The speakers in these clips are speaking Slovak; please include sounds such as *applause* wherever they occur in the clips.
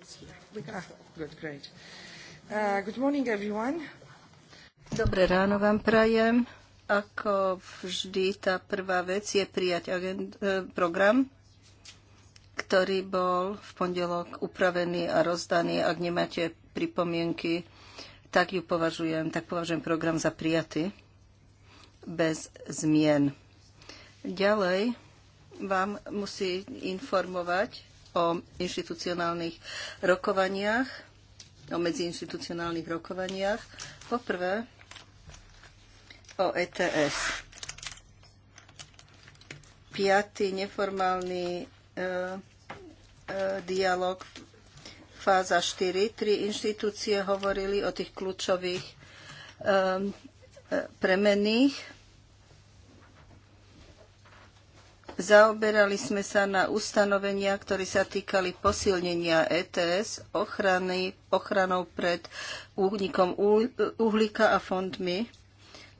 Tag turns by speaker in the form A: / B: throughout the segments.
A: Oh,
B: uh, Dobré ráno vám prajem. Ako vždy, tá prvá vec je prijať agend, eh, program, ktorý bol v pondelok upravený a rozdaný. Ak nemáte pripomienky, tak ju považujem, tak považujem program za prijatý bez zmien. Ďalej vám musí informovať, o inštitucionálnych rokovaniach, o medziinstitucionálnych rokovaniach. Poprvé o ETS. Piatý neformálny e, e, dialog fáza 4. Tri inštitúcie hovorili o tých kľúčových e, e, premených Zaoberali sme sa na ustanovenia, ktoré sa týkali posilnenia ETS, ochrany, ochranou pred únikom uhlíka a fondmi.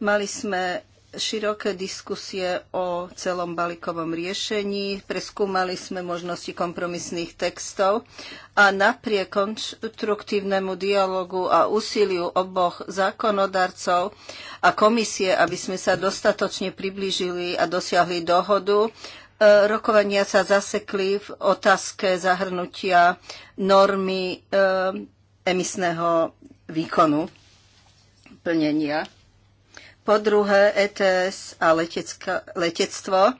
B: Mali sme široké diskusie o celom balíkovom riešení, preskúmali sme možnosti kompromisných textov a napriek konštruktívnemu dialogu a úsiliu oboch zákonodarcov a komisie, aby sme sa dostatočne priblížili a dosiahli dohodu, e, rokovania sa zasekli v otázke zahrnutia normy e, emisného výkonu plnenia po druhé ETS a letecka, letectvo.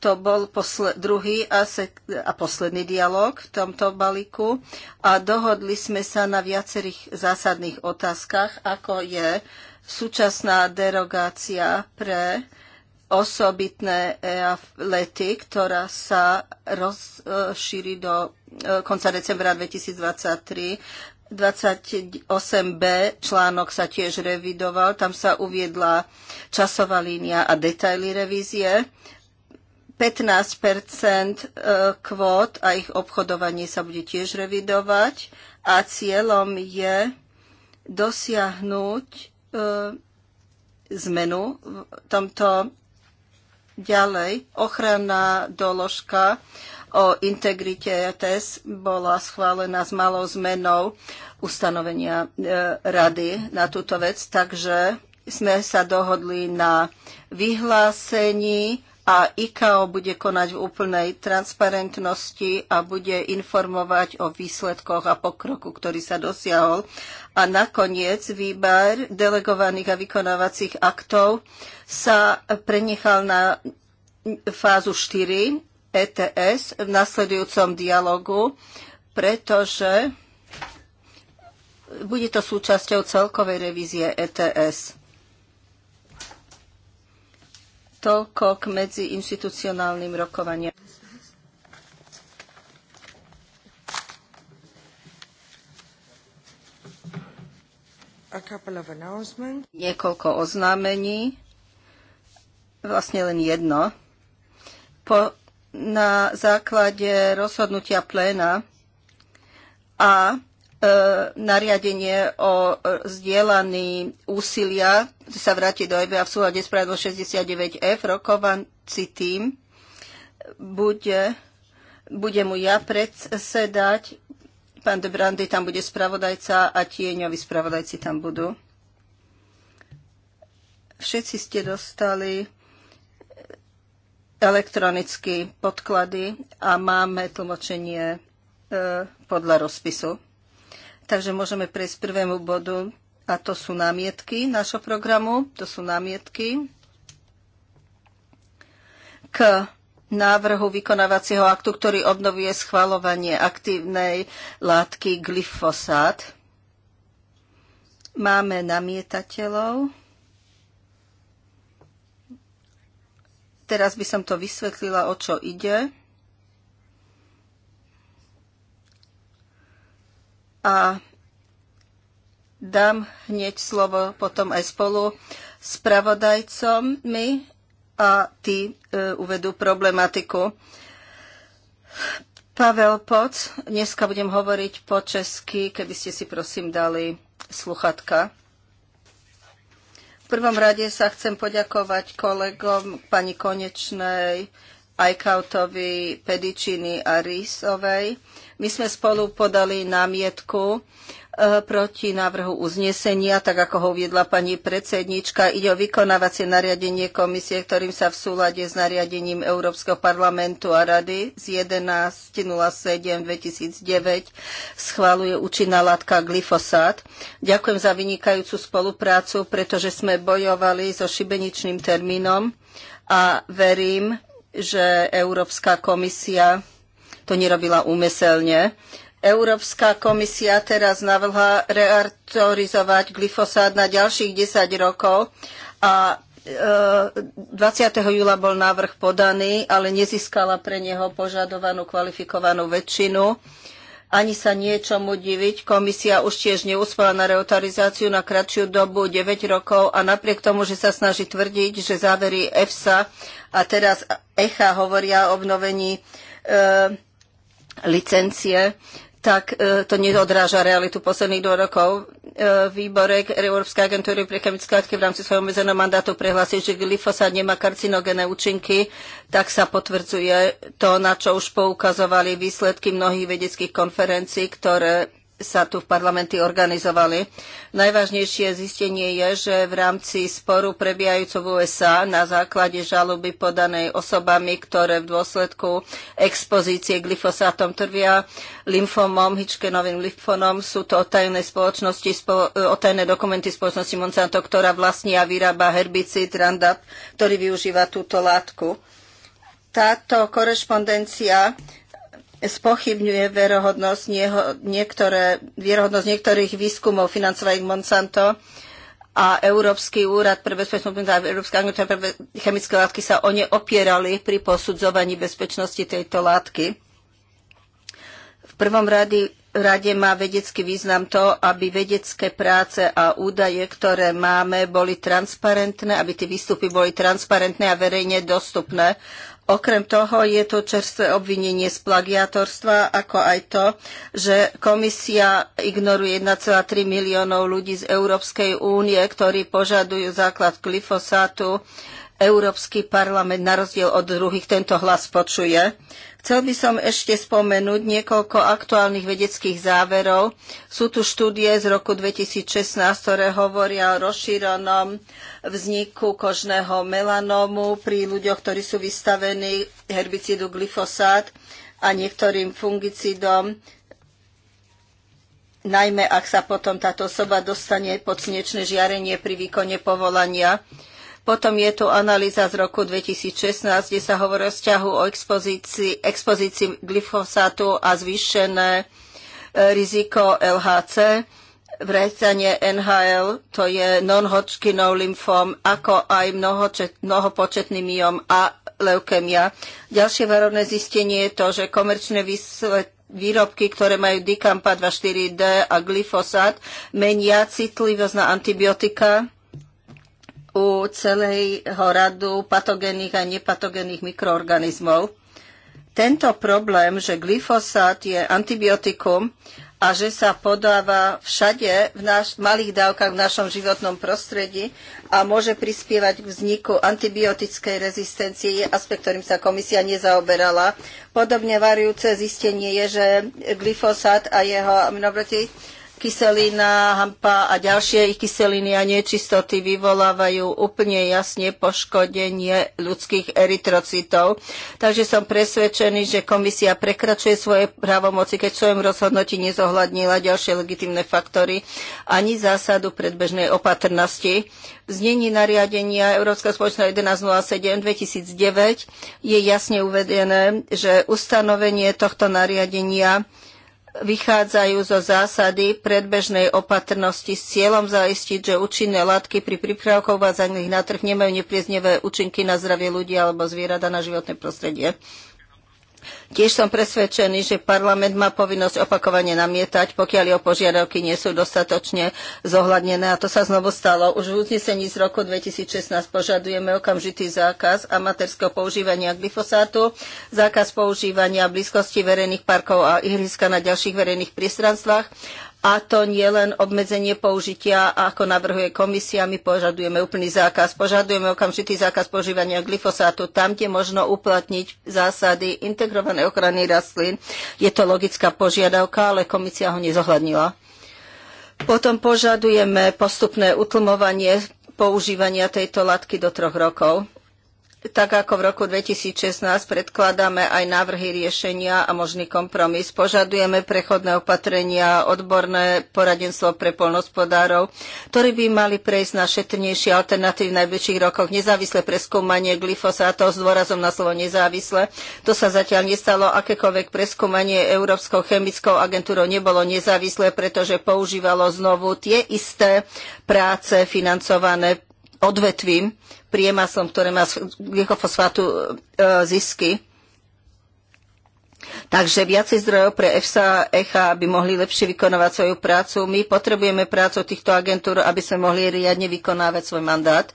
B: To bol posle, druhý a, se, a posledný dialog v tomto balíku a dohodli sme sa na viacerých zásadných otázkach, ako je súčasná derogácia pre osobitné e lety, ktorá sa rozšíri do e, konca decembra 2023. 28b článok sa tiež revidoval, tam sa uviedla časová línia a detaily revízie. 15 e, kvót a ich obchodovanie sa bude tiež revidovať a cieľom je dosiahnuť e, zmenu v tomto ďalej ochranná doložka o integrite ETS bola schválená s malou zmenou ustanovenia e, rady na túto vec, takže sme sa dohodli na vyhlásení a ICAO bude konať v úplnej transparentnosti a bude informovať o výsledkoch a pokroku, ktorý sa dosiahol. A nakoniec výber delegovaných a vykonávacích aktov sa prenechal na fázu 4 ETS v nasledujúcom dialogu, pretože bude to súčasťou celkovej revízie ETS. Toľko k medziinstitucionálnym rokovaniam. Niekoľko oznámení, vlastne len jedno. Po na základe rozhodnutia pléna a e, nariadenie o zdieľaní úsilia sa vráti do EBA v súhľade s pravidlo 69F. Rokovanci tým bude, bude mu ja predsedať, pán de Brandy tam bude spravodajca a tieňoví spravodajci tam budú. Všetci ste dostali elektronicky podklady a máme tlmočenie e, podľa rozpisu. Takže môžeme prejsť k prvému bodu a to sú námietky nášho programu. To sú námietky k návrhu vykonávacieho aktu, ktorý obnovuje schvalovanie aktívnej látky glyfosát. Máme namietateľov. Teraz by som to vysvetlila, o čo ide. A dám hneď slovo potom aj spolu spravodajcom mi a tí e, uvedú problematiku. Pavel Poc, dneska budem hovoriť po česky, keby ste si prosím dali sluchatka prvom rade sa chcem poďakovať kolegom pani Konečnej, Ajkautovi, Pedičiny a Rísovej my sme spolu podali námietku e, proti návrhu uznesenia, tak ako ho uviedla pani predsednička. Ide o vykonávacie nariadenie komisie, ktorým sa v súlade s nariadením Európskeho parlamentu a rady z 11.07.2009 schváluje účinná látka glyfosát. Ďakujem za vynikajúcu spoluprácu, pretože sme bojovali so šibeničným termínom a verím, že Európska komisia to nerobila úmyselne. Európska komisia teraz navrhla reartorizovať glyfosát na ďalších 10 rokov a 20. E, júla bol návrh podaný, ale nezískala pre neho požadovanú kvalifikovanú väčšinu. Ani sa niečomu diviť, komisia už tiež neúspela na reautorizáciu na kratšiu dobu 9 rokov a napriek tomu, že sa snaží tvrdiť, že závery EFSA a teraz ECHA hovoria o obnovení e, licencie, tak e, to neodráža realitu posledných dvoch rokov. E, Výborek Európskej agentúry pre chemické látky v rámci svojho medzeného mandátu prehlásil, že glyfosát nemá karcinogénne účinky, tak sa potvrdzuje to, na čo už poukazovali výsledky mnohých vedeckých konferencií, ktoré sa tu v parlamenty organizovali. Najvážnejšie zistenie je, že v rámci sporu prebiehajúco v USA na základe žaloby podanej osobami, ktoré v dôsledku expozície glyfosátom trvia lymfomom, Hitchkenovým lymfonom, sú to otajné, spoločnosti, spo, e, tajné dokumenty spoločnosti Monsanto, ktorá vlastní a vyrába herbicid Roundup, ktorý využíva túto látku. Táto korešpondencia spochybňuje verohodnosť niektoré, vierohodnosť niektorých výskumov financovaných Monsanto a Európsky úrad pre bezpečnosť a Európska agentúra pre chemické látky sa o ne opierali pri posudzovaní bezpečnosti tejto látky. V prvom rade, rade má vedecký význam to, aby vedecké práce a údaje, ktoré máme, boli transparentné, aby tie výstupy boli transparentné a verejne dostupné. Okrem toho je to čerstvé obvinenie z plagiátorstva, ako aj to, že komisia ignoruje 1,3 miliónov ľudí z Európskej únie, ktorí požadujú základ glyfosátu Európsky parlament na rozdiel od druhých tento hlas počuje. Chcel by som ešte spomenúť niekoľko aktuálnych vedeckých záverov. Sú tu štúdie z roku 2016, ktoré hovoria o rozšírenom vzniku kožného melanómu pri ľuďoch, ktorí sú vystavení herbicidu glyfosát a niektorým fungicidom, najmä ak sa potom táto osoba dostane pod slnečné žiarenie pri výkone povolania. Potom je tu analýza z roku 2016, kde sa hovorí o vzťahu o expozícii, expozícii glyfosátu a zvýšené e, riziko LHC, Vrecanie NHL, to je non-Hodgkinov lymfom, ako aj mnohočet, mnohopočetný myom a leukemia. Ďalšie varovné zistenie je to, že komerčné výsledky výrobky, ktoré majú dikampa 24D a glyfosát, menia citlivosť na antibiotika u celého radu patogénnych a nepatogénnych mikroorganizmov. Tento problém, že glyfosát je antibiotikum a že sa podáva všade v naš, malých dávkach v našom životnom prostredí a môže prispievať k vzniku antibiotickej rezistencie, je aspekt, ktorým sa komisia nezaoberala. Podobne varujúce zistenie je, že glyfosát a jeho aminobrotí kyselina, hampa a ďalšie ich kyseliny a nečistoty vyvolávajú úplne jasne poškodenie ľudských erytrocitov, Takže som presvedčený, že komisia prekračuje svoje právomoci, keď v svojom rozhodnutí nezohľadnila ďalšie legitimné faktory ani zásadu predbežnej opatrnosti. V znení nariadenia Európska spoločná 1107-2009 je jasne uvedené, že ustanovenie tohto nariadenia vychádzajú zo zásady predbežnej opatrnosti s cieľom zaistiť, že účinné látky pri prípravkoch vázaných na trh nemajú neprieznivé účinky na zdravie ľudí alebo zvierat a na životné prostredie. Tiež som presvedčený, že parlament má povinnosť opakovane namietať, pokiaľ jeho požiadavky nie sú dostatočne zohľadnené. A to sa znovu stalo. Už v uznesení z roku 2016 požadujeme okamžitý zákaz amatérskeho používania glyfosátu, zákaz používania blízkosti verejných parkov a ihriska na ďalších verejných priestranstvách a to nie len obmedzenie použitia, ako navrhuje komisia, my požadujeme úplný zákaz, požadujeme okamžitý zákaz požívania glyfosátu tam, kde možno uplatniť zásady integrovanej ochrany rastlín. Je to logická požiadavka, ale komisia ho nezohľadnila. Potom požadujeme postupné utlmovanie používania tejto látky do troch rokov tak ako v roku 2016 predkladáme aj návrhy riešenia a možný kompromis. Požadujeme prechodné opatrenia, odborné poradenstvo pre polnospodárov, ktorí by mali prejsť na šetrnejšie alternatívy v najbližších rokoch, nezávislé preskúmanie glyfosátov s dôrazom na slovo nezávisle. To sa zatiaľ nestalo, akékoľvek preskúmanie Európskou chemickou agentúrou nebolo nezávislé, pretože používalo znovu tie isté práce financované odvetvím priemyslom, ktoré má z glikofosfátu e, zisky. Takže viacej zdrojov pre EFSA a ECHA by mohli lepšie vykonávať svoju prácu. My potrebujeme prácu týchto agentúr, aby sme mohli riadne vykonávať svoj mandát.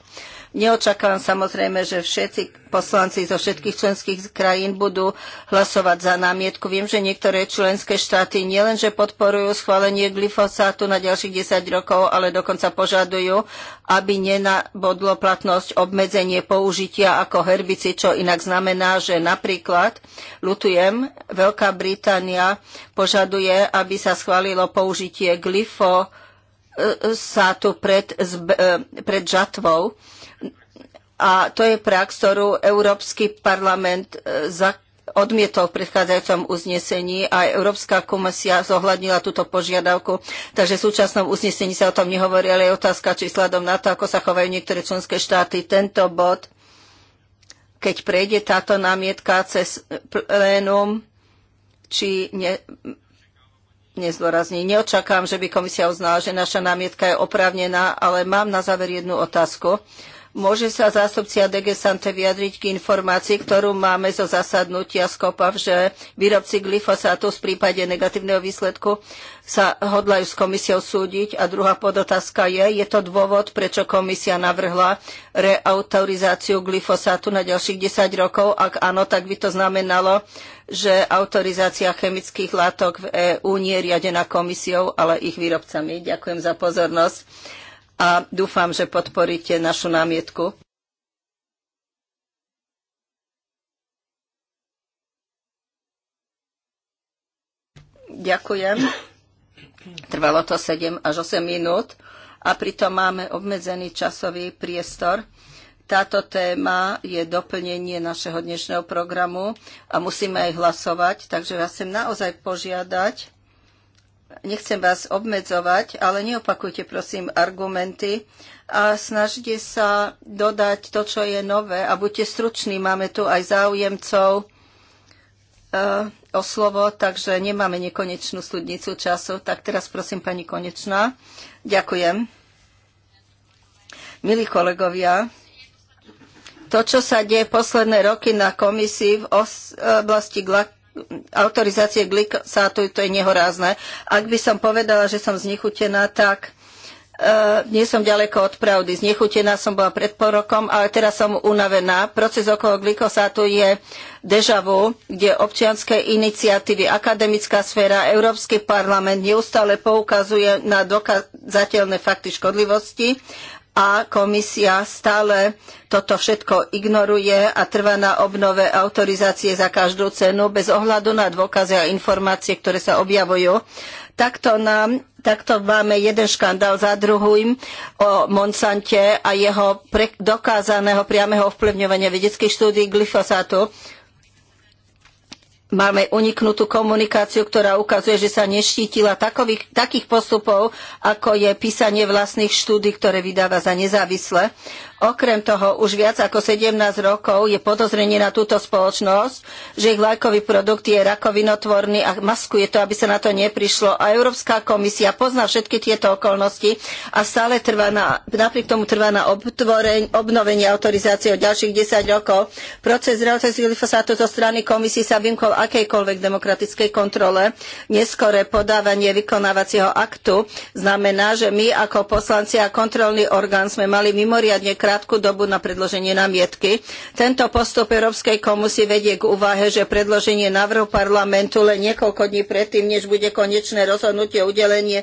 B: Neočakávam samozrejme, že všetci poslanci zo všetkých členských krajín budú hlasovať za námietku. Viem, že niektoré členské štáty nielenže podporujú schválenie glyfosátu na ďalších 10 rokov, ale dokonca požadujú, aby nenabodlo platnosť obmedzenie použitia ako herbici, čo inak znamená, že napríklad, lutujem, Veľká Británia požaduje, aby sa schválilo použitie glyfosátu pred, e, pred žatvou a to je prax, ktorú Európsky parlament e, odmietol v predchádzajúcom uznesení a Európska komisia zohľadnila túto požiadavku. Takže v súčasnom uznesení sa o tom nehovorí, ale je otázka, či sladom na to, ako sa chovajú niektoré členské štáty, tento bod, keď prejde táto námietka cez plénum, či ne, nezdôrazní. Neočakám, že by komisia uznala, že naša námietka je oprávnená, ale mám na záver jednu otázku. Uh, Môže sa zástupcia DG Sante vyjadriť k informácii, ktorú máme zo zasadnutia z že výrobci glyfosátu v prípade negatívneho výsledku sa hodlajú s komisiou súdiť? A druhá podotázka je, je to dôvod, prečo komisia navrhla reautorizáciu glyfosátu na ďalších 10 rokov? Ak áno, tak by to znamenalo, že autorizácia chemických látok v EÚ nie je riadená komisiou, ale ich výrobcami. Ďakujem za pozornosť a dúfam, že podporíte našu námietku. Ďakujem. Trvalo to 7 až 8 minút a pritom máme obmedzený časový priestor. Táto téma je doplnenie našeho dnešného programu a musíme aj hlasovať, takže vás chcem naozaj požiadať, nechcem vás obmedzovať, ale neopakujte prosím argumenty a snažte sa dodať to, čo je nové a buďte struční. Máme tu aj záujemcov eh, o slovo, takže nemáme nekonečnú studnicu času. Tak teraz prosím pani Konečná. Ďakujem. Milí kolegovia, to, čo sa deje posledné roky na komisii v oblasti autorizácie glykosátu, to je nehorázne. Ak by som povedala, že som znechutená, tak Uh, nie som ďaleko od pravdy. Znechutená som bola pred porokom, ale teraz som unavená. Proces okolo glykosátu je deja vu, kde občianské iniciatívy, akademická sféra, Európsky parlament neustále poukazuje na dokazateľné fakty škodlivosti a komisia stále toto všetko ignoruje a trvá na obnove autorizácie za každú cenu bez ohľadu na dôkazy a informácie, ktoré sa objavujú. Takto, nám, takto máme jeden škandál za druhým o Monsante a jeho pre, dokázaného priameho ovplyvňovania vedeckých štúdí glyfosátu. Máme uniknutú komunikáciu, ktorá ukazuje, že sa neštítila takových, takých postupov, ako je písanie vlastných štúdí, ktoré vydáva za nezávislé. Okrem toho, už viac ako 17 rokov je podozrenie na túto spoločnosť, že ich vlajkový produkt je rakovinotvorný a maskuje to, aby sa na to neprišlo. A Európska komisia pozná všetky tieto okolnosti a stále trvá na, napriek tomu trvá na obtvoreň, obnovenie autorizácie o ďalších 10 rokov. Proces realizácie glyfosátu zo strany komisie sa vymkol akejkoľvek demokratickej kontrole. Neskore podávanie vykonávacieho aktu znamená, že my ako poslanci a kontrolný orgán sme mali mimoriadne krát krátku dobu na predloženie namietky. Tento postup Európskej komisie vedie k úvahe, že predloženie návrhu parlamentu len niekoľko dní predtým, než bude konečné rozhodnutie o udelenie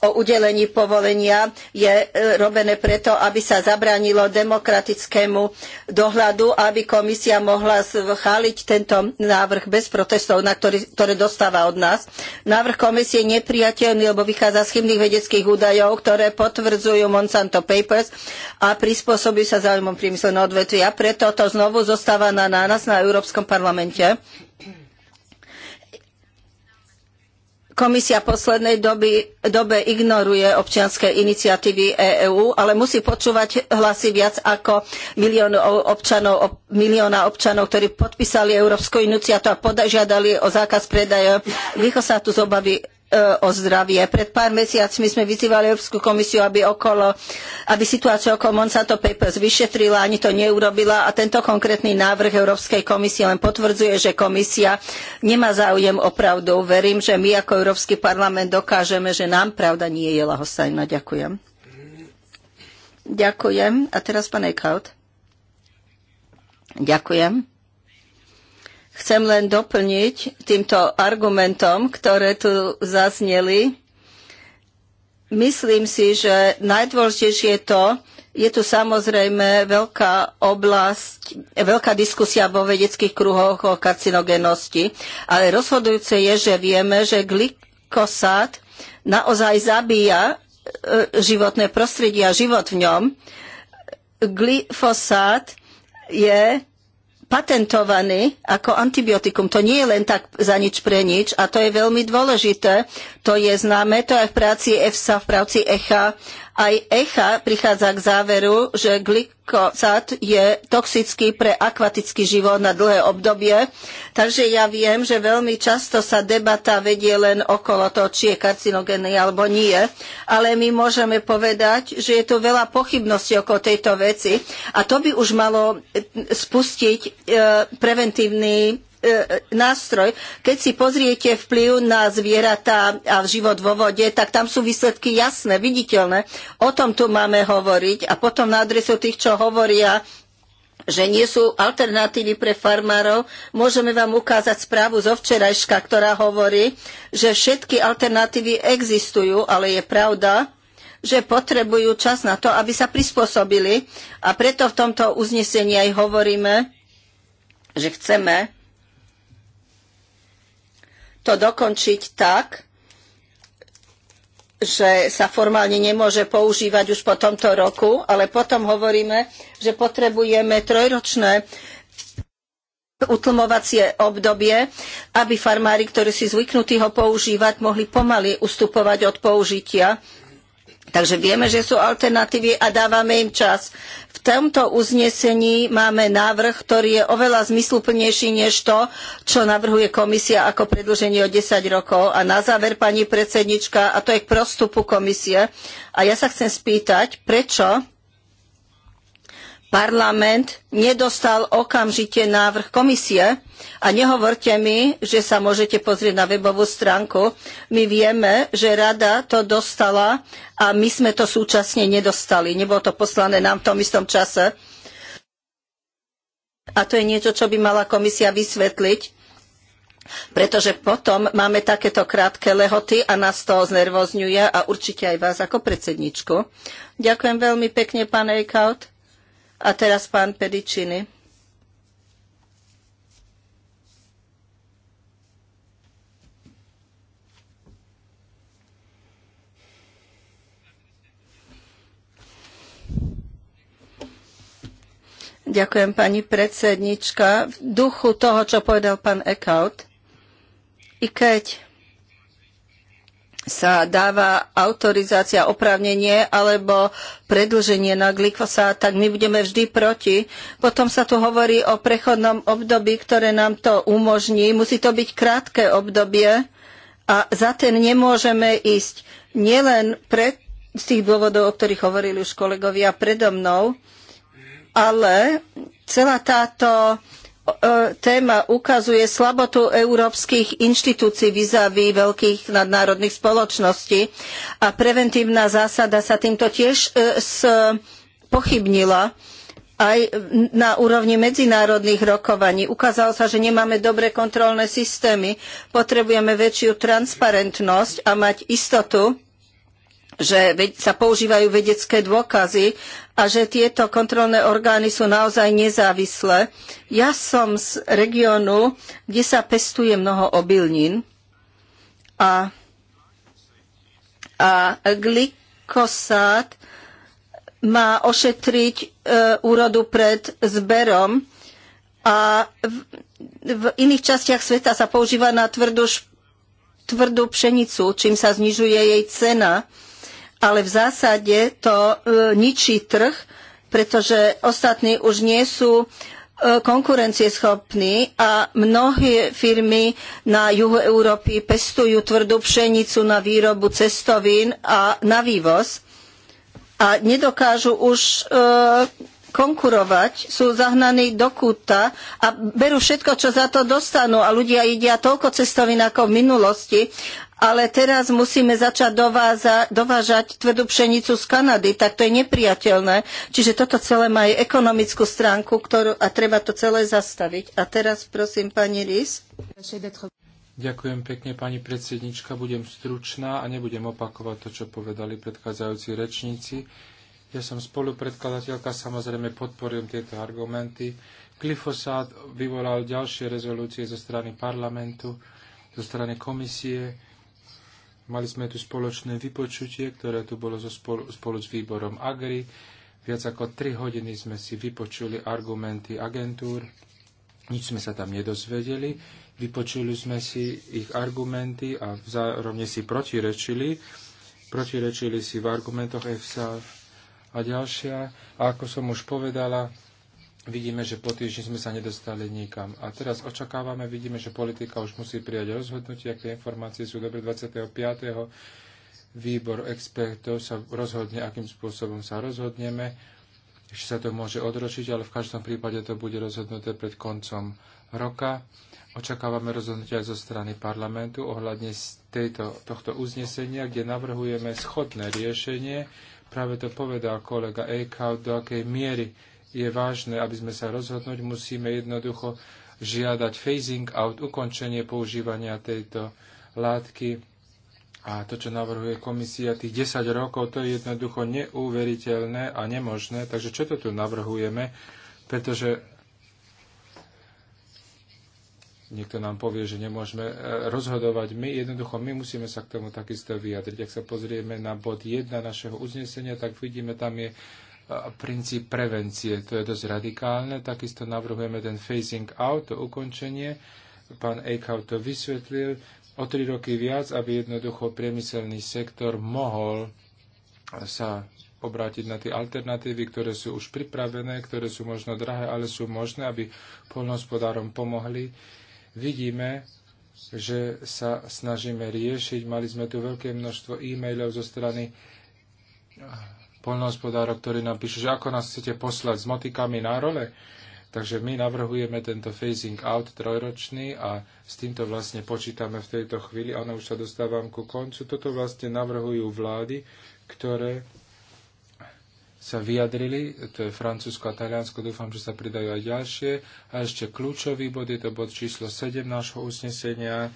B: o udelení povolenia je e, robené preto, aby sa zabránilo demokratickému dohľadu, aby komisia mohla schváliť tento návrh bez protestov, na ktorý, ktoré dostáva od nás. Návrh komisie je nepriateľný, lebo vychádza z chybných vedeckých údajov, ktoré potvrdzujú Monsanto Papers a prispôsobí sa záujmom priemyselného odvetvia. Preto to znovu zostáva na nás na Európskom parlamente. Komisia v poslednej doby, dobe ignoruje občianske iniciatívy EÚ, e ale musí počúvať hlasy viac ako miliónov občanov, milióna občanov, ktorí podpísali Európsku iniciatívu a požiadali o zákaz predaja glyfosátu z obavy o zdravie. Pred pár mesiacmi sme vyzývali Európsku komisiu, aby, okolo, aby situáciu okolo Monsanto Papers vyšetrila, ani to neurobila a tento konkrétny návrh Európskej komisie len potvrdzuje, že komisia nemá záujem o pravdu. Verím, že my ako Európsky parlament dokážeme, že nám pravda nie je lahostajná. Ďakujem. Ďakujem. A teraz pán Ďakujem. Chcem len doplniť týmto argumentom, ktoré tu zazneli. Myslím si, že najdôležitejšie je to, je tu samozrejme veľká oblasť, veľká diskusia vo vedeckých kruhoch o karcinogenosti, ale rozhodujúce je, že vieme, že glykosát naozaj zabíja e, životné prostredie a život v ňom. Glyfosát je patentovaný ako antibiotikum. To nie je len tak za nič pre nič a to je veľmi dôležité. To je známe, to aj v práci EFSA, v práci ECHA aj ECHA prichádza k záveru, že glykozát je toxický pre akvatický život na dlhé obdobie, takže ja viem, že veľmi často sa debata vedie len okolo toho, či je karcinogénny alebo nie, ale my môžeme povedať, že je tu veľa pochybností okolo tejto veci a to by už malo spustiť e, preventívny E, nástroj. Keď si pozriete vplyv na zvieratá a život vo vode, tak tam sú výsledky jasné, viditeľné. O tom tu máme hovoriť. A potom na adresu tých, čo hovoria, že nie sú alternatívy pre farmárov. Môžeme vám ukázať správu zo včerajška, ktorá hovorí, že všetky alternatívy existujú, ale je pravda, že potrebujú čas na to, aby sa prispôsobili. A preto v tomto uznesení aj hovoríme, že chceme, to dokončiť tak, že sa formálne nemôže používať už po tomto roku, ale potom hovoríme, že potrebujeme trojročné utlmovacie obdobie, aby farmári, ktorí si zvyknutí ho používať, mohli pomaly ustupovať od použitia Takže vieme, že sú alternatívy a dávame im čas. V tomto uznesení máme návrh, ktorý je oveľa zmysluplnejší než to, čo navrhuje komisia ako predĺženie o 10 rokov. A na záver, pani predsednička, a to je k prostupu komisie. A ja sa chcem spýtať, prečo parlament nedostal okamžite návrh komisie a nehovorte mi, že sa môžete pozrieť na webovú stránku. My vieme, že rada to dostala a my sme to súčasne nedostali. Nebolo to poslané nám v tom istom čase. A to je niečo, čo by mala komisia vysvetliť, pretože potom máme takéto krátke lehoty a nás to znervozňuje a určite aj vás ako predsedničku. Ďakujem veľmi pekne, pán Eichhout. A teraz pán Pedičiny. Ďakujem, pani predsednička. V duchu toho, čo povedal pán Ekaut, i keď sa dáva autorizácia, oprávnenie alebo predlženie na glyfosát, tak my budeme vždy proti. Potom sa tu hovorí o prechodnom období, ktoré nám to umožní. Musí to byť krátke obdobie a za ten nemôžeme ísť nielen pre, z tých dôvodov, o ktorých hovorili už kolegovia predo mnou, ale celá táto téma ukazuje slabotu európskych inštitúcií vizaví veľkých nadnárodných spoločností a preventívna zásada sa týmto tiež e, pochybnila aj na úrovni medzinárodných rokovaní. Ukázalo sa, že nemáme dobré kontrolné systémy, potrebujeme väčšiu transparentnosť a mať istotu, že sa používajú vedecké dôkazy a že tieto kontrolné orgány sú naozaj nezávislé. Ja som z regiónu, kde sa pestuje mnoho obilnín a, a glikosát má ošetriť e, úrodu pred zberom a v, v iných častiach sveta sa používa na tvrdú, tvrdú pšenicu, čím sa znižuje jej cena ale v zásade to e, ničí trh, pretože ostatní už nie sú e, konkurencieschopní a mnohé firmy na juhu Európy pestujú tvrdú pšenicu na výrobu cestovín a na vývoz a nedokážu už e, konkurovať, sú zahnaní do kúta a berú všetko, čo za to dostanú a ľudia jedia toľko cestovín ako v minulosti ale teraz musíme začať dováza, dovážať tvrdú pšenicu z Kanady, tak to je nepriateľné. Čiže toto celé má aj ekonomickú stránku ktorú, a treba to celé zastaviť. A teraz prosím pani Rís.
A: Ďakujem pekne, pani predsednička. Budem stručná a nebudem opakovať to, čo povedali predchádzajúci rečníci. Ja som spolupredkladateľka, samozrejme podporujem tieto argumenty. Glyfosát vyvolal ďalšie rezolúcie zo strany parlamentu, zo strany komisie. Mali sme tu spoločné vypočutie, ktoré tu bolo so spolu, spolu s výborom Agri. Viac ako 3 hodiny sme si vypočuli argumenty agentúr. Nič sme sa tam nedozvedeli. Vypočuli sme si ich argumenty a zároveň si protirečili. Protirečili si v argumentoch EFSA a ďalšia. A ako som už povedala, vidíme, že po týždni sme sa nedostali nikam. A teraz očakávame, vidíme, že politika už musí prijať rozhodnutie, aké informácie sú dobre 25. Výbor expertov sa rozhodne, akým spôsobom sa rozhodneme. Ešte sa to môže odročiť, ale v každom prípade to bude rozhodnuté pred koncom roka. Očakávame rozhodnutia aj zo strany parlamentu ohľadne tejto, tohto uznesenia, kde navrhujeme schodné riešenie. Práve to povedal kolega Eichhout, do akej miery je vážne, aby sme sa rozhodnúť, musíme jednoducho žiadať phasing out, ukončenie používania tejto látky. A to, čo navrhuje komisia, tých 10 rokov, to je jednoducho neuveriteľné a nemožné. Takže čo to tu navrhujeme? Pretože niekto nám povie, že nemôžeme e, rozhodovať my. Jednoducho, my musíme sa k tomu takisto vyjadriť. Ak sa pozrieme na bod 1 našeho uznesenia, tak vidíme, tam je princíp prevencie. To je dosť radikálne. Takisto navrhujeme ten phasing out, to ukončenie. Pán Eichhout to vysvetlil. O tri roky viac, aby jednoducho priemyselný sektor mohol sa obrátiť na tie alternatívy, ktoré sú už pripravené, ktoré sú možno drahé, ale sú možné, aby poľnohospodárom pomohli. Vidíme, že sa snažíme riešiť. Mali sme tu veľké množstvo e-mailov zo strany poľnohospodárov, ktorí nám píšu, že ako nás chcete poslať s motikami na role. Takže my navrhujeme tento phasing out trojročný a s týmto vlastne počítame v tejto chvíli. Áno, už sa dostávam ku koncu. Toto vlastne navrhujú vlády, ktoré sa vyjadrili, to je Francúzsko a Taliansko, dúfam, že sa pridajú aj ďalšie. A ešte kľúčový bod, je to bod číslo 7 nášho usnesenia.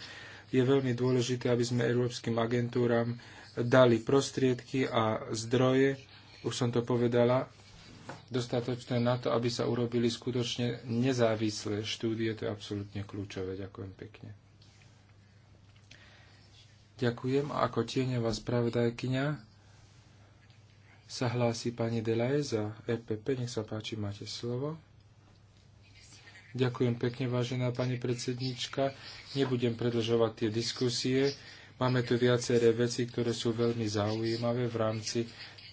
A: Je veľmi dôležité, aby sme európskym agentúram dali prostriedky a zdroje, už som to povedala, dostatočné na to, aby sa urobili skutočne nezávislé štúdie. To je absolútne kľúčové. Ďakujem pekne. Ďakujem. A ako tieňová spravodajkyňa sa hlási pani Delaje za EPP. Nech sa páči, máte slovo. Ďakujem pekne, vážená pani predsednička. Nebudem predlžovať tie diskusie. Máme tu viaceré veci, ktoré sú veľmi zaujímavé v rámci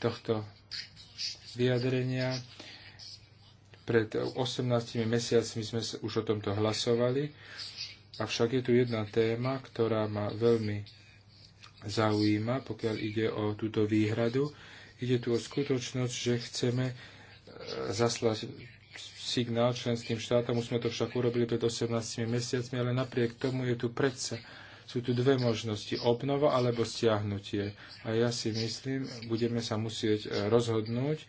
A: tohto vyjadrenia. Pred 18 mesiacmi sme už o tomto hlasovali, avšak je tu jedna téma, ktorá ma veľmi zaujíma, pokiaľ ide o túto výhradu. Ide tu o skutočnosť, že chceme e, zaslať signál členským štátom. Už sme to však urobili pred 18 mesiacmi, ale napriek tomu je tu predsa sú tu dve možnosti, obnova alebo stiahnutie. A ja si myslím, budeme sa musieť e, rozhodnúť.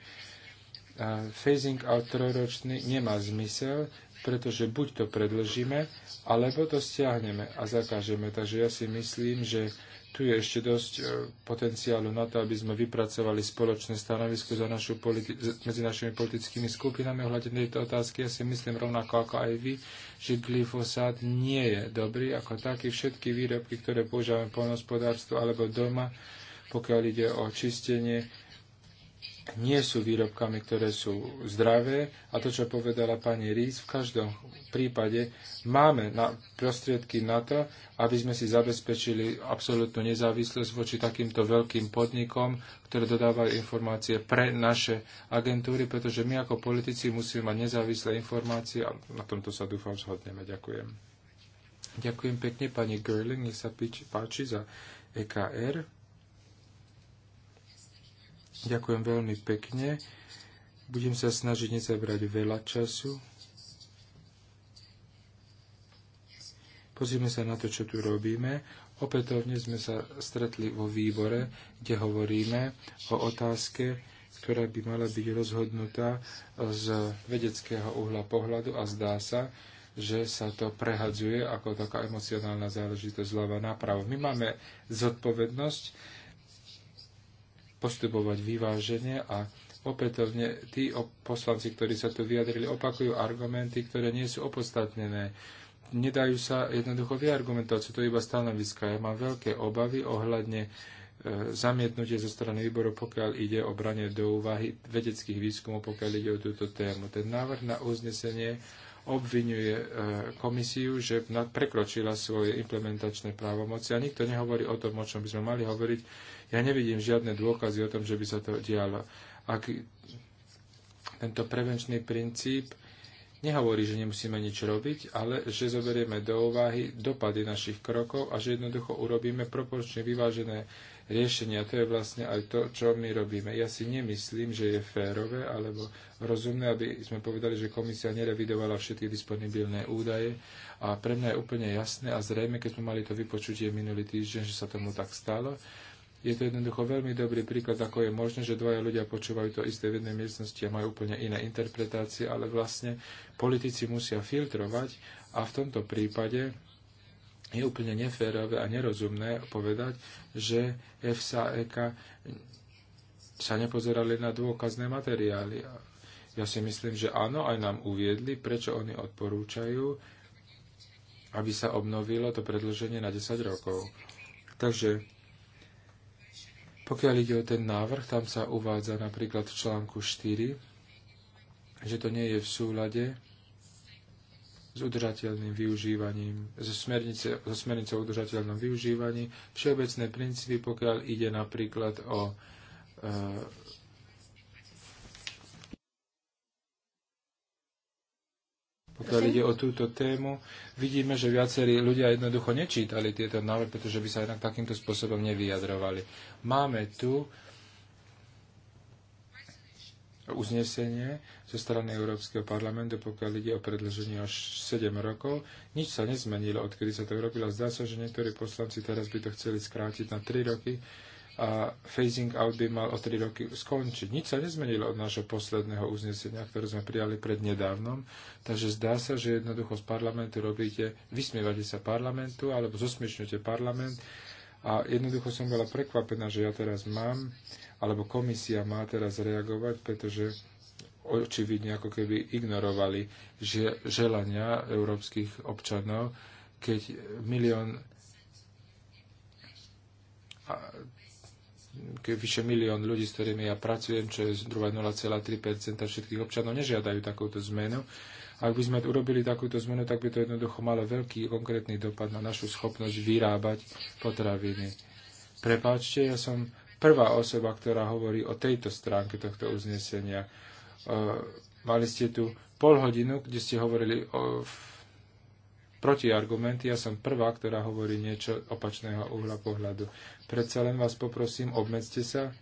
A: E, phasing out trojročný nemá zmysel, pretože buď to predlžíme, alebo to stiahneme a zakážeme. Takže ja si myslím, že tu je ešte dosť e, potenciálu na to, aby sme vypracovali spoločné stanovisko za našu politi- medzi našimi politickými skupinami ohľadne tejto otázky. Ja si myslím rovnako ako aj vy, že glyfosát nie je dobrý ako taký. Všetky výrobky, ktoré používame v alebo doma, pokiaľ ide o čistenie, nie sú výrobkami, ktoré sú zdravé a to, čo povedala pani Rís, v každom prípade máme na prostriedky na to, aby sme si zabezpečili absolútnu nezávislosť voči takýmto veľkým podnikom, ktoré dodávajú informácie pre naše agentúry, pretože my ako politici musíme mať nezávislé informácie a na tomto sa dúfam zhodneme. Ďakujem. Ďakujem pekne pani Görling, nech sa páči za EKR. Ďakujem veľmi pekne. Budem sa snažiť nezabrať veľa času. Pozrieme sa na to, čo tu robíme. Opätovne sme sa stretli vo výbore, kde hovoríme o otázke, ktorá by mala byť rozhodnutá z vedeckého uhla pohľadu a zdá sa, že sa to prehadzuje ako taká emocionálna záležitosť zľava napravo. My máme zodpovednosť postupovať vyvážene a opätovne tí poslanci, ktorí sa tu vyjadrili, opakujú argumenty, ktoré nie sú opodstatnené. Nedajú sa jednoducho vyargumentovať, sú to iba stanoviska. Ja mám veľké obavy ohľadne e, zamietnutie zo strany výboru, pokiaľ ide o branie do úvahy vedeckých výskumov, pokiaľ ide o túto tému. Ten návrh na uznesenie obvinuje e, komisiu, že prekročila svoje implementačné právomoci a nikto nehovorí o tom, o čom by sme mali hovoriť. Ja nevidím žiadne dôkazy o tom, že by sa to dialo. Ak tento prevenčný princíp nehovorí, že nemusíme nič robiť, ale že zoberieme do úvahy dopady našich krokov a že jednoducho urobíme proporčne vyvážené riešenia. To je vlastne aj to, čo my robíme. Ja si nemyslím, že je férové alebo rozumné, aby sme povedali, že komisia nerevidovala všetky disponibilné údaje. A pre mňa je úplne jasné a zrejme, keď sme mali to vypočutie minulý týždeň, že sa tomu tak stalo, je to jednoducho veľmi dobrý príklad, ako je možné, že dvaja ľudia počúvajú to isté v jednej miestnosti a majú úplne iné interpretácie, ale vlastne politici musia filtrovať a v tomto prípade je úplne neférové a nerozumné povedať, že EFSA a EK sa nepozerali na dôkazné materiály. Ja si myslím, že áno, aj nám uviedli, prečo oni odporúčajú, aby sa obnovilo to predlženie na 10 rokov. Takže pokiaľ ide o ten návrh, tam sa uvádza napríklad v článku 4, že to nie je v súlade s udržateľným využívaním, so, smernice, so smernice o udržateľnom využívaní, všeobecné princípy, pokiaľ ide napríklad o e, pokiaľ ide o túto tému, vidíme, že viacerí ľudia jednoducho nečítali tieto návrhy, pretože by sa inak takýmto spôsobom nevyjadrovali. Máme tu uznesenie zo strany Európskeho parlamentu, pokiaľ ide o predlženie až 7 rokov. Nič sa nezmenilo, odkedy sa to urobilo. Zdá sa, že niektorí poslanci teraz by to chceli skrátiť na 3 roky a phasing out by mal o 3 roky skončiť. Nič sa nezmenilo od nášho posledného uznesenia, ktoré sme prijali pred nedávnom. Takže zdá sa, že jednoducho z parlamentu robíte, vysmievate sa parlamentu alebo zosmiešňujete parlament. A jednoducho som bola prekvapená, že ja teraz mám alebo komisia má teraz reagovať, pretože očividne ako keby ignorovali želania európskych občanov, keď milión keď vyše milión ľudí, s ktorými ja pracujem, čo je zhruba 0,3 všetkých občanov, nežiadajú takúto zmenu. Ak by sme urobili takúto zmenu, tak by to jednoducho malo veľký konkrétny dopad na našu schopnosť vyrábať potraviny. Prepáčte, ja som prvá osoba, ktorá hovorí o tejto stránke tohto uznesenia. E, mali ste tu pol hodinu, kde ste hovorili o protiargumenty. Ja som prvá, ktorá hovorí niečo opačného uhla pohľadu. Predsa len vás poprosím, obmedzte sa.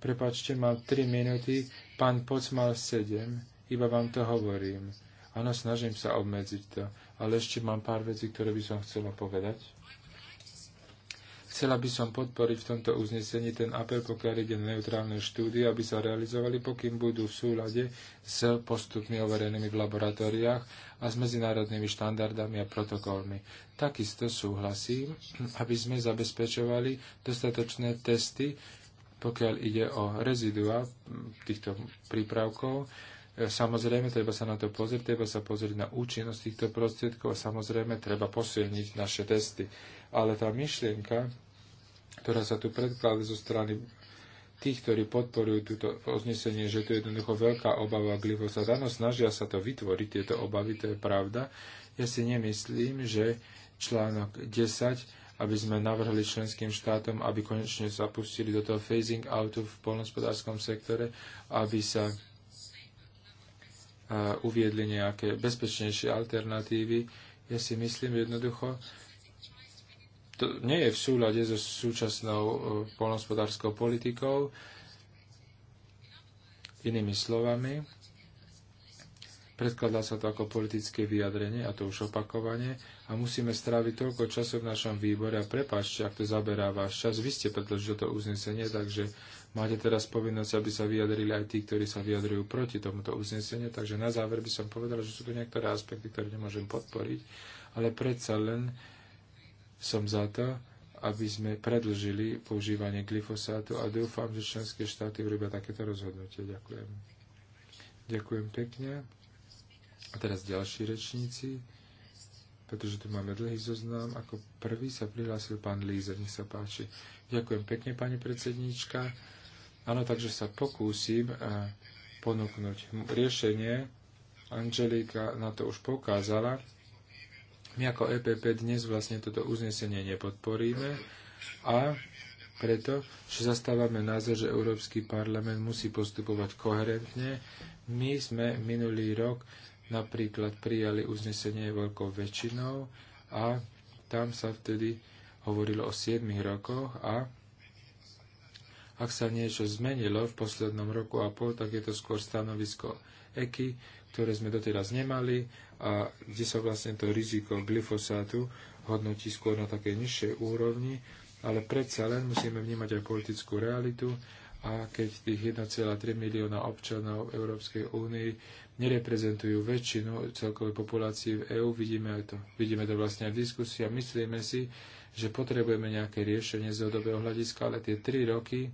A: Prepačte, mám 3 minúty, pán Poc mal 7, iba vám to hovorím. Áno, snažím sa obmedziť to, ale ešte mám pár vecí, ktoré by som chcela povedať. Chcela by som podporiť v tomto uznesení ten apel, pokiaľ ide na neutrálne štúdie, aby sa realizovali, pokým budú v súlade s postupmi overenými v laboratóriách a s medzinárodnými štandardami a protokolmi. Takisto súhlasím, aby sme zabezpečovali dostatočné testy, pokiaľ ide o rezidua týchto prípravkov, e, Samozrejme, treba sa na to pozrieť, treba sa pozrieť na účinnosť týchto prostriedkov a samozrejme, treba posilniť naše testy ale tá myšlienka, ktorá sa tu predkladá zo strany tých, ktorí podporujú túto oznesenie, že to je jednoducho veľká obava glyfosát. Áno, snažia sa to vytvoriť, tieto obavy, to je pravda. Ja si nemyslím, že článok 10, aby sme navrhli členským štátom, aby konečne zapustili do toho phasing outu v polnospodárskom sektore, aby sa e, uviedli nejaké bezpečnejšie alternatívy. Ja si myslím jednoducho, to nie je v súľade so súčasnou e, polnospodárskou politikou. Inými slovami, predkladá sa to ako politické vyjadrenie, a to už opakovane, a musíme stráviť toľko času v našom výbore a prepáčte, ak to zaberá váš čas. Vy ste predložili to uznesenie, takže máte teraz povinnosť, aby sa vyjadrili aj tí, ktorí sa vyjadrujú proti tomuto uzneseniu. Takže na záver by som povedal, že sú tu niektoré aspekty, ktoré nemôžem podporiť, ale predsa len som za to, aby sme predlžili používanie glyfosátu a dúfam, že členské štáty urobia takéto rozhodnutie. Ďakujem. Ďakujem pekne. A teraz ďalší rečníci, pretože tu máme dlhý zoznam. Ako prvý sa prihlásil pán Lízer, nech sa páči. Ďakujem pekne, pani predsedníčka. Áno, takže sa pokúsim eh, ponúknuť riešenie. Angelika na to už poukázala my ako EPP dnes vlastne toto uznesenie nepodporíme a preto, že zastávame názor, že Európsky parlament musí postupovať koherentne. My sme minulý rok napríklad prijali uznesenie veľkou väčšinou a tam sa vtedy hovorilo o 7 rokoch a ak sa niečo zmenilo v poslednom roku a pol, tak je to skôr stanovisko EKI, ktoré sme doteraz nemali a kde sa vlastne to riziko glyfosátu hodnotí skôr na takej nižšej úrovni, ale predsa len musíme vnímať aj politickú realitu a keď tých 1,3 milióna občanov Európskej únii nereprezentujú väčšinu celkovej populácie v EÚ, vidíme, aj to, vidíme to vlastne aj v diskusii a myslíme si, že potrebujeme nejaké riešenie z hľadiska, ale tie tri roky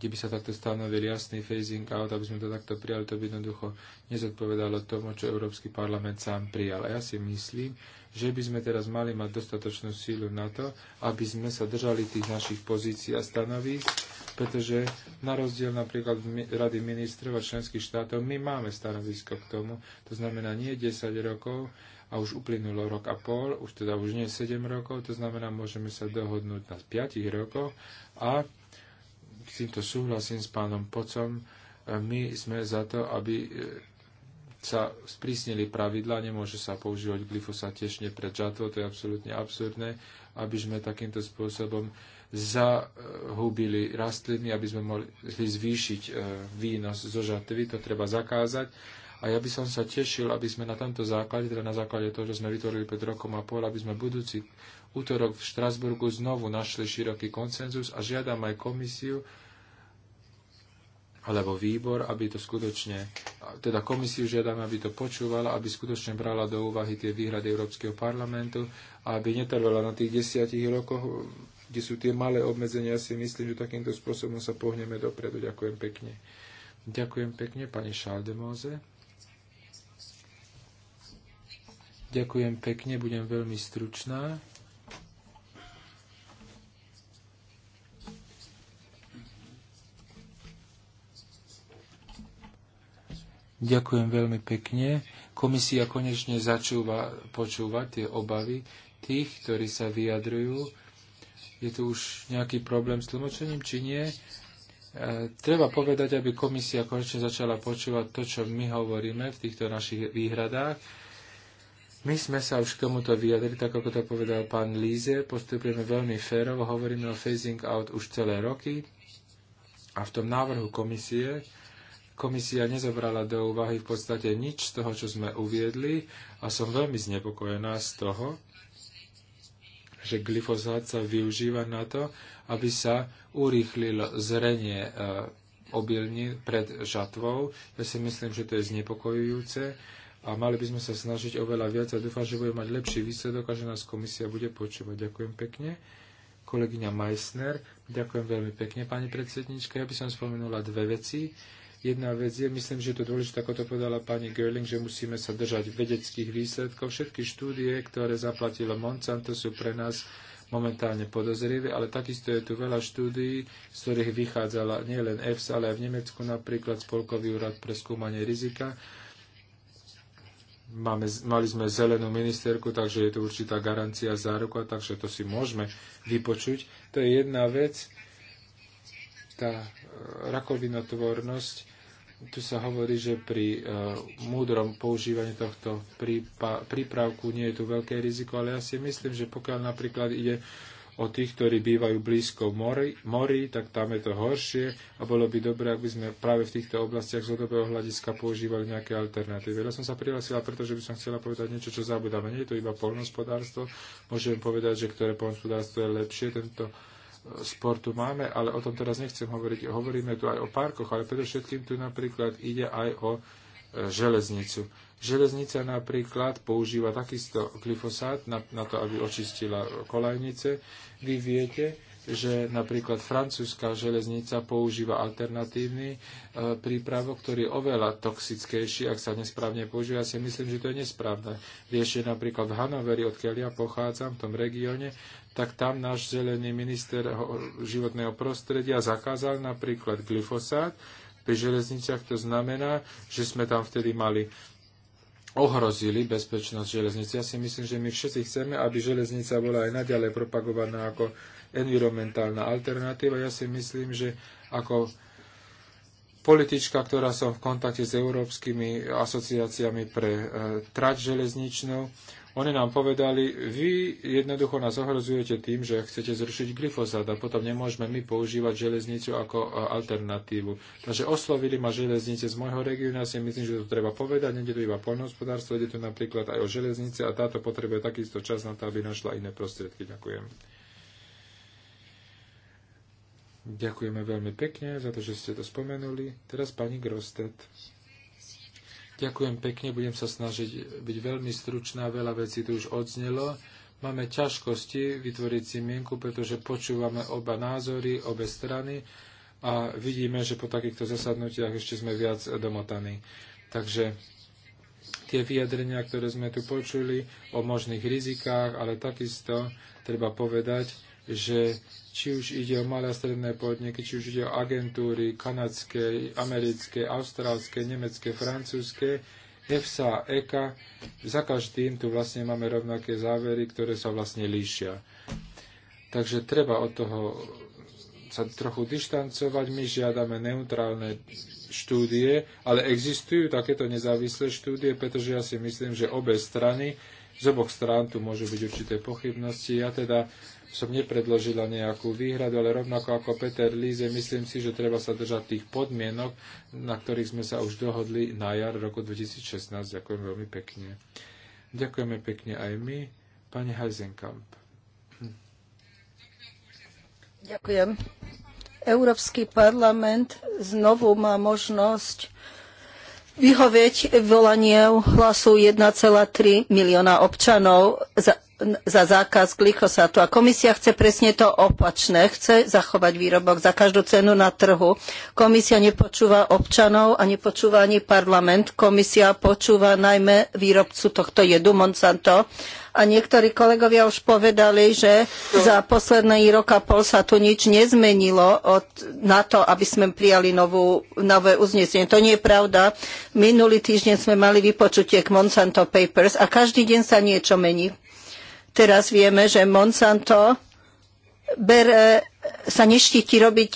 A: kde by sa takto stanovil jasný phasing out, aby sme to takto prijali, to by jednoducho nezodpovedalo tomu, čo Európsky parlament sám prijal. A ja si myslím, že by sme teraz mali mať dostatočnú sílu na to, aby sme sa držali tých našich pozícií a stanovísk, pretože na rozdiel napríklad Rady ministrov a členských štátov, my máme stanovisko k tomu, to znamená nie 10 rokov, a už uplynulo rok a pol, už teda už nie 7 rokov, to znamená, môžeme sa dohodnúť na 5 rokoch a týmto súhlasím s pánom Pocom. E, my sme za to, aby e, sa sprísnili pravidla, nemôže sa používať glyfosát tiež. pre žatvo, to je absolútne absurdné, aby sme takýmto spôsobom zahubili rastliny, aby sme mohli zvýšiť e, výnos zo žatvy, to treba zakázať. A ja by som sa tešil, aby sme na tomto základe, teda na základe toho, že sme vytvorili pred rokom a pol, aby sme budúci útorok v Štrasburgu znovu našli široký koncenzus a žiadam aj komisiu alebo výbor, aby to skutočne, teda komisiu žiadame, aby to počúvala, aby skutočne brala do úvahy tie výhrady Európskeho parlamentu a aby netrvala na tých desiatich rokoch, kde sú tie malé obmedzenia, si myslím, že takýmto spôsobom sa pohneme dopredu. Ďakujem pekne. Ďakujem pekne, pani Šaldemóze. Ďakujem pekne, budem veľmi stručná. Ďakujem veľmi pekne. Komisia konečne začúva počúvať tie obavy tých, ktorí sa vyjadrujú. Je tu už nejaký problém s tlmočením, či nie? E, treba povedať, aby komisia konečne začala počúvať to, čo my hovoríme v týchto našich výhradách. My sme sa už k tomuto vyjadrili, tak ako to povedal pán Líze, postupujeme veľmi férovo, hovoríme o phasing out už celé roky a v tom návrhu komisie komisia nezobrala do úvahy v podstate nič z toho, čo sme uviedli a som veľmi znepokojená z toho, že glyfozát sa využíva na to, aby sa urýchlilo zrenie e, obilní pred žatvou. Ja si myslím, že to je znepokojujúce a mali by sme sa snažiť oveľa viac a dúfam, že bude mať lepší výsledok a že nás komisia bude počúvať. Ďakujem pekne. Kolegyňa Meissner, ďakujem veľmi pekne, pani predsednička. Ja by som spomenula dve veci Jedna vec je, myslím, že je to dôležité, ako to povedala pani Görling, že musíme sa držať vedeckých výsledkov. Všetky štúdie, ktoré zaplatilo Monsanto, sú pre nás momentálne podozrivé, ale takisto je tu veľa štúdií, z ktorých vychádzala nielen EFS, ale aj v Nemecku napríklad Spolkový úrad pre skúmanie rizika. Máme, mali sme zelenú ministerku, takže je to určitá garancia záruka, takže to si môžeme vypočuť. To je jedna vec tá e, rakovinotvornosť, tu sa hovorí, že pri uh, múdrom používaní tohto prípa- prípravku nie je tu veľké riziko, ale ja si myslím, že pokiaľ napríklad ide o tých, ktorí bývajú blízko mori, mori, tak tam je to horšie a bolo by dobré, aby sme práve v týchto oblastiach z dlhodobého hľadiska používali nejaké alternatívy. Ja som sa prihlásila, pretože by som chcela povedať niečo, čo zabudáme. Nie je to iba polnospodárstvo. Môžem povedať, že ktoré polnospodárstvo je lepšie. Tento sportu máme, ale o tom teraz nechcem hovoriť. Hovoríme tu aj o parkoch, ale predovšetkým tu napríklad ide aj o e, železnicu. Železnica napríklad používa takisto glyfosát na, na to, aby očistila kolajnice. Vy viete, že napríklad francúzska železnica používa alternatívny e, prípravok, ktorý je oveľa toxickejší, ak sa nesprávne používa. Ja si myslím, že to je nesprávne. že napríklad v Hanoveri, odkiaľ ja pochádzam, v tom regióne, tak tam náš zelený minister životného prostredia zakázal napríklad glyfosát. Pri železniciach to znamená, že sme tam vtedy mali ohrozili bezpečnosť železnice. Ja si myslím, že my všetci chceme, aby železnica bola aj naďalej propagovaná ako environmentálna alternatíva. Ja si myslím, že ako politička, ktorá som v kontakte s európskymi asociáciami pre e, trať železničnou, oni nám povedali, vy jednoducho nás ohrozujete tým, že chcete zrušiť glyfosát a potom nemôžeme my používať železnicu ako e, alternatívu. Takže oslovili ma železnice z môjho regiónu, ja si myslím, že to treba povedať, je to iba poľnohospodárstvo, ide tu napríklad aj o železnice a táto potrebuje takisto čas na to, aby našla iné prostriedky. Ďakujem. Ďakujeme veľmi pekne za to, že ste to spomenuli. Teraz pani Grostet. Ďakujem pekne, budem sa snažiť byť veľmi stručná, veľa vecí tu už odznelo. Máme ťažkosti vytvoriť si mienku, pretože počúvame oba názory, obe strany a vidíme, že po takýchto zasadnutiach ešte sme viac domotaní. Takže tie vyjadrenia, ktoré sme tu počuli o možných rizikách, ale takisto treba povedať, že či už ide o malé a stredné podniky, či už ide o agentúry kanadské, americké, austrálske, nemecké, francúzske, EFSA, ECA, za každým tu vlastne máme rovnaké závery, ktoré sa vlastne líšia. Takže treba od toho sa trochu dištancovať. My žiadame neutrálne štúdie, ale existujú takéto nezávislé štúdie, pretože ja si myslím, že obe strany, z oboch strán tu môžu byť určité pochybnosti. Ja teda som nepredložila nejakú výhradu, ale rovnako ako Peter Líze, myslím si, že treba sa držať tých podmienok, na ktorých sme sa už dohodli na jar roku 2016. Ďakujem veľmi pekne. Ďakujeme pekne aj my. Pani Heisenkamp.
B: Ďakujem. Európsky parlament znovu má možnosť vyhovieť volaniu hlasu 1,3 milióna občanov za za zákaz glyfosátu. A komisia chce presne to opačné. Chce zachovať výrobok za každú cenu na trhu. Komisia nepočúva občanov a nepočúva ani parlament. Komisia počúva najmä výrobcu tohto jedu Monsanto. A niektorí kolegovia už povedali, že za posledný rok a pol sa tu nič nezmenilo od, na to, aby sme prijali novú, nové uznesenie. To nie je pravda. Minulý týždeň sme mali vypočutie k Monsanto Papers a každý deň sa niečo mení. Teraz vieme, že Monsanto bere, sa neštíti robiť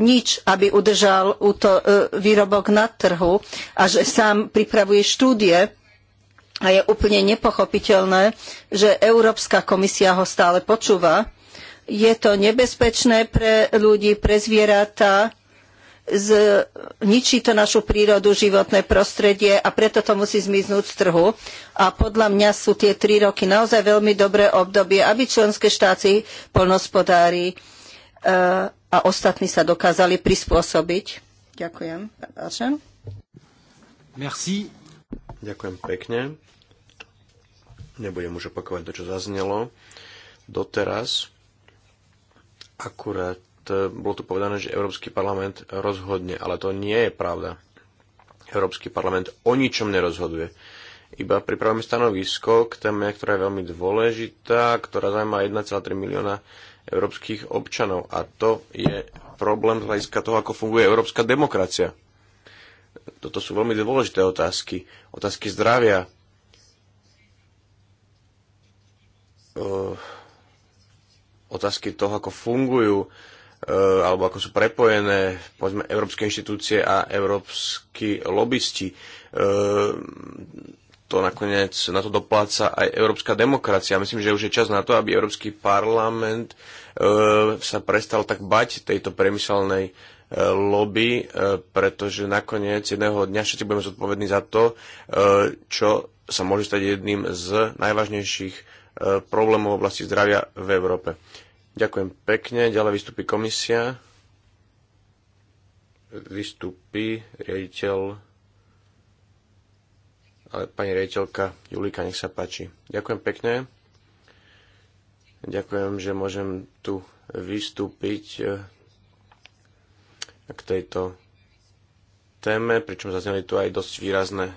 B: nič, aby udržal úto, e, výrobok na trhu a že sám pripravuje štúdie a je úplne nepochopiteľné, že Európska komisia ho stále počúva. Je to nebezpečné pre ľudí, pre zvieratá, zničí to našu prírodu, životné prostredie a preto to musí zmiznúť z trhu. A podľa mňa sú tie tri roky naozaj veľmi dobré obdobie, aby členské štáty, polnospodári e, a ostatní sa dokázali prispôsobiť. Ďakujem.
C: Merci. Ďakujem pekne. Nebudem už opakovať to, čo zaznelo doteraz. Akurát E, bolo tu povedané, že Európsky parlament rozhodne, ale to nie je pravda. Európsky parlament o ničom nerozhoduje. Iba pripravujeme stanovisko k téme, ktorá je veľmi dôležitá, ktorá zaujíma 1,3 milióna európskych občanov. A to je problém z hľadiska toho, ako funguje európska demokracia. Toto sú veľmi dôležité otázky. Otázky zdravia. E, otázky toho, ako fungujú Eh, alebo ako sú prepojené povedzme, európske inštitúcie a európsky lobbysti. Eh, to nakoniec na to dopláca aj európska demokracia. Myslím, že už je čas na to, aby Európsky parlament eh, sa prestal tak bať tejto priemyselnej lobby, pretože nakoniec jedného dňa všetci budeme zodpovední za to, čo sa môže stať jedným z najvážnejších problémov v oblasti zdravia v Európe. Ďakujem pekne. Ďalej vystupí komisia. Vystupí riaditeľ ale pani riaditeľka Julika, nech sa páči. Ďakujem pekne. Ďakujem, že môžem tu vystúpiť eh, k tejto téme, pričom zazneli tu aj dosť výrazné eh,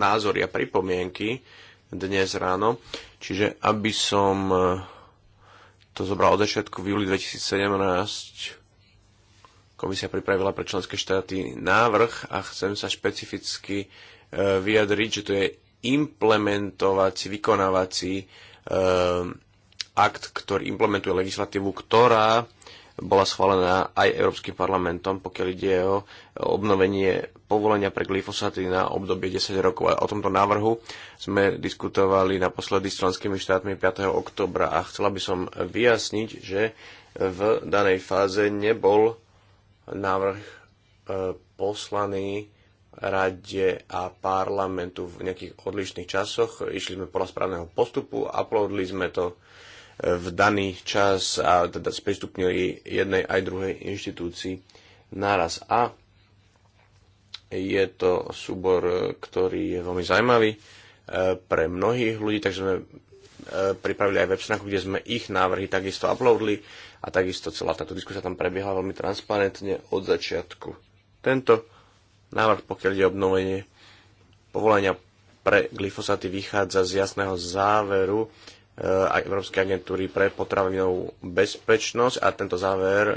C: názory a pripomienky dnes ráno. Čiže aby som eh, to zobral od začiatku v júli 2017. Komisia pripravila pre členské štáty návrh a chcem sa špecificky e, vyjadriť, že to je implementovací, vykonávací e, akt, ktorý implementuje legislatívu, ktorá bola schválená aj Európskym parlamentom, pokiaľ ide o obnovenie povolenia pre glyfosáty na obdobie 10 rokov. A o tomto návrhu sme diskutovali naposledy s členskými štátmi 5. oktobra a chcela by som vyjasniť, že v danej fáze nebol návrh e, poslaný rade a parlamentu v nejakých odlišných časoch. Išli sme podľa správneho postupu, uploadli sme to e, v daný čas a teda sprístupnili jednej aj druhej inštitúcii naraz. A je to súbor, e, ktorý je veľmi zaujímavý e, pre mnohých ľudí, takže sme e, pripravili aj web stránku, kde sme ich návrhy takisto uploadli a takisto celá táto diskusia tam prebiehala veľmi transparentne od začiatku. Tento návrh, pokiaľ ide obnovenie povolenia pre glyfosáty, vychádza z jasného záveru, E, aj Európskej agentúry pre potravinovú bezpečnosť a tento záver e,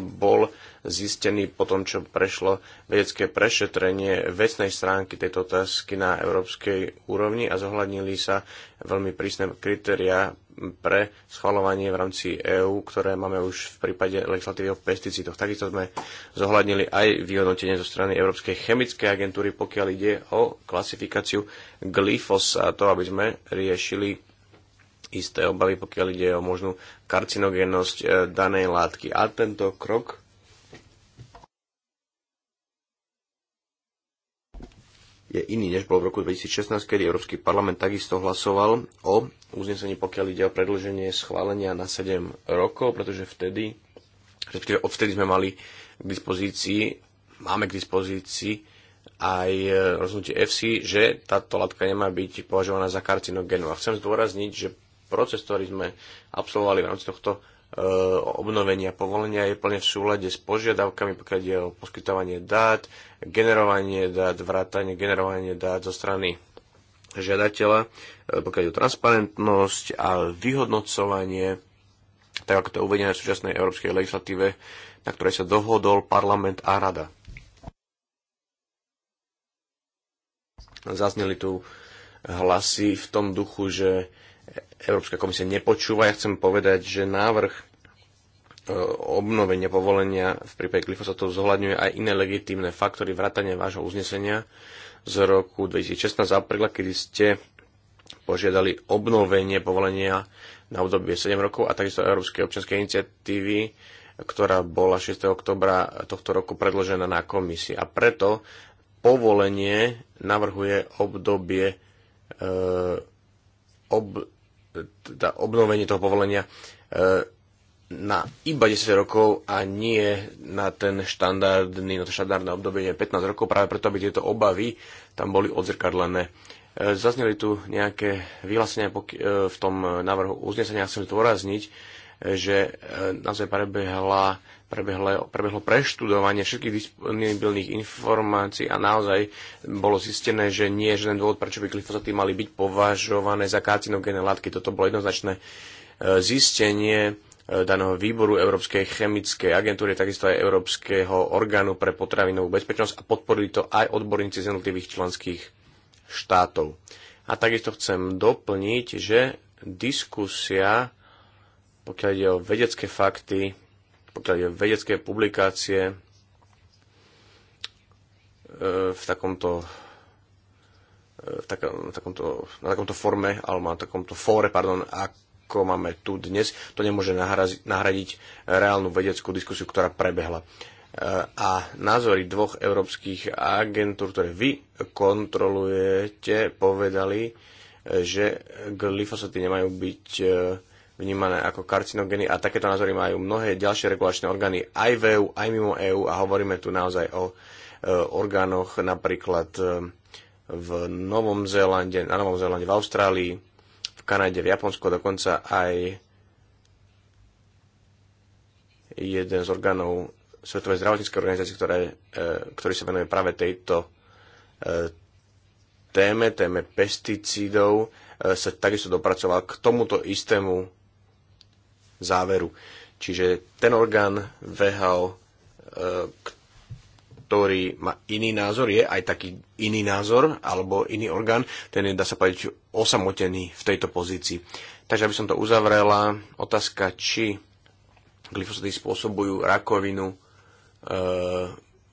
C: bol zistený po tom, čo prešlo vedecké prešetrenie vecnej stránky tejto otázky na európskej úrovni a zohľadnili sa veľmi prísne kritéria pre schvalovanie v rámci EÚ, ktoré máme už v prípade legislatívy o pesticídoch. Takisto sme zohľadnili aj vyhodnotenie zo strany Európskej chemickej agentúry, pokiaľ ide o klasifikáciu to, aby sme riešili isté obavy, pokiaľ ide o možnú karcinogénnosť eh, danej látky. A tento krok je iný, než bol v roku 2016, kedy Európsky parlament takisto hlasoval o uznesení, pokiaľ ide o predlženie schválenia na 7 rokov, pretože vtedy, respektíve odvtedy sme mali k dispozícii, máme k dispozícii aj eh, rozhodnutie FC, že táto látka nemá byť považovaná za karcinogénu. A chcem zdôrazniť, že proces, ktorý sme absolvovali v rámci tohto e, obnovenia povolenia je plne v súlade s požiadavkami, pokiaľ je o poskytovanie dát, generovanie dát, vrátanie, generovanie dát zo strany žiadateľa, e, pokiaľ je o transparentnosť a vyhodnocovanie, tak ako to je uvedené v súčasnej európskej legislatíve, na ktorej sa dohodol parlament a rada. Zazneli tu hlasy v tom duchu, že Európska komisia nepočúva. Ja chcem povedať, že návrh e, obnovenia povolenia v prípade glyfosátov zohľadňuje aj iné legitímne faktory vrátane vášho uznesenia z roku 2016 apríla, kedy ste požiadali obnovenie povolenia na obdobie 7 rokov a takisto Európskej občianskej iniciatívy, ktorá bola 6. oktobra tohto roku predložená na komisii. A preto povolenie navrhuje obdobie e, ob, teda obnovenie toho povolenia e, na iba 10 rokov a nie na ten štandardný, na to štandardné obdobie 15 rokov, práve preto, aby tieto obavy tam boli odzrkadlené. E, zazneli tu nejaké vyhlásenia e, v tom návrhu uznesenia. Chcem zdôrazniť, že naozaj prebehla prebehlo, prebehlo preštudovanie všetkých disponibilných informácií a naozaj bolo zistené, že nie je žiaden dôvod, prečo by glyfosaty mali byť považované za karcinogénne látky. Toto bolo jednoznačné e, zistenie e, daného výboru Európskej chemickej agentúry, takisto aj Európskeho orgánu pre potravinovú bezpečnosť a podporili to aj odborníci z jednotlivých členských štátov. A takisto chcem doplniť, že diskusia, pokiaľ ide o vedecké fakty, pokiaľ je vedecké publikácie e, v takomto e, v takom, takomto, na takomto forme alebo na takomto fóre, pardon, ako máme tu dnes, to nemôže nahradiť, nahradiť reálnu vedeckú diskusiu, ktorá prebehla. E, a názory dvoch európskych agentúr, ktoré vy kontrolujete, povedali, že glyfosaty nemajú byť vnímané ako karcinogény a takéto názory majú mnohé ďalšie regulačné orgány aj v EU, aj mimo EÚ a hovoríme tu naozaj o e, orgánoch napríklad e, v Novom Zélande, na Novom Zélande, v Austrálii, v Kanade, v Japonsku, dokonca aj jeden z orgánov Svetovej zdravotníckej organizácie, ktoré, e, ktorý sa venuje práve tejto e, téme, téme pesticídov, e, sa takisto dopracoval k tomuto istému záveru. Čiže ten orgán VHO, e, ktorý má iný názor, je aj taký iný názor alebo iný orgán, ten je, dá sa povedať, osamotený v tejto pozícii. Takže aby som to uzavrela, otázka, či glyfosaty spôsobujú rakovinu e,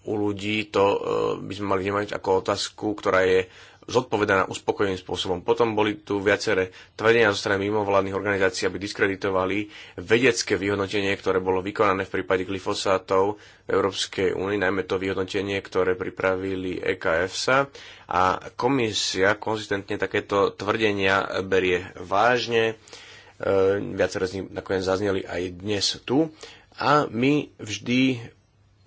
C: u ľudí, to e, by sme mali vnímať ako otázku, ktorá je zodpovedaná uspokojeným spôsobom. Potom boli tu viaceré tvrdenia zo strany mimovládnych organizácií, aby diskreditovali vedecké vyhodnotenie, ktoré bolo vykonané v prípade glyfosátov v Európskej únii, najmä to vyhodnotenie, ktoré pripravili EKFSA. A komisia konzistentne takéto tvrdenia berie vážne. E, viaceré z nich nakoniec zazneli aj dnes tu. A my vždy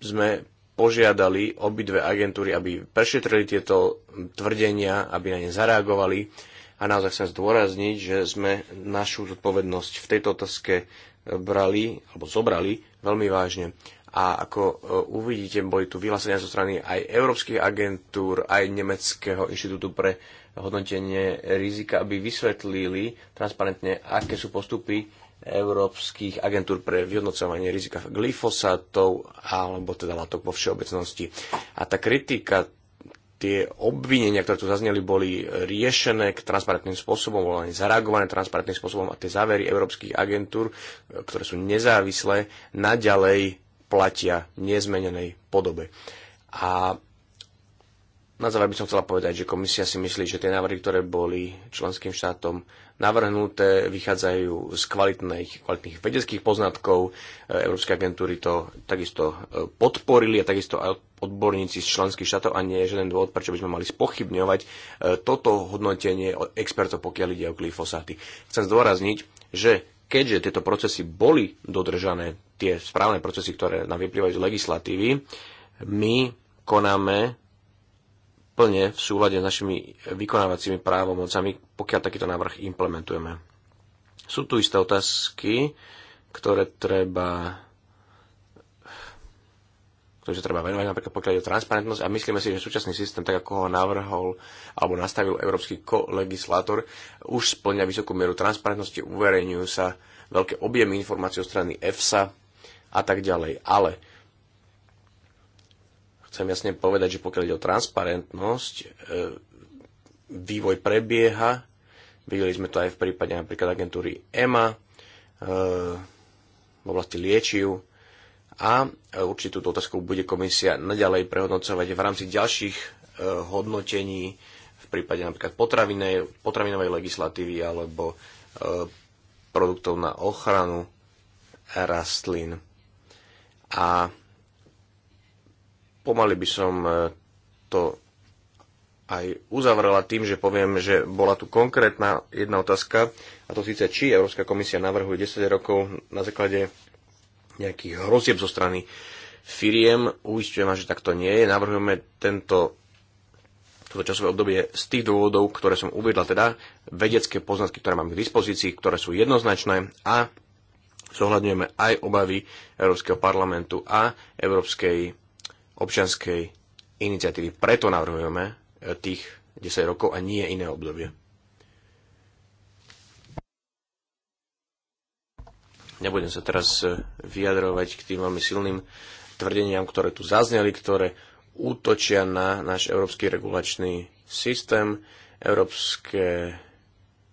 C: sme požiadali obidve agentúry, aby prešetrili tieto tvrdenia, aby na ne zareagovali. A naozaj chcem zdôrazniť, že sme našu zodpovednosť v tejto otázke brali, alebo zobrali veľmi vážne. A ako e, uvidíte, boli tu vyhlásenia zo strany aj európskych agentúr, aj Nemeckého inštitútu pre hodnotenie rizika, aby vysvetlili transparentne, aké sú postupy európskych agentúr pre vyhodnocovanie rizika glyfosátov alebo teda látok vo všeobecnosti. A tá kritika, tie obvinenia, ktoré tu zazneli, boli riešené k transparentným spôsobom, boli zareagované transparentným spôsobom a tie závery európskych agentúr, ktoré sú nezávislé, naďalej platia v nezmenenej podobe. A na záver by som chcela povedať, že komisia si myslí, že tie návrhy, ktoré boli členským štátom navrhnuté, vychádzajú z kvalitných, kvalitných vedeckých poznatkov. E, Európske agentúry to takisto e, podporili a takisto aj odborníci z členských štátov a nie je žiaden dôvod, prečo by sme mali spochybňovať e, toto hodnotenie expertov, pokiaľ ide o glyfosáty. Chcem zdôrazniť, že keďže tieto procesy boli dodržané, tie správne procesy, ktoré nám vyplývajú z legislatívy, my konáme plne v súlade s našimi vykonávacími právomocami, pokiaľ takýto návrh implementujeme. Sú tu isté otázky, ktoré treba ktoré treba venovať, napríklad pokiaľ je o transparentnosť a myslíme si, že súčasný systém, tak ako ho navrhol alebo nastavil európsky kolegislátor, už splňa vysokú mieru transparentnosti, uverejňujú sa veľké objemy informácií o strany EFSA a tak ďalej. Ale chcem jasne povedať, že pokiaľ ide o transparentnosť, e, vývoj prebieha. Videli sme to aj v prípade napríklad agentúry EMA e, v oblasti liečiv a e, určitú túto otázku bude komisia naďalej prehodnocovať v rámci ďalších hodnotení v prípade napríklad potravinovej legislatívy alebo produktov na ochranu rastlín. A Pomaly by som e, to aj uzavrela tým, že poviem, že bola tu konkrétna jedna otázka, a to síce, či Európska komisia navrhuje 10 rokov na základe nejakých hrozieb zo strany firiem. Uistujem že takto nie je. Navrhujeme tento toto časové obdobie z tých dôvodov, ktoré som uviedla, teda vedecké poznatky, ktoré máme k dispozícii, ktoré sú jednoznačné a zohľadňujeme aj obavy Európskeho parlamentu a Európskej občianskej iniciatívy. Preto navrhujeme eh, tých 10 rokov a nie iné obdobie. Nebudem sa teraz eh, vyjadrovať k tým veľmi silným tvrdeniam, ktoré tu zazneli, ktoré útočia na náš európsky regulačný systém, európske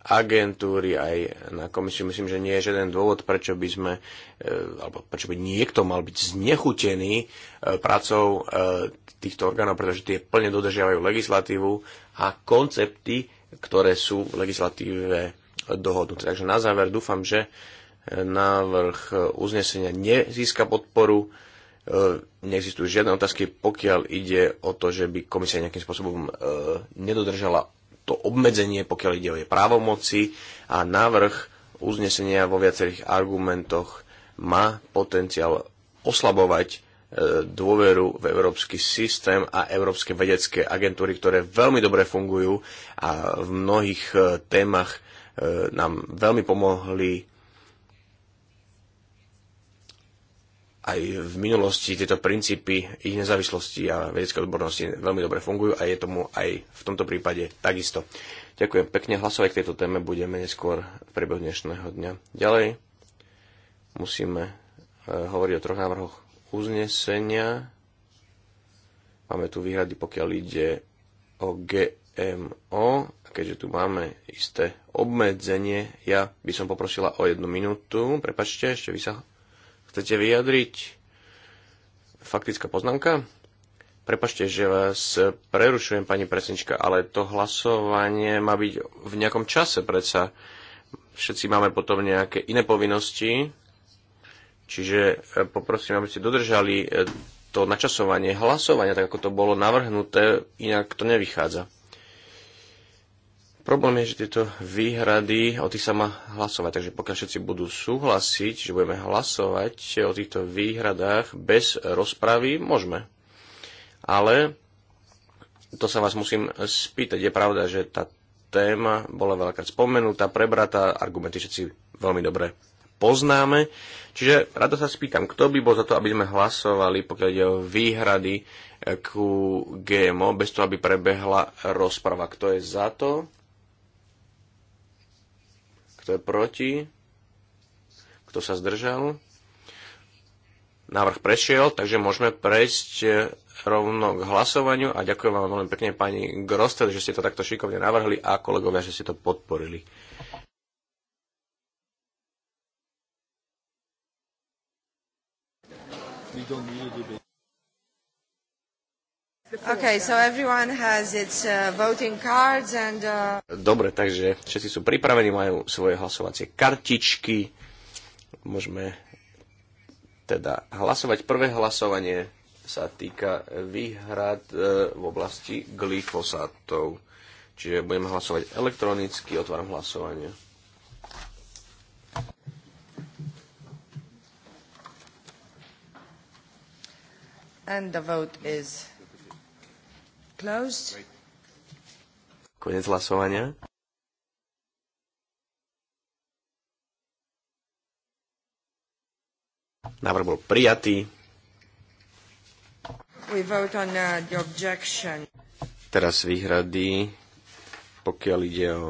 C: agentúry, aj na komisiu. Myslím, že nie je žiaden dôvod, prečo by sme, e, alebo prečo by niekto mal byť znechutený e, pracou e, týchto orgánov, pretože tie plne dodržiavajú legislatívu a koncepty, ktoré sú v legislatíve dohodnuté. Takže na záver dúfam, že návrh uznesenia nezíska podporu. Neexistujú žiadne otázky, pokiaľ ide o to, že by komisia nejakým spôsobom nedodržala to obmedzenie, pokiaľ ide o jej právomoci a návrh uznesenia vo viacerých argumentoch má potenciál oslabovať e, dôveru v európsky systém a európske vedecké agentúry, ktoré veľmi dobre fungujú a v mnohých e, témach e, nám veľmi pomohli aj v minulosti tieto princípy ich nezávislosti a vedeckej odbornosti veľmi dobre fungujú a je tomu aj v tomto prípade takisto. Ďakujem pekne, hlasovať k tejto téme budeme neskôr v priebehu dnešného dňa. Ďalej musíme e, hovoriť o troch návrhoch uznesenia. Máme tu výhrady, pokiaľ ide o GMO, keďže tu máme isté obmedzenie, ja by som poprosila o jednu minútu. Prepačte, ešte vy sa chcete vyjadriť? Faktická poznámka? Prepašte, že vás prerušujem, pani presnička, ale to hlasovanie má byť v nejakom čase predsa. Všetci máme potom nejaké iné povinnosti, čiže e, poprosím, aby ste dodržali e, to načasovanie hlasovania, tak ako to bolo navrhnuté, inak to nevychádza. Problém je, že tieto výhrady, o tých sa má hlasovať, takže pokiaľ všetci budú súhlasiť, že budeme hlasovať o týchto výhradách bez rozpravy, môžeme. Ale to sa vás musím spýtať. Je pravda, že tá téma bola veľakrát spomenutá, prebratá, argumenty všetci veľmi dobre poznáme. Čiže rado sa spýtam, kto by bol za to, aby sme hlasovali, pokiaľ ide o výhrady ku GMO, bez toho, aby prebehla rozprava. Kto je za to? Kto je proti? Kto sa zdržal? Návrh prešiel, takže môžeme prejsť e, rovno k hlasovaniu a ďakujem vám veľmi pekne pani Grostel, že ste to takto šikovne navrhli a kolegovia, že ste to podporili. We
B: Okay, so everyone has its uh, voting cards and... Uh...
C: Dobre, takže všetci sú pripravení, majú svoje hlasovacie kartičky. Môžeme teda hlasovať. Prvé hlasovanie sa týka výhrad e, v oblasti glyfosátov. Čiže budeme hlasovať elektronicky, otváram hlasovanie.
B: And the
A: vote is Closed.
C: Konec hlasovania. Návrh bol prijatý.
A: We vote on, uh, the objection.
C: Teraz výhrady, pokiaľ ide o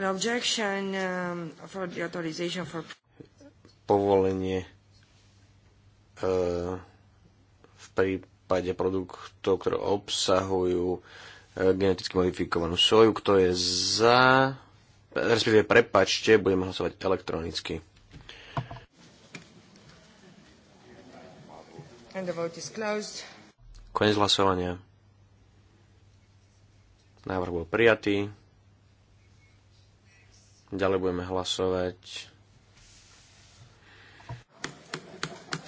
C: an objection um, for the authorization for povolenie e, v prípade produktov, ktoré obsahujú e, geneticky modifikovanú soju. Kto je za? Respektíve, prepačte, budeme hlasovať elektronicky.
A: And the vote is closed.
C: Konec hlasovania. Návrh bol prijatý. Ďalej budeme hlasovať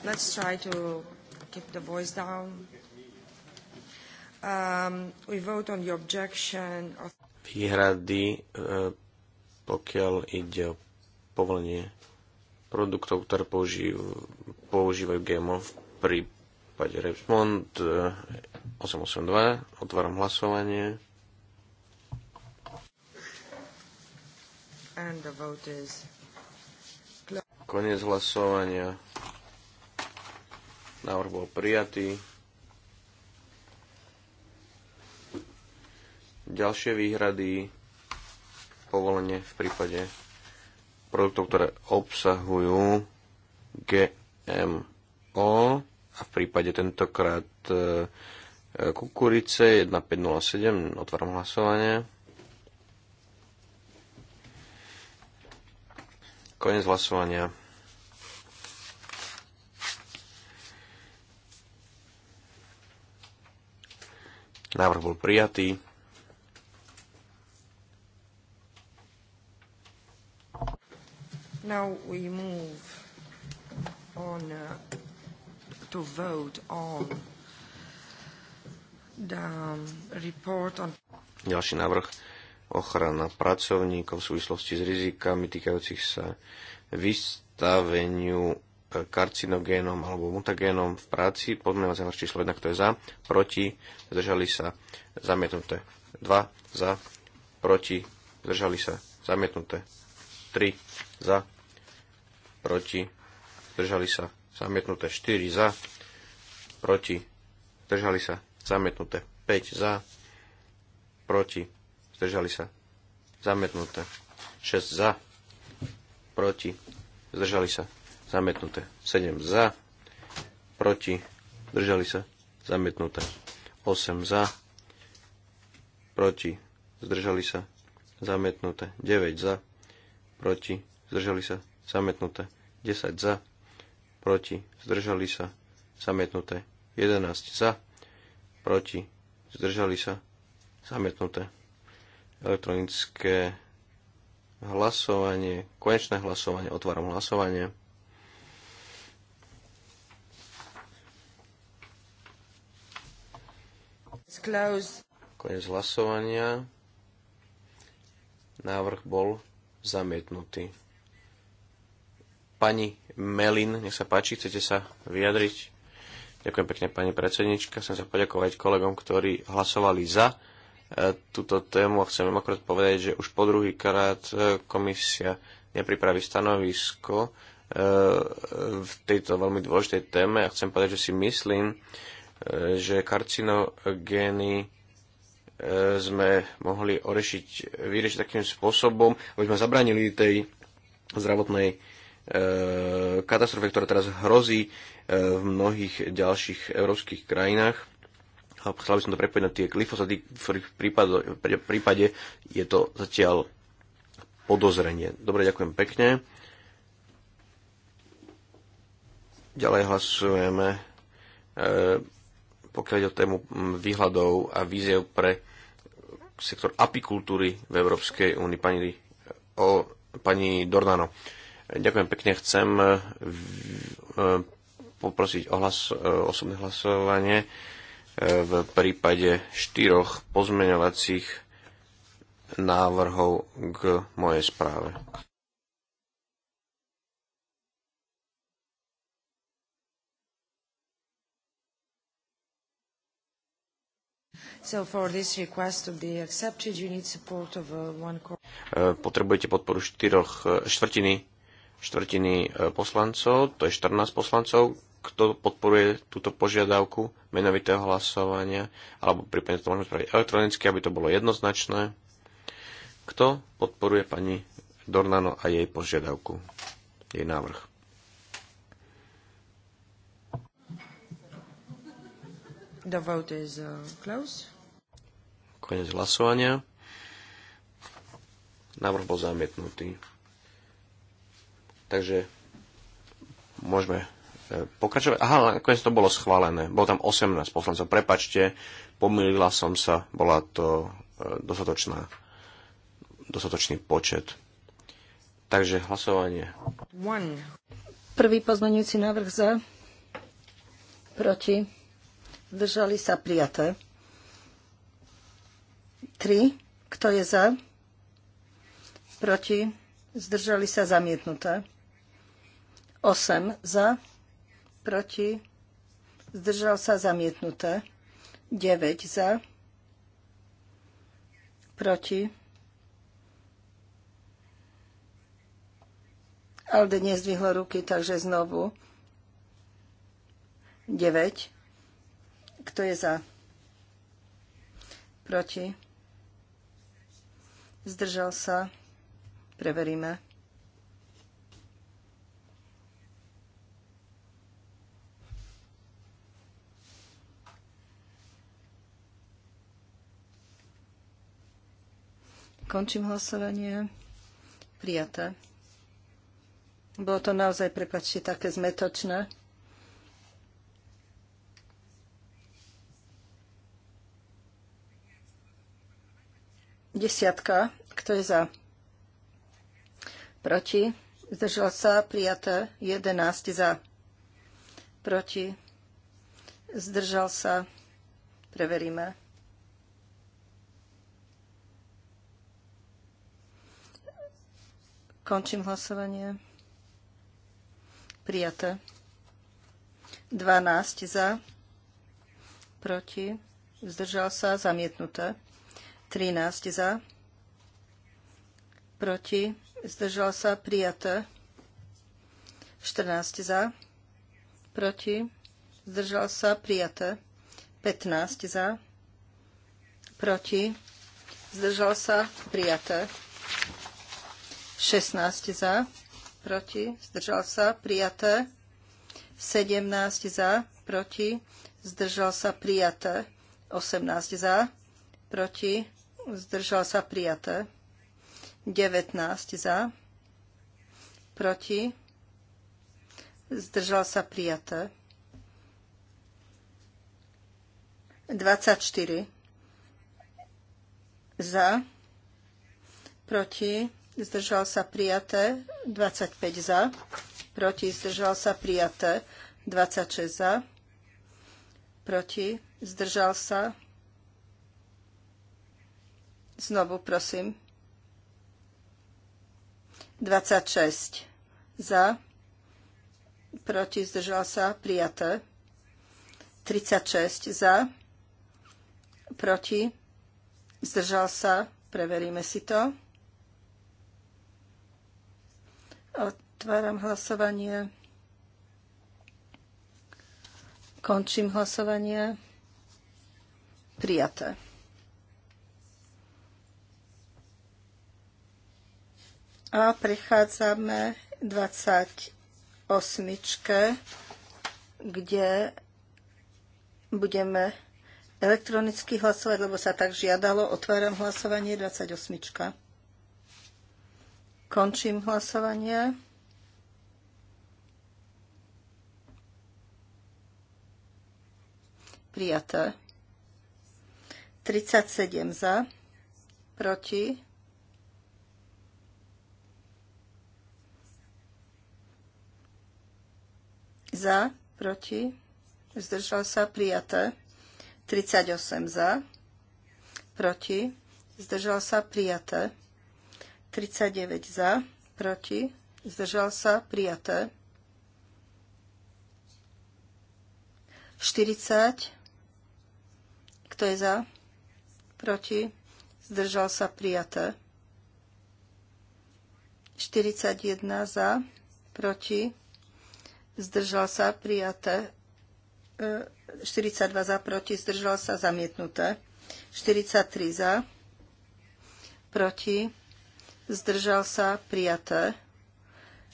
B: Let's try to keep the voice down. Um, we vote on the objection
A: of...
C: Výhrady, e, pokiaľ ide o povolenie produktov, ktoré používajú, používajú GMO v prípade Repsmond 882. E, Otváram hlasovanie.
A: And the vote is...
C: Konec hlasovania. Návrh bol prijatý. Ďalšie výhrady povolenie v prípade produktov, ktoré obsahujú GMO a v prípade tentokrát e, kukurice 1507, otváram hlasovanie. Konec hlasovania. Návrh bol prijatý.
B: Now we move on uh, to vote on the um, report on...
C: Ďalší návrh ochrana pracovníkov v súvislosti s rizikami týkajúcich sa vystaveniu karcinogénom alebo mutagénom v práci. Podmienovací hlas číslo 1, kto je za, proti, zdržali sa, zamietnuté. 2 za, proti, zdržali sa, zamietnuté. 3 za, proti, zdržali sa, zamietnuté. 4 za, proti, zdržali sa, zamietnuté. 5 za, proti, zdržali sa, zamietnuté. 6 za, proti, zdržali sa, zamietnuté. 7 za, proti, zdržali sa, zamietnuté. 8 za, proti, zdržali sa, zamietnuté. 9 za, proti, zdržali sa, zamietnuté. 10 za, proti, zdržali sa, zamietnuté. 11 za, proti, zdržali sa, zamietnuté. Elektronické hlasovanie, konečné hlasovanie, otváram hlasovanie.
A: Konec
C: hlasovania. Návrh bol zamietnutý. Pani Melin, nech sa páči, chcete sa vyjadriť? Ďakujem pekne, pani predsednička. Chcem sa poďakovať kolegom, ktorí hlasovali za e, túto tému a chcem akorát povedať, že už po druhý krát e, komisia nepripraví stanovisko e, v tejto veľmi dôležitej téme a chcem povedať, že si myslím, že karcinogény e, sme mohli orešiť, vyriešiť takým spôsobom, aby sme zabranili tej zdravotnej e, katastrofe, ktorá teraz hrozí e, v mnohých ďalších európskych krajinách. Chcel by som to prepojiť na tie glyfosaty, v ktorých prípade, prípade je to zatiaľ podozrenie. Dobre, ďakujem pekne. Ďalej hlasujeme pokiaľ ide o tému mm, výhľadov a víziev pre sektor apikultúry v Európskej únii. Pani, eh, o, pani Dornano, ďakujem pekne. Chcem eh, eh, poprosiť o hlas, osobné hlasovanie v prípade štyroch pozmeňovacích návrhov k mojej správe.
B: So for this request to be accepted,
C: you need support of uh, one eh, Potrebujete podporu štyroch, eh, štvrtiny, štvrtiny eh, poslancov, to je 14 poslancov, kto podporuje túto požiadavku menovitého hlasovania, alebo prípadne to môžeme spraviť elektronicky, aby to bolo jednoznačné. Kto podporuje pani Dornano a jej požiadavku, jej návrh?
B: The vote is uh, closed.
C: Konec hlasovania. Návrh bol zamietnutý. Takže môžeme e, pokračovať. Aha, nakoniec to bolo schválené. Bolo tam 18 poslancov. Prepačte, pomýlila som sa. Bola to e, dostatočná, dostatočný počet. Takže hlasovanie.
B: One. Prvý pozmeňujúci návrh za. Proti. Držali sa prijaté. 3. Kto je za? Proti? Zdržali sa zamietnuté. 8. Za? Proti? Zdržal sa zamietnuté. 9. Za? Proti? Alde nezdvihlo ruky, takže znovu. 9. Kto je za? Proti? Zdržal sa? Preveríme. Končím hlasovanie. Prijaté. Bolo to naozaj, prepačte, také zmetočné. Desiatka. Kto je za? Proti? Zdržal sa? Prijaté. 11 za. Proti? Zdržal sa? Preveríme. Končím hlasovanie. Prijaté. 12 za. Proti. Zdržal sa. Zamietnuté. 13 za, proti, zdržal sa, prijaté. 14 za, proti, zdržal sa, prijaté. 15 za, proti, zdržal sa, prijaté. 16 za, proti, zdržal sa, prijaté. 17 za, proti, zdržal sa, prijaté. 18 za, proti, zdržal sa prijaté. 19 za, proti, zdržal sa prijaté. 24 za, proti, zdržal sa prijaté. 25 za, proti, zdržal sa prijaté. 26 za, proti, zdržal sa Znovu prosím. 26 za, proti zdržal sa, prijaté. 36 za, proti zdržal sa, preveríme si to. Otváram hlasovanie. Končím hlasovanie. Prijaté. A prechádzame 28, kde budeme elektronicky hlasovať, lebo sa tak žiadalo. Otváram hlasovanie 28. Končím hlasovanie. Prijaté. 37 za, proti za, proti, zdržal sa, prijaté. 38 za, proti, zdržal sa, prijaté. 39 za, proti, zdržal sa, prijaté. 40, kto je za, proti, zdržal sa, prijaté. 41 za, proti, zdržal sa, prijaté. 42 e, za, proti, zdržal sa, zamietnuté. 43 za, proti, zdržal sa, prijaté.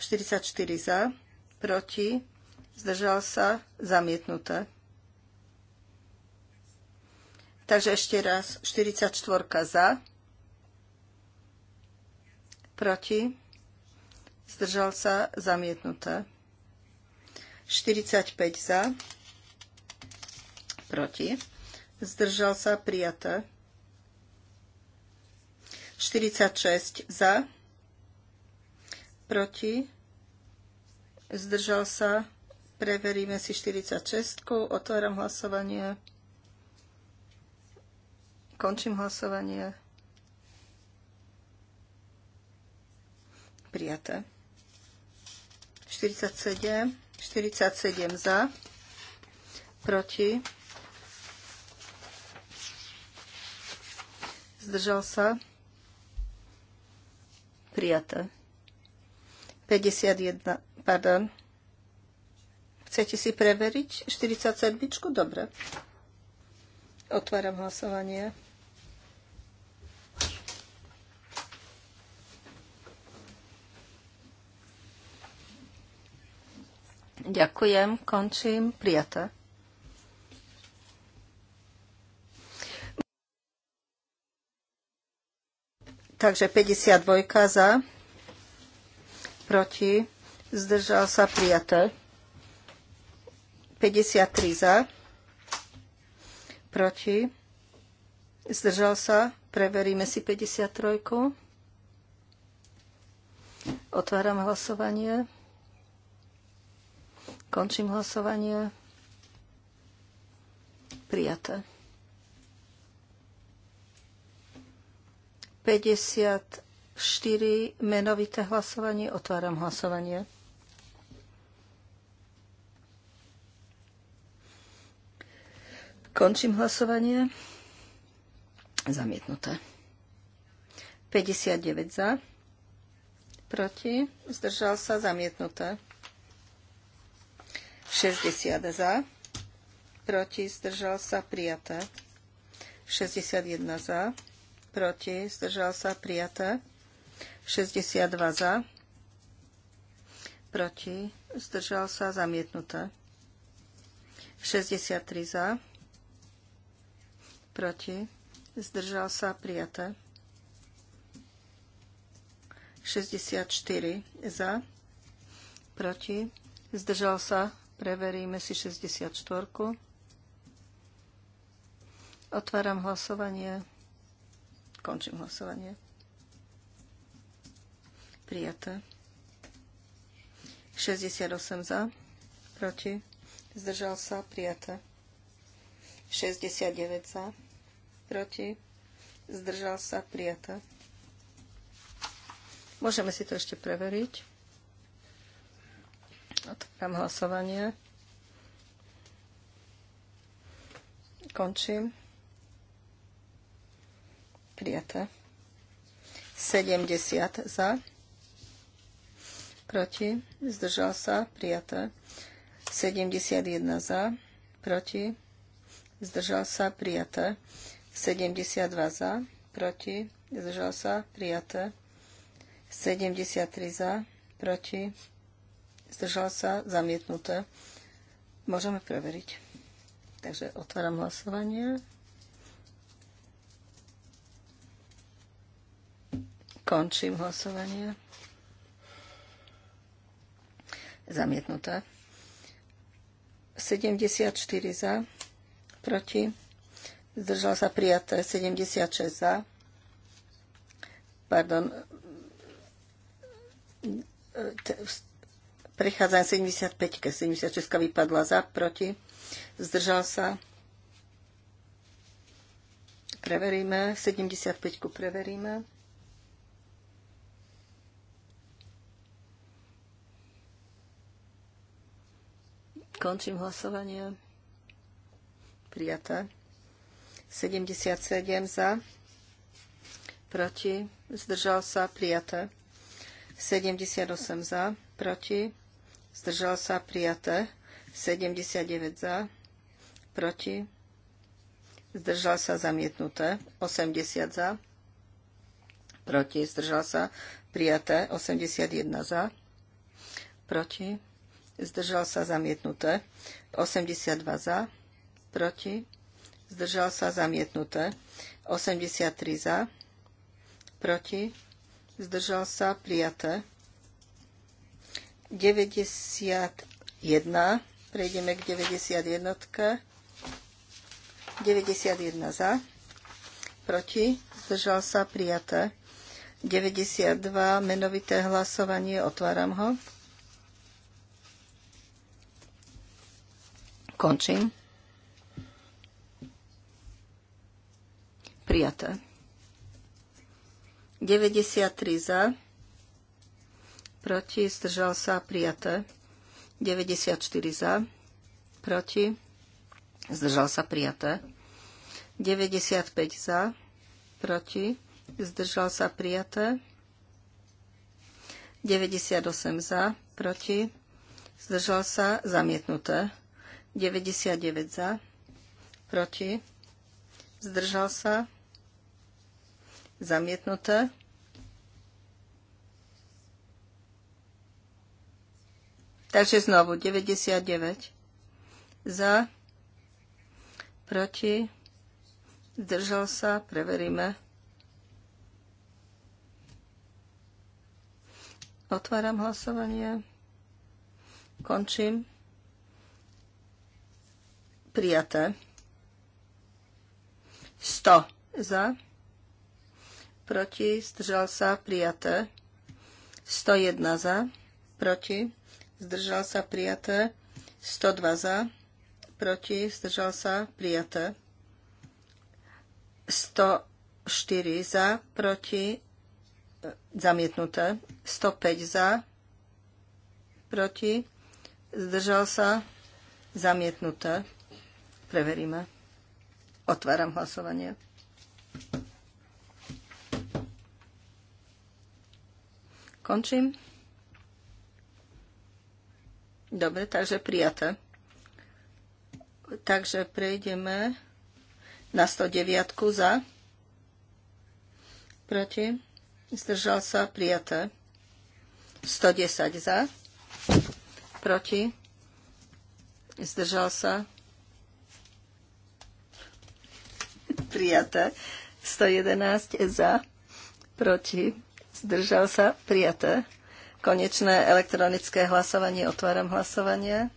B: 44 za, proti, zdržal sa, zamietnuté. Takže ešte raz, 44 za, proti, zdržal sa, zamietnuté. 45 za, proti, zdržal sa, prijaté. 46 za, proti, zdržal sa, preveríme si 46, otváram hlasovanie, končím hlasovanie, prijaté. 47 47 za, proti, zdržal sa, prijaté. 51, pardon. Chcete si preveriť 47? Dobre. Otváram hlasovanie. Ďakujem, končím, prijaté. Takže 52 za, proti, zdržal sa prijaté. 53 za, proti, zdržal sa, preveríme si 53. Otváram hlasovanie. Končím hlasovanie. Prijaté. 54 menovité hlasovanie. Otváram hlasovanie. Končím hlasovanie. Zamietnuté. 59 za. Proti. Zdržal sa. Zamietnuté. 60 za, proti, zdržal sa, prijaté. 61 za, proti, zdržal sa, prijaté. 62 za, proti, zdržal sa, zamietnuté. 63 za, proti, zdržal sa, prijaté. 64 za, proti, zdržal sa, Preveríme si 64. Otváram hlasovanie. Končím hlasovanie. Prijaté. 68 za, proti, zdržal sa, prijaté. 69 za, proti, zdržal sa, prijaté. Môžeme si to ešte preveriť. Otváram hlasovanie. Končím. Prijaté. 70 za. Proti. Zdržal sa. Prijaté. 71 za. Proti. Zdržal sa. Prijaté. 72 za. Proti. Zdržal sa. Prijaté. 73 za. Proti. Zdržal sa? Zamietnuté. Môžeme preveriť. Takže otváram hlasovanie. Končím hlasovanie. Zamietnuté. 74 za, proti, zdržal sa prijaté 76 za, pardon, Prechádzam 75, 76 vypadla za, proti, zdržal sa. Preveríme, 75 preveríme. Končím hlasovanie. Prijaté. 77 za. Proti. Zdržal sa. Prijaté. 78 za. Proti zdržal sa, prijaté. 79 za, proti, zdržal sa, zamietnuté. 80 za, proti, zdržal sa, prijaté. 81 za, proti, zdržal sa, zamietnuté. 82 za, proti, zdržal sa, zamietnuté. 83 za, proti, zdržal sa, prijaté. 91. Prejdeme k 91. 91 za. Proti. Zdržal sa prijaté. 92. Menovité hlasovanie. Otváram ho. Končím. Prijaté. 93 za proti, zdržal sa, prijaté. 94 za, proti, zdržal sa, prijaté. 95 za, proti, zdržal sa, prijaté. 98 za, proti, zdržal sa, zamietnuté. 99 za, proti, zdržal sa, zamietnuté. Takže znovu 99 za, proti, zdržal sa, preveríme. Otváram hlasovanie. Končím. Prijaté. 100 za. Proti. Zdržal sa. Prijaté. 101 za. Proti zdržal sa prijaté, 102 za, proti, zdržal sa prijaté, 104 za, proti, zamietnuté, 105 za, proti, zdržal sa zamietnuté. Preveríme. Otváram hlasovanie. Končím. Dobre, takže prijaté. Takže prejdeme na 109 za. Proti. Zdržal sa prijaté. 110 za. Proti. Zdržal sa. Prijaté. 111 za. Proti. Zdržal sa. Prijaté. Konečné elektronické hlasovanie. Otváram hlasovanie.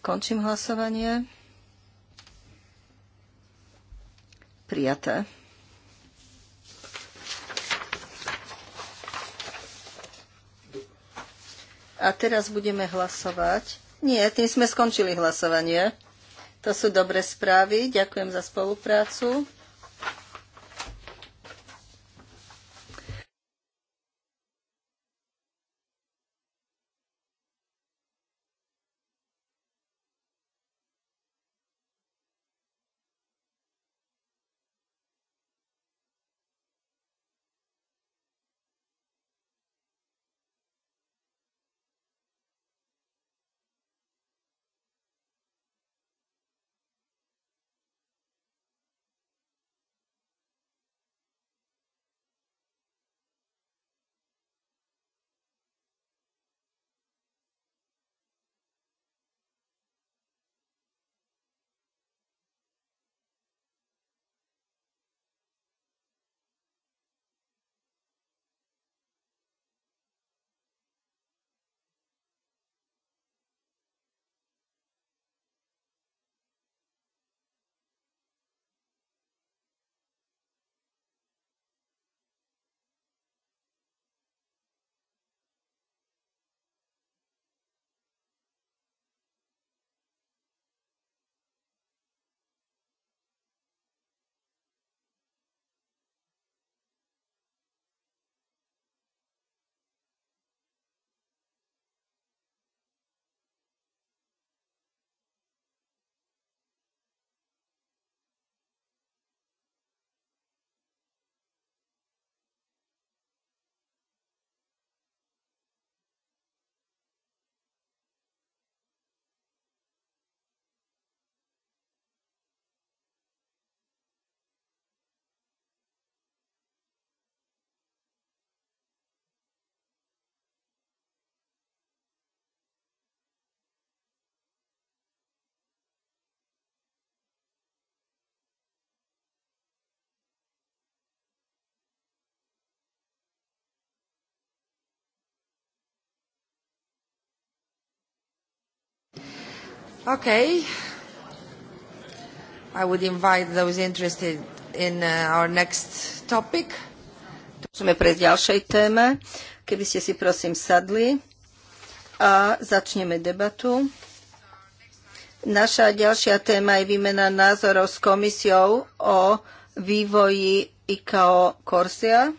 B: Končím hlasovanie. Prijaté. A teraz budeme hlasovať. Nie, tým sme skončili hlasovanie. To sú dobre správy. Ďakujem za spoluprácu. Okay. I would invite those interested in uh, our next topic. Môžeme prejsť ďalšej téme. Keby ste si prosím sadli a začneme debatu. Naša ďalšia téma je výmena názorov s komisiou o vývoji ICAO Corsia.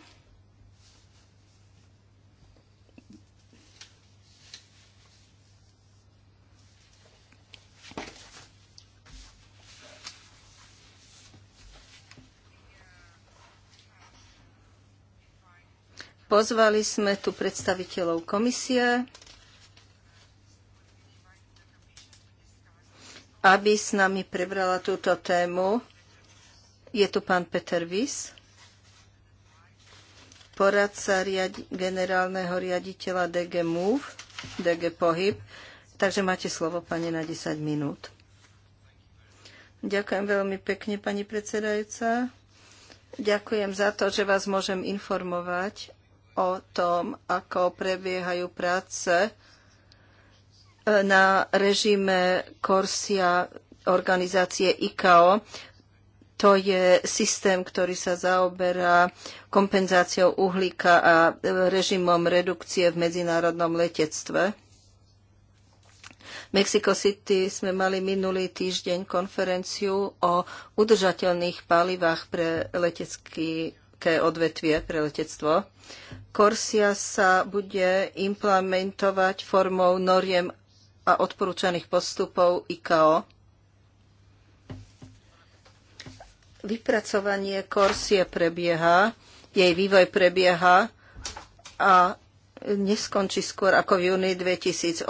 B: Pozvali sme tu predstaviteľov komisie, aby s nami prebrala túto tému. Je tu pán Peter Vys, poradca riadi- generálneho riaditeľa DG Move, DG Pohyb. Takže máte slovo, pane, na 10 minút. Ďakujem veľmi pekne, pani predsedajúca. Ďakujem za to, že vás môžem informovať o tom, ako prebiehajú práce e, na režime Korsia organizácie ICAO. To je systém, ktorý sa zaoberá kompenzáciou uhlíka a e, režimom redukcie v medzinárodnom letectve. V Mexico City sme mali minulý týždeň konferenciu o udržateľných palivách pre letecké odvetvie, pre letectvo. Korsia sa bude implementovať formou noriem a odporúčaných postupov ICAO. Vypracovanie Korsie prebieha, jej vývoj prebieha a neskončí skôr ako v júni 2018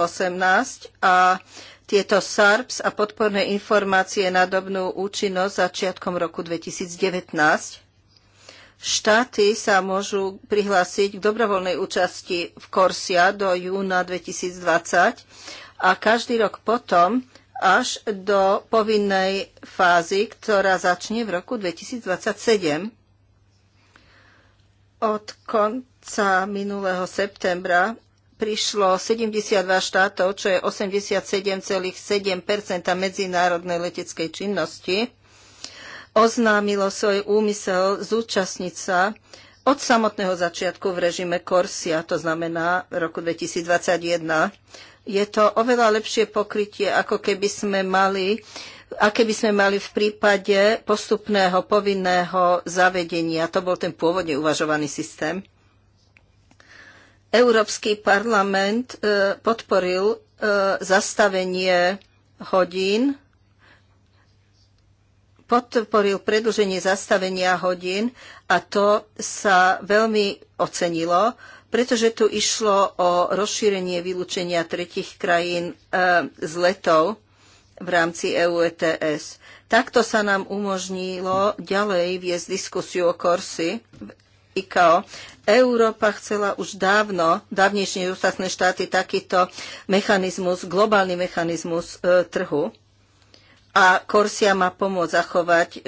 B: a tieto SARPS a podporné informácie nadobnú účinnosť začiatkom roku 2019. Štáty sa môžu prihlásiť k dobrovoľnej účasti v Korsia do júna 2020 a každý rok potom až do povinnej fázy, ktorá začne v roku 2027. Od konca minulého septembra prišlo 72 štátov, čo je 87,7 medzinárodnej leteckej činnosti oznámilo svoj úmysel zúčastniť sa od samotného začiatku v režime Korsia, to znamená v roku 2021. Je to oveľa lepšie pokrytie, ako keby sme mali aké by sme mali v prípade postupného povinného zavedenia. To bol ten pôvodne uvažovaný systém. Európsky parlament e, podporil e, zastavenie hodín podporil predlženie zastavenia hodín a to sa veľmi ocenilo, pretože tu išlo o rozšírenie vylúčenia tretich krajín e, z letov v rámci EUETS. ETS. Takto sa nám umožnilo ďalej viesť diskusiu o Korsi v ICAO. Európa chcela už dávno, dávnejšie ostatné štáty, takýto mechanizmus, globálny mechanizmus e, trhu a Korsia má pomôcť zachovať e,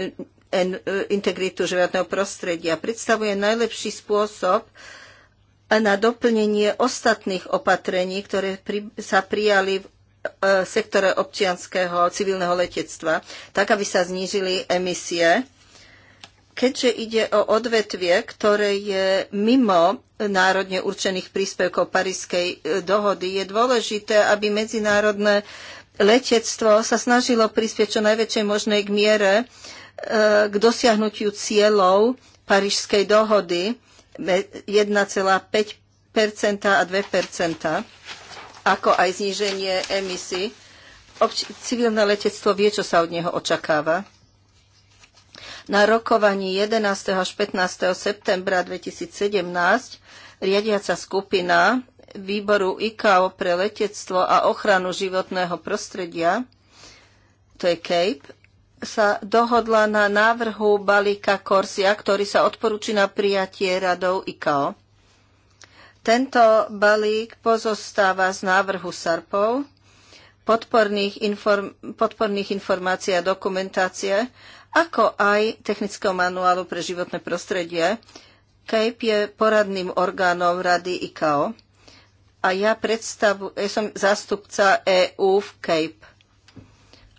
B: e, integritu životného prostredia. Predstavuje najlepší spôsob na doplnenie ostatných opatrení, ktoré sa prijali v e, sektore občianského civilného letectva, tak aby sa znížili emisie. Keďže ide o odvetvie, ktoré je mimo národne určených príspevkov Parískej dohody, je dôležité, aby medzinárodné letectvo sa snažilo prispieť čo najväčšej možnej k miere e, k dosiahnutiu cieľov Parížskej dohody 1,5 a 2 ako aj zníženie emisí. Obč- civilné letectvo vie, čo sa od neho očakáva. Na rokovaní 11. až 15. septembra 2017 riadiaca skupina výboru ICAO pre letectvo a ochranu životného prostredia, to je CAPE, sa dohodla na návrhu balíka Korsia, ktorý sa odporúči na prijatie radou ICAO. Tento balík pozostáva z návrhu SARPov, podporných, inform- podporných informácií a dokumentácie, ako aj technického manuálu pre životné prostredie. CAPE je poradným orgánom Rady ICAO a ja, predstavu, ja som zástupca EÚ v CAPE.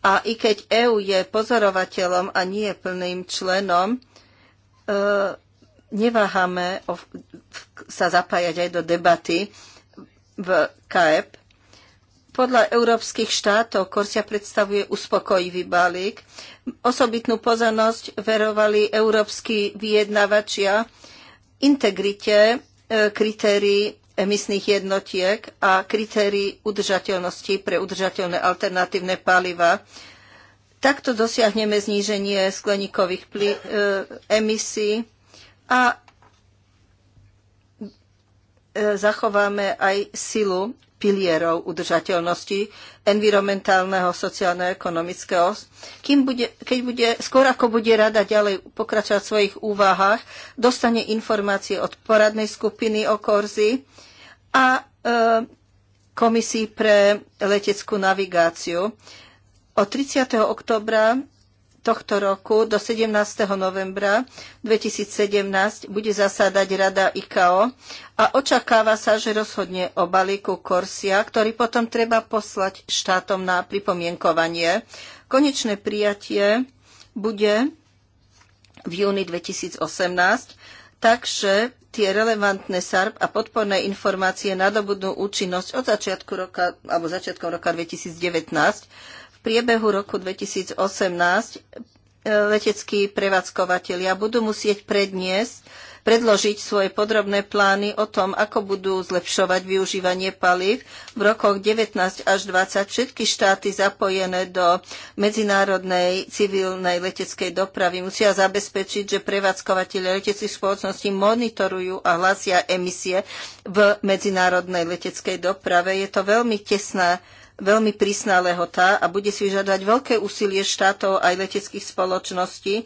B: A i keď EÚ je pozorovateľom a nie plným členom, e, neváhame o, sa zapájať aj do debaty v CAEP. Podľa európskych štátov Korsia predstavuje uspokojivý balík. Osobitnú pozornosť verovali európsky vyjednavačia integrite e, kritérií emisných jednotiek a kritérií udržateľnosti pre udržateľné alternatívne paliva. Takto dosiahneme zníženie skleníkových pli- e, emisí a e, zachováme aj silu pilierov udržateľnosti environmentálneho, sociálno ekonomického Kým bude, keď bude, skôr ako bude rada ďalej pokračovať v svojich úvahách, dostane informácie od poradnej skupiny o Korzi a e, komisii pre leteckú navigáciu. Od 30. oktobra tohto roku do 17. novembra 2017 bude zasádať Rada ICAO a očakáva sa, že rozhodne o balíku Korsia, ktorý potom treba poslať štátom na pripomienkovanie. Konečné prijatie bude v júni 2018, takže tie relevantné SARP a podporné informácie nadobudnú účinnosť od začiatku roka, alebo začiatkom roka 2019 priebehu roku 2018 e, leteckí prevádzkovateľia budú musieť predniesť, predložiť svoje podrobné plány o tom, ako budú zlepšovať využívanie palív. V rokoch 19 až 20 všetky štáty zapojené do medzinárodnej civilnej leteckej dopravy musia zabezpečiť, že prevádzkovateľi leteckých spoločností monitorujú a hlásia emisie v medzinárodnej leteckej doprave. Je to veľmi tesná veľmi prísna lehota a bude si vyžadovať veľké úsilie štátov aj leteckých spoločností,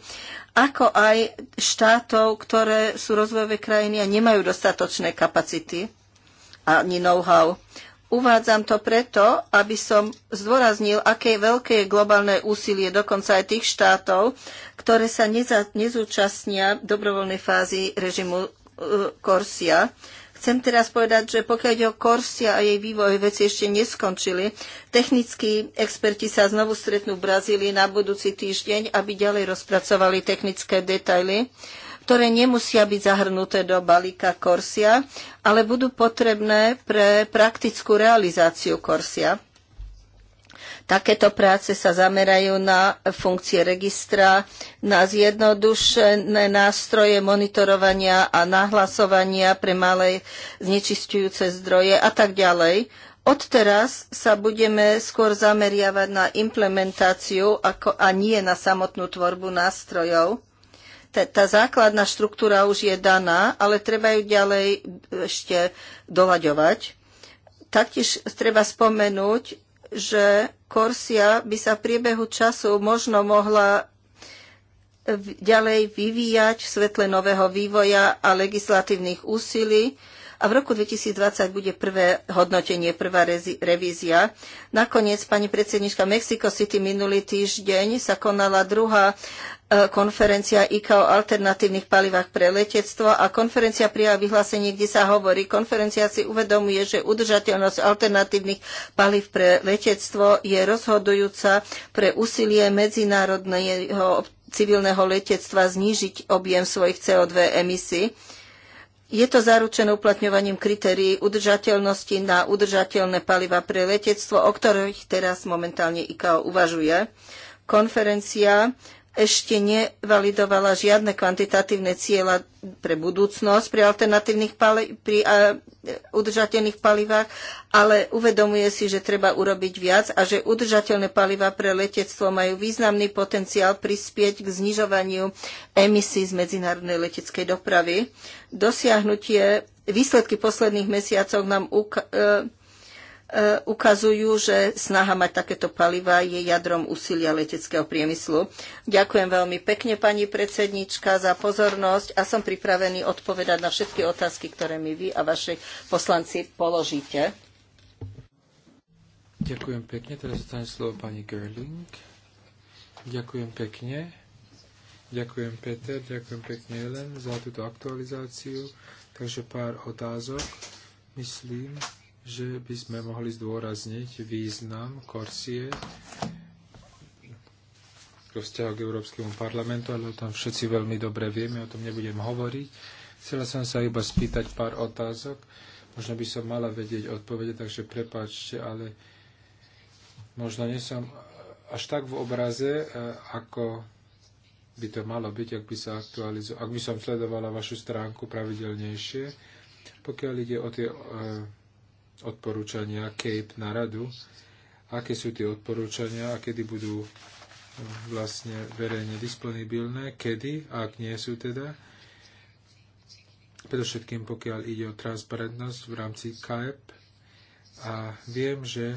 B: ako aj štátov, ktoré sú rozvojové krajiny a nemajú dostatočné kapacity ani know-how. Uvádzam to preto, aby som zdôraznil, aké veľké je globálne úsilie dokonca aj tých štátov, ktoré sa nezúčastnia dobrovoľnej fázy režimu Korsia. E, uh, Chcem teraz povedať, že pokiaľ ide o Korsia a jej vývoj, veci ešte neskončili. Technickí experti sa znovu stretnú v Brazílii na budúci týždeň, aby ďalej rozpracovali technické detaily ktoré nemusia byť zahrnuté do balíka Korsia, ale budú potrebné pre praktickú realizáciu Korsia. Takéto práce sa zamerajú na funkcie registra, na zjednodušené nástroje monitorovania a nahlasovania pre malé znečistujúce zdroje a tak ďalej. Odteraz sa budeme skôr zameriavať na implementáciu ako, a nie na samotnú tvorbu nástrojov. Tá, tá základná štruktúra už je daná, ale treba ju ďalej ešte dolaďovať. Taktiež treba spomenúť, že Korsia by sa v priebehu času možno mohla ďalej vyvíjať v svetle nového vývoja a legislatívnych úsilí a v roku 2020 bude prvé hodnotenie, prvá revízia. Nakoniec, pani predsednička, Mexico City minulý týždeň sa konala druhá konferencia ICAO o alternatívnych palivách pre letectvo a konferencia prijala vyhlásenie, kde sa hovorí, konferencia si uvedomuje, že udržateľnosť alternatívnych palív pre letectvo je rozhodujúca pre úsilie medzinárodného civilného letectva znížiť objem svojich CO2 emisí. Je to zaručené uplatňovaním kritérií udržateľnosti na udržateľné paliva pre letectvo, o ktorých teraz momentálne ICAO uvažuje. Konferencia ešte nevalidovala žiadne kvantitatívne cieľa pre budúcnosť pri alternatívnych pali- pri uh, udržateľných palivách, ale uvedomuje si, že treba urobiť viac a že udržateľné paliva pre letectvo majú významný potenciál prispieť k znižovaniu emisí z medzinárodnej leteckej dopravy. Dosiahnutie výsledky posledných mesiacov nám uh, E, ukazujú, že snaha mať takéto paliva je jadrom úsilia leteckého priemyslu. Ďakujem veľmi pekne, pani predsednička, za pozornosť a som pripravený odpovedať na všetky otázky, ktoré mi vy a vaši poslanci položíte.
A: Ďakujem pekne. Teraz zostane slovo pani Gerling. Ďakujem pekne. Ďakujem Peter, ďakujem pekne Ellen za túto aktualizáciu. Takže pár otázok, myslím že by sme mohli zdôrazniť význam Korsie vo vzťahu k Európskemu parlamentu, ale o tom všetci veľmi dobre vieme, o tom nebudem hovoriť. Chcela som sa iba spýtať pár otázok. Možno by som mala vedieť odpovede, takže prepáčte, ale možno nie som až tak v obraze, e, ako by to malo byť, ak by sa aktualizoval, ak by som sledovala vašu stránku pravidelnejšie. Pokiaľ ide o tie e, odporúčania CAPE na radu, aké sú tie odporúčania a kedy budú e, vlastne verejne disponibilné, kedy, ak nie sú teda. Predovšetkým pokiaľ ide o transparentnosť v rámci CAEP. A viem, že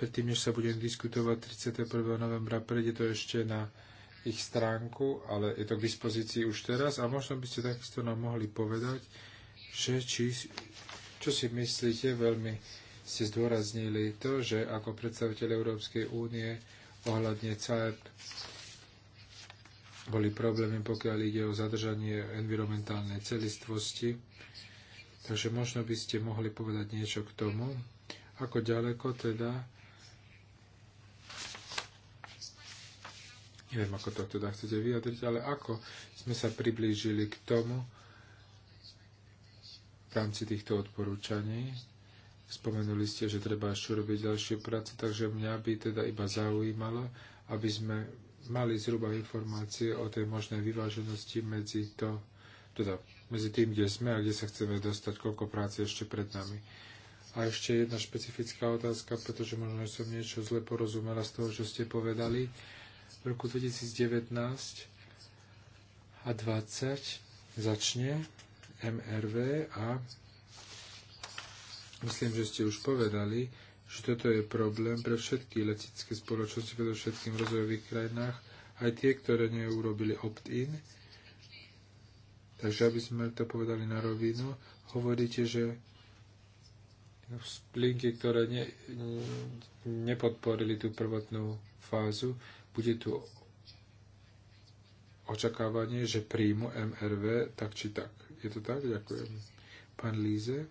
A: predtým, než sa budem diskutovať 31. novembra, prejde to ešte na ich stránku, ale je to k dispozícii už teraz a možno by ste takisto nám mohli povedať, že či čo si myslíte? Veľmi ste zdôraznili to, že ako predstaviteľ Európskej únie ohľadne CAEP boli problémy, pokiaľ ide o zadržanie environmentálnej celistvosti. Takže možno by ste mohli povedať niečo k tomu, ako ďaleko teda neviem, ako to teda chcete vyjadriť, ale ako sme sa priblížili k tomu, v rámci týchto odporúčaní. Spomenuli ste, že treba ešte robiť ďalšie práce, takže mňa by teda iba zaujímalo, aby sme mali zhruba informácie o tej možnej vyváženosti medzi, to, teda medzi tým, kde sme a kde sa chceme dostať, koľko práce ešte pred nami. A ešte jedna špecifická otázka, pretože možno som niečo zle porozumela z toho, čo ste povedali. V roku 2019 a 20 začne MRV a myslím, že ste už povedali, že toto je problém pre všetky letecké spoločnosti, pre všetkým rozvojových krajinách, aj tie, ktoré neurobili opt-in. Takže aby sme to povedali na rovinu, hovoríte, že linky, ktoré ne, nepodporili tú prvotnú fázu, bude tu očakávanie, že príjmu MRV tak či tak. Je to tak? Ďakujem. Pán Líze.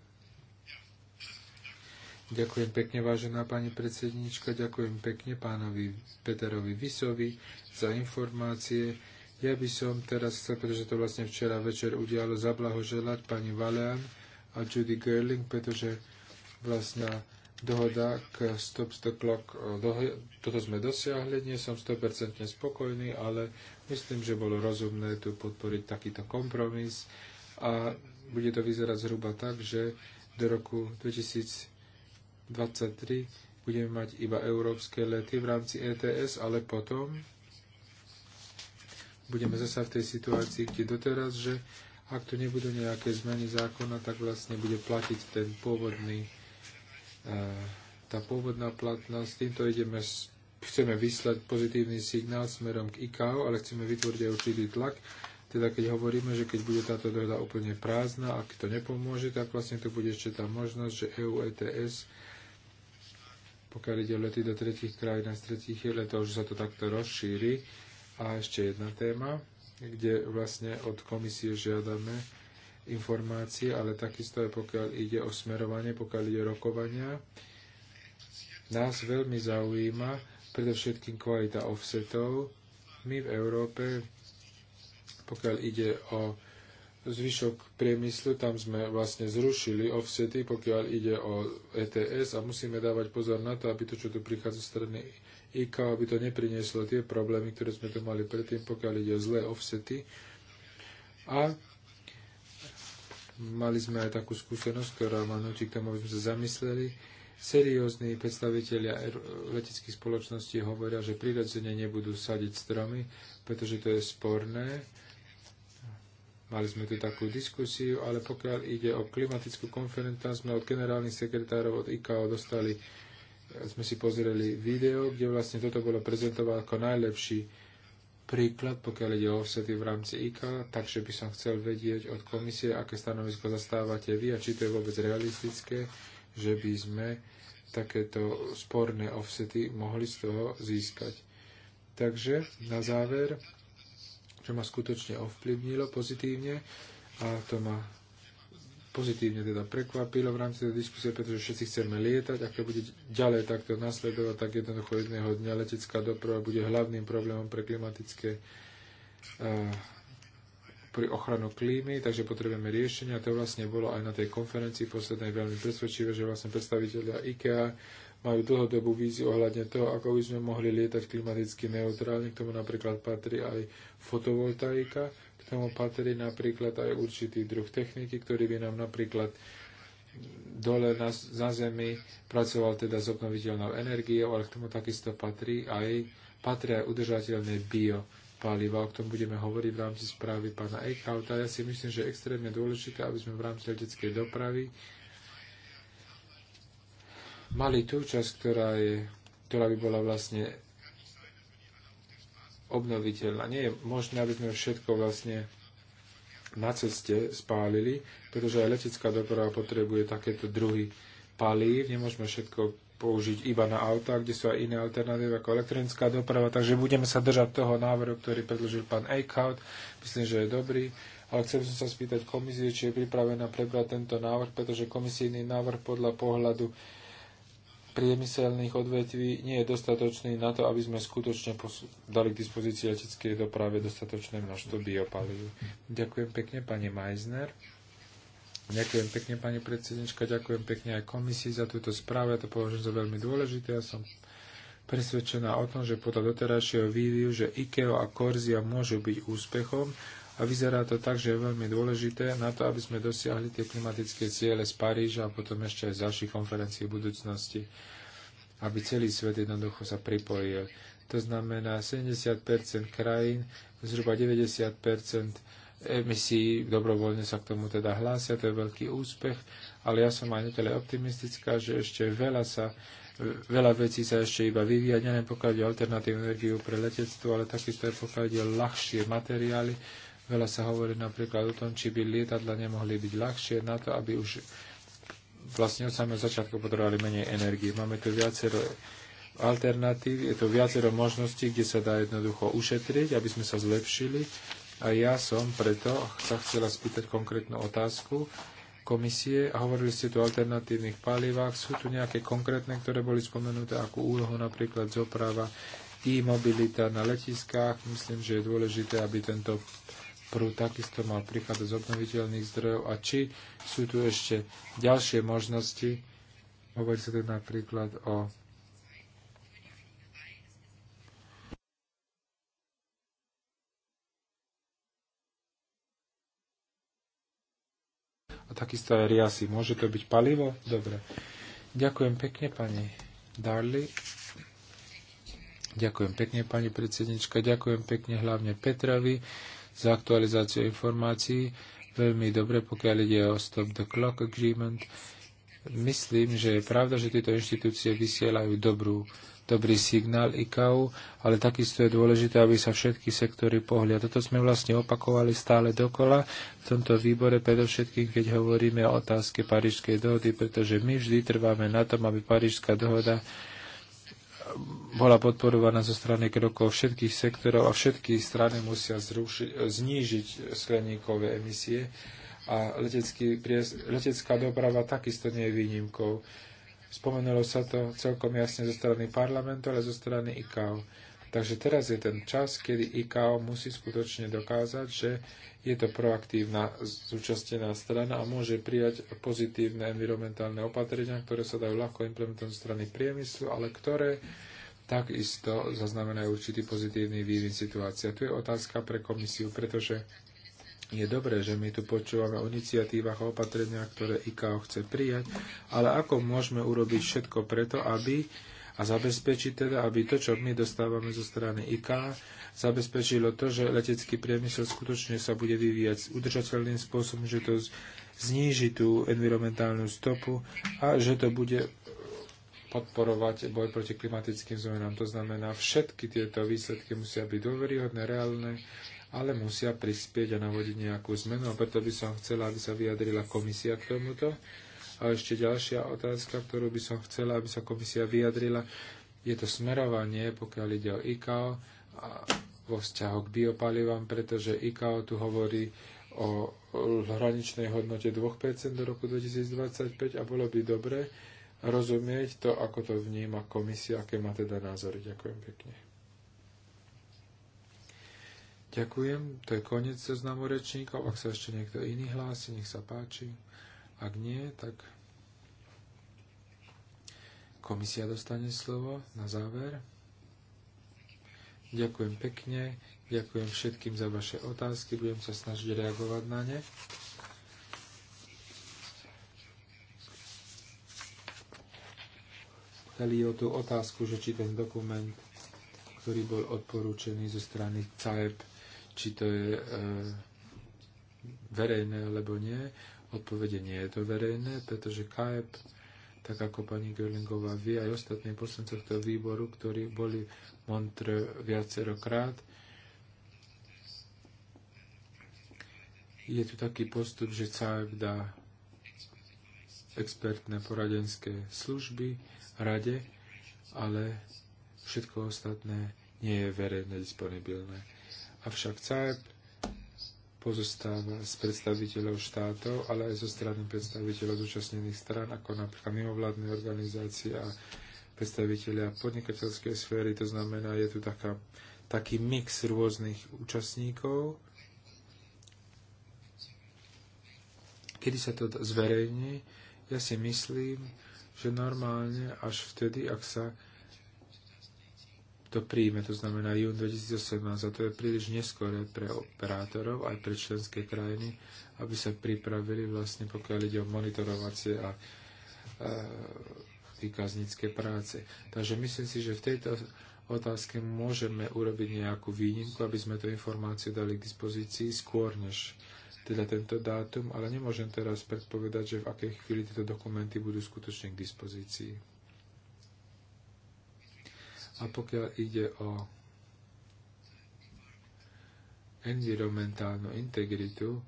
A: Ďakujem pekne, vážená pani predsednička. Ďakujem pekne pánovi Peterovi Visovi za informácie. Ja by som teraz chcel, pretože to vlastne včera večer udialo, zablahoželať pani Valean a Judy Gerling, pretože vlastne dohoda k Stop the Clock, toto sme dosiahli, nie som 100% spokojný, ale myslím, že bolo rozumné tu podporiť takýto kompromis a bude to vyzerať zhruba tak, že do roku 2023 budeme mať iba európske lety v rámci ETS, ale potom budeme zasa v tej situácii, kde doteraz, že ak tu nebudú nejaké zmeny zákona, tak vlastne bude platiť ten pôvodný, e, tá pôvodná platnosť. Týmto ideme, chceme vyslať pozitívny signál smerom k ICAO, ale chceme vytvoriť aj určitý tlak teda keď hovoríme, že keď bude táto dohoda úplne prázdna, ak to nepomôže, tak vlastne tu bude ešte tá možnosť, že EU ETS, pokiaľ ide o lety do tretich krajín a z tretich letov, že sa to takto rozšíri. A ešte jedna téma, kde vlastne od komisie žiadame informácie, ale takisto aj pokiaľ ide o smerovanie, pokiaľ ide o rokovania. Nás veľmi zaujíma predovšetkým kvalita offsetov. My v Európe pokiaľ ide o zvyšok priemyslu, tam sme vlastne zrušili offsety, pokiaľ ide o ETS a musíme dávať pozor na to, aby to, čo tu prichádza z strany IK, aby to neprinieslo tie problémy, ktoré sme tu mali predtým, pokiaľ ide o zlé offsety. A mali sme aj takú skúsenosť, ktorá ma nutí k tomu, aby sme sa zamysleli, seriózni predstavitelia er- leteckých spoločností hovoria, že prirodzene nebudú sadiť stromy, pretože to je sporné. Mali sme tu takú diskusiu, ale pokiaľ ide o klimatickú konferenciu, tam sme od generálnych sekretárov od IKO dostali, sme si pozreli video, kde vlastne toto bolo prezentované ako najlepší príklad, pokiaľ ide o offsety v rámci IKA, takže by som chcel vedieť od komisie, aké stanovisko zastávate vy a či to je vôbec realistické, že by sme takéto sporné offsety mohli z toho získať. Takže na záver, čo ma skutočne ovplyvnilo pozitívne, a to ma pozitívne teda prekvapilo v rámci tej diskusie, pretože všetci chceme lietať. Ak to bude ďalej takto nasledovať, tak jednoducho jedného dňa letecká doprava bude hlavným problémom pre klimatické uh, pri ochranu klímy, takže potrebujeme riešenia. To vlastne bolo aj na tej konferencii poslednej veľmi presvedčivé, že vlastne predstaviteľia IKEA majú dlhodobú víziu ohľadne toho, ako by sme mohli lietať klimaticky neutrálne. K tomu napríklad patrí aj fotovoltaika, k tomu patrí napríklad aj určitý druh techniky, ktorý by nám napríklad dole na, na zemi pracoval teda s obnoviteľnou energiou, ale k tomu takisto patrí aj, patrí aj udržateľné bio paliva, o tom budeme hovoriť v rámci správy pána Eichhauta. Ja si myslím, že je extrémne dôležité, aby sme v rámci leteckej dopravy mali tú časť, ktorá, je, ktorá by bola vlastne obnoviteľná. Nie je možné, aby sme všetko vlastne na ceste spálili, pretože aj letecká doprava potrebuje takéto druhy palív. Nemôžeme všetko použiť iba na auta, kde sú aj iné alternatívy ako elektronická doprava. Takže budeme sa držať toho návrhu, ktorý predložil pán Eichhout. Myslím, že je dobrý. Ale chcel som sa spýtať komisie, či je pripravená prebrať tento návrh, pretože komisijný návrh podľa pohľadu priemyselných odvetví nie je dostatočný na to, aby sme skutočne dali k dispozícii leteckej doprave dostatočné množstvo biopalív. Ďakujem pekne, pani Meisner. Ďakujem pekne, pani predsednička, ďakujem pekne aj komisii za túto správu, ja to považujem za veľmi dôležité. Ja som presvedčená o tom, že podľa doterajšieho výviu, že IKEA a Korzia môžu byť úspechom a vyzerá to tak, že je veľmi dôležité na to, aby sme dosiahli tie klimatické ciele z Paríža a potom ešte aj z ďalších konferencií v budúcnosti, aby celý svet jednoducho sa pripojil. To znamená 70 krajín, zhruba 90 si dobrovoľne sa k tomu teda hlásia, to je veľký úspech, ale ja som aj netele optimistická, že ešte veľa sa veľa vecí sa ešte iba vyvíja, nielen pokiaľ je alternatívnu energiu pre letectvo, ale takisto aj pokiaľ je ľahšie materiály. Veľa sa hovorí napríklad o tom, či by lietadla nemohli byť ľahšie na to, aby už vlastne od samého začiatku potrebovali menej energie. Máme tu viacero alternatív, je to viacero možností, kde sa dá jednoducho ušetriť, aby sme sa zlepšili a ja som preto sa chcela spýtať konkrétnu otázku komisie a hovorili ste tu o alternatívnych palivách. Sú tu nejaké konkrétne, ktoré boli spomenuté ako úlohu napríklad zoprava e-mobilita na letiskách. Myslím, že je dôležité, aby tento prúd takisto mal prichádzať z obnoviteľných zdrojov a či sú tu ešte ďalšie možnosti. Hovorí sa tu napríklad o takisto aj riasy. Môže to byť palivo? Dobre. Ďakujem pekne, pani Darli. Ďakujem pekne, pani predsednička. Ďakujem pekne hlavne Petrovi za aktualizáciu informácií. Veľmi dobre, pokiaľ ide o Stop the Clock Agreement. Myslím, že je pravda, že tieto inštitúcie vysielajú dobrú dobrý signál IKAU, ale takisto je dôležité, aby sa všetky sektory pohli. A toto sme vlastne opakovali stále dokola v tomto výbore, predovšetkým, keď hovoríme o otázke Parížskej dohody, pretože my vždy trváme na tom, aby Parížská dohoda bola podporovaná zo strany krokov všetkých sektorov a všetky strany musia zruši- znížiť skleníkové emisie a letecký, letecká doprava takisto nie je výnimkou. Spomenulo sa to celkom jasne zo strany parlamentu, ale zo strany IKAO. Takže teraz je ten čas, kedy IKAO musí skutočne dokázať, že je to proaktívna zúčastnená strana a môže prijať pozitívne environmentálne opatrenia, ktoré sa dajú ľahko implementovať zo strany priemyslu, ale ktoré takisto zaznamenajú určitý pozitívny vývin situácia. Tu je otázka pre komisiu, pretože je dobré, že my tu počúvame o iniciatívach a opatreniach, ktoré IKO chce prijať, ale ako môžeme urobiť všetko preto, aby a zabezpečiť teda, aby to, čo my dostávame zo strany IK, zabezpečilo to, že letecký priemysel skutočne sa bude vyvíjať udržateľným spôsobom, že to zníži tú environmentálnu stopu a že to bude podporovať boj proti klimatickým zmenám. To znamená, všetky tieto výsledky musia byť dôveryhodné, reálne, ale musia prispieť a navodiť nejakú zmenu a preto by som chcela, aby sa vyjadrila komisia k tomuto. A ešte ďalšia otázka, ktorú by som chcela, aby sa komisia vyjadrila, je to smerovanie, pokiaľ ide o a vo vzťahu k biopalivám, pretože IKAO tu hovorí o hraničnej hodnote 2% do roku 2025 a bolo by dobre rozumieť to, ako to vníma komisia, aké má teda názory. Ďakujem pekne. Ďakujem, to je koniec zoznamu rečníkov. Ak sa ešte niekto iný hlási, nech sa páči. Ak nie, tak komisia dostane slovo na záver. Ďakujem pekne, ďakujem všetkým za vaše otázky, budem sa snažiť reagovať na ne. Dali o tú otázku, že či ten dokument ktorý bol odporúčený zo strany CAEP či to je e, verejné alebo nie. Odpovede nie je to verejné, pretože KAEP, tak ako pani Görlingová vie, aj ostatní poslanci tohto výboru, ktorí boli v Montre viacerokrát, je tu taký postup, že CAEP dá expertné poradenské služby rade, ale všetko ostatné nie je verejné disponibilné. Avšak CAEP pozostáva z predstaviteľov štátov, ale aj zo strany predstaviteľov zúčastnených stran, ako napríklad mimovládne organizácie a predstaviteľia podnikateľskej sféry. To znamená, je tu taká, taký mix rôznych účastníkov. Kedy sa to zverejní? Ja si myslím, že normálne až vtedy, ak sa to príjme, to znamená jún 2018, a to je príliš neskore pre operátorov, aj pre členské krajiny, aby sa pripravili vlastne, pokiaľ ide o monitorovacie a, e, a práce. Takže myslím si, že v tejto otázke môžeme urobiť nejakú výnimku, aby sme tú informáciu dali k dispozícii skôr než teda tento dátum, ale nemôžem teraz predpovedať, že v akej chvíli tieto dokumenty budú skutočne k dispozícii. A pokiaľ ide o environmentálnu integritu,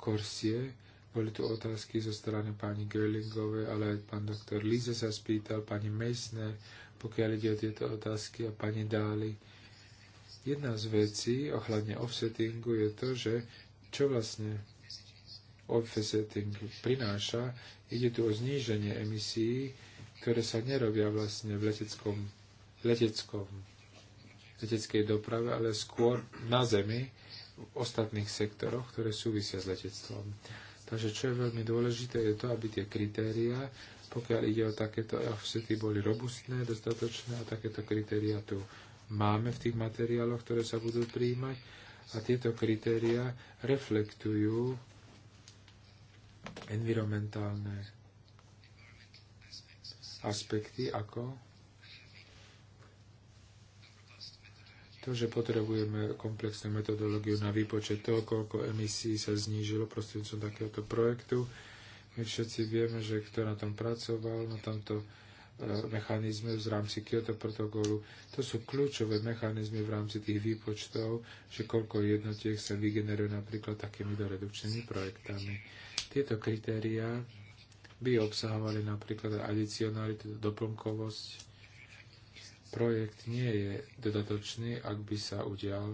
A: korsie, boli tu otázky zo strany pani Görlingovej, ale aj pán doktor Líze sa spýtal, pani Meissner, pokiaľ ide o tieto otázky a pani Dáli. Jedna z vecí ohľadne offsettingu je to, že čo vlastne offsetting prináša, ide tu o zníženie emisí, ktoré sa nerobia vlastne v leteckom leteckom, leteckej doprave, ale skôr na zemi v ostatných sektoroch, ktoré súvisia s letectvom. Takže čo je veľmi dôležité, je to, aby tie kritéria, pokiaľ ide o takéto offsety, boli robustné, dostatočné a takéto kritéria tu máme v tých materiáloch, ktoré sa budú príjmať a tieto kritéria reflektujú environmentálne aspekty ako to, že potrebujeme komplexnú metodológiu na výpočet toho, koľko emisí sa znížilo prostredníctvom takéhoto projektu. My všetci vieme, že kto na tom pracoval, na tomto e, mechanizme v rámci Kyoto protokolu. To sú kľúčové mechanizmy v rámci tých výpočtov, že koľko jednotiek sa vygeneruje napríklad takými redukčnými projektami. Tieto kritériá by obsahovali napríklad adicionalitu, doplnkovosť, projekt nie je dodatočný, ak by sa udial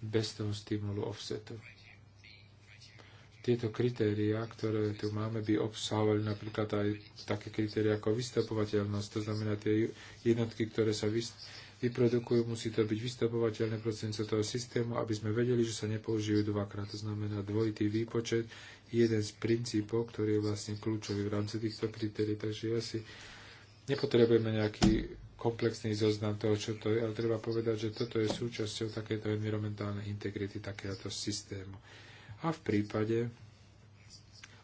A: bez toho stimulu offsetu. Tieto kritéria, ktoré tu máme, by obsahovali napríklad aj také kritéria ako vystupovateľnosť, to znamená tie jednotky, ktoré sa vyprodukujú, musí to byť vystupovateľné procento toho systému, aby sme vedeli, že sa nepoužijú dvakrát. To znamená dvojitý výpočet jeden z princípov, ktorý je vlastne kľúčový v rámci týchto kritérií. Takže asi nepotrebujeme nejaký komplexný zoznam toho, čo to je, ale treba povedať, že toto je súčasťou takéto environmentálnej integrity, takéhoto systému. A v prípade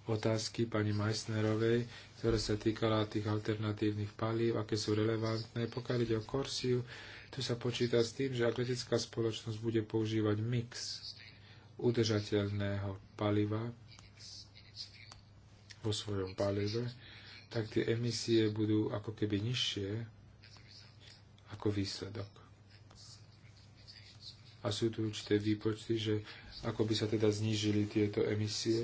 A: otázky pani Meissnerovej, ktorá sa týkala tých alternatívnych palív, aké sú relevantné. Pokiaľ ide o Korsiu, tu sa počíta s tým, že ak letecká spoločnosť bude používať mix udržateľného paliva, vo svojom palive, tak tie emisie budú ako keby nižšie ako výsledok. A sú tu určité výpočty, že ako by sa teda znížili tieto emisie.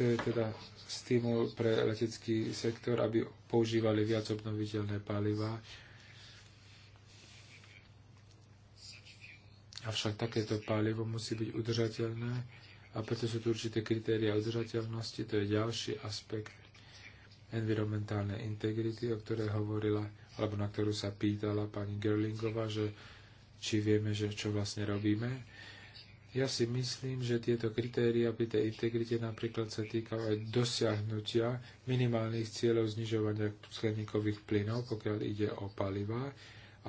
A: To je teda stimul pre letecký sektor, aby používali viac obnoviteľné paliva. Avšak takéto palivo musí byť udržateľné a preto sú tu určité kritéria udržateľnosti, to je ďalší aspekt environmentálnej integrity, o ktorej hovorila, alebo na ktorú sa pýtala pani Gerlingova, že či vieme, že čo vlastne robíme. Ja si myslím, že tieto kritéria pri tej integrite napríklad sa týkajú aj dosiahnutia minimálnych cieľov znižovania skleníkových plynov, pokiaľ ide o paliva,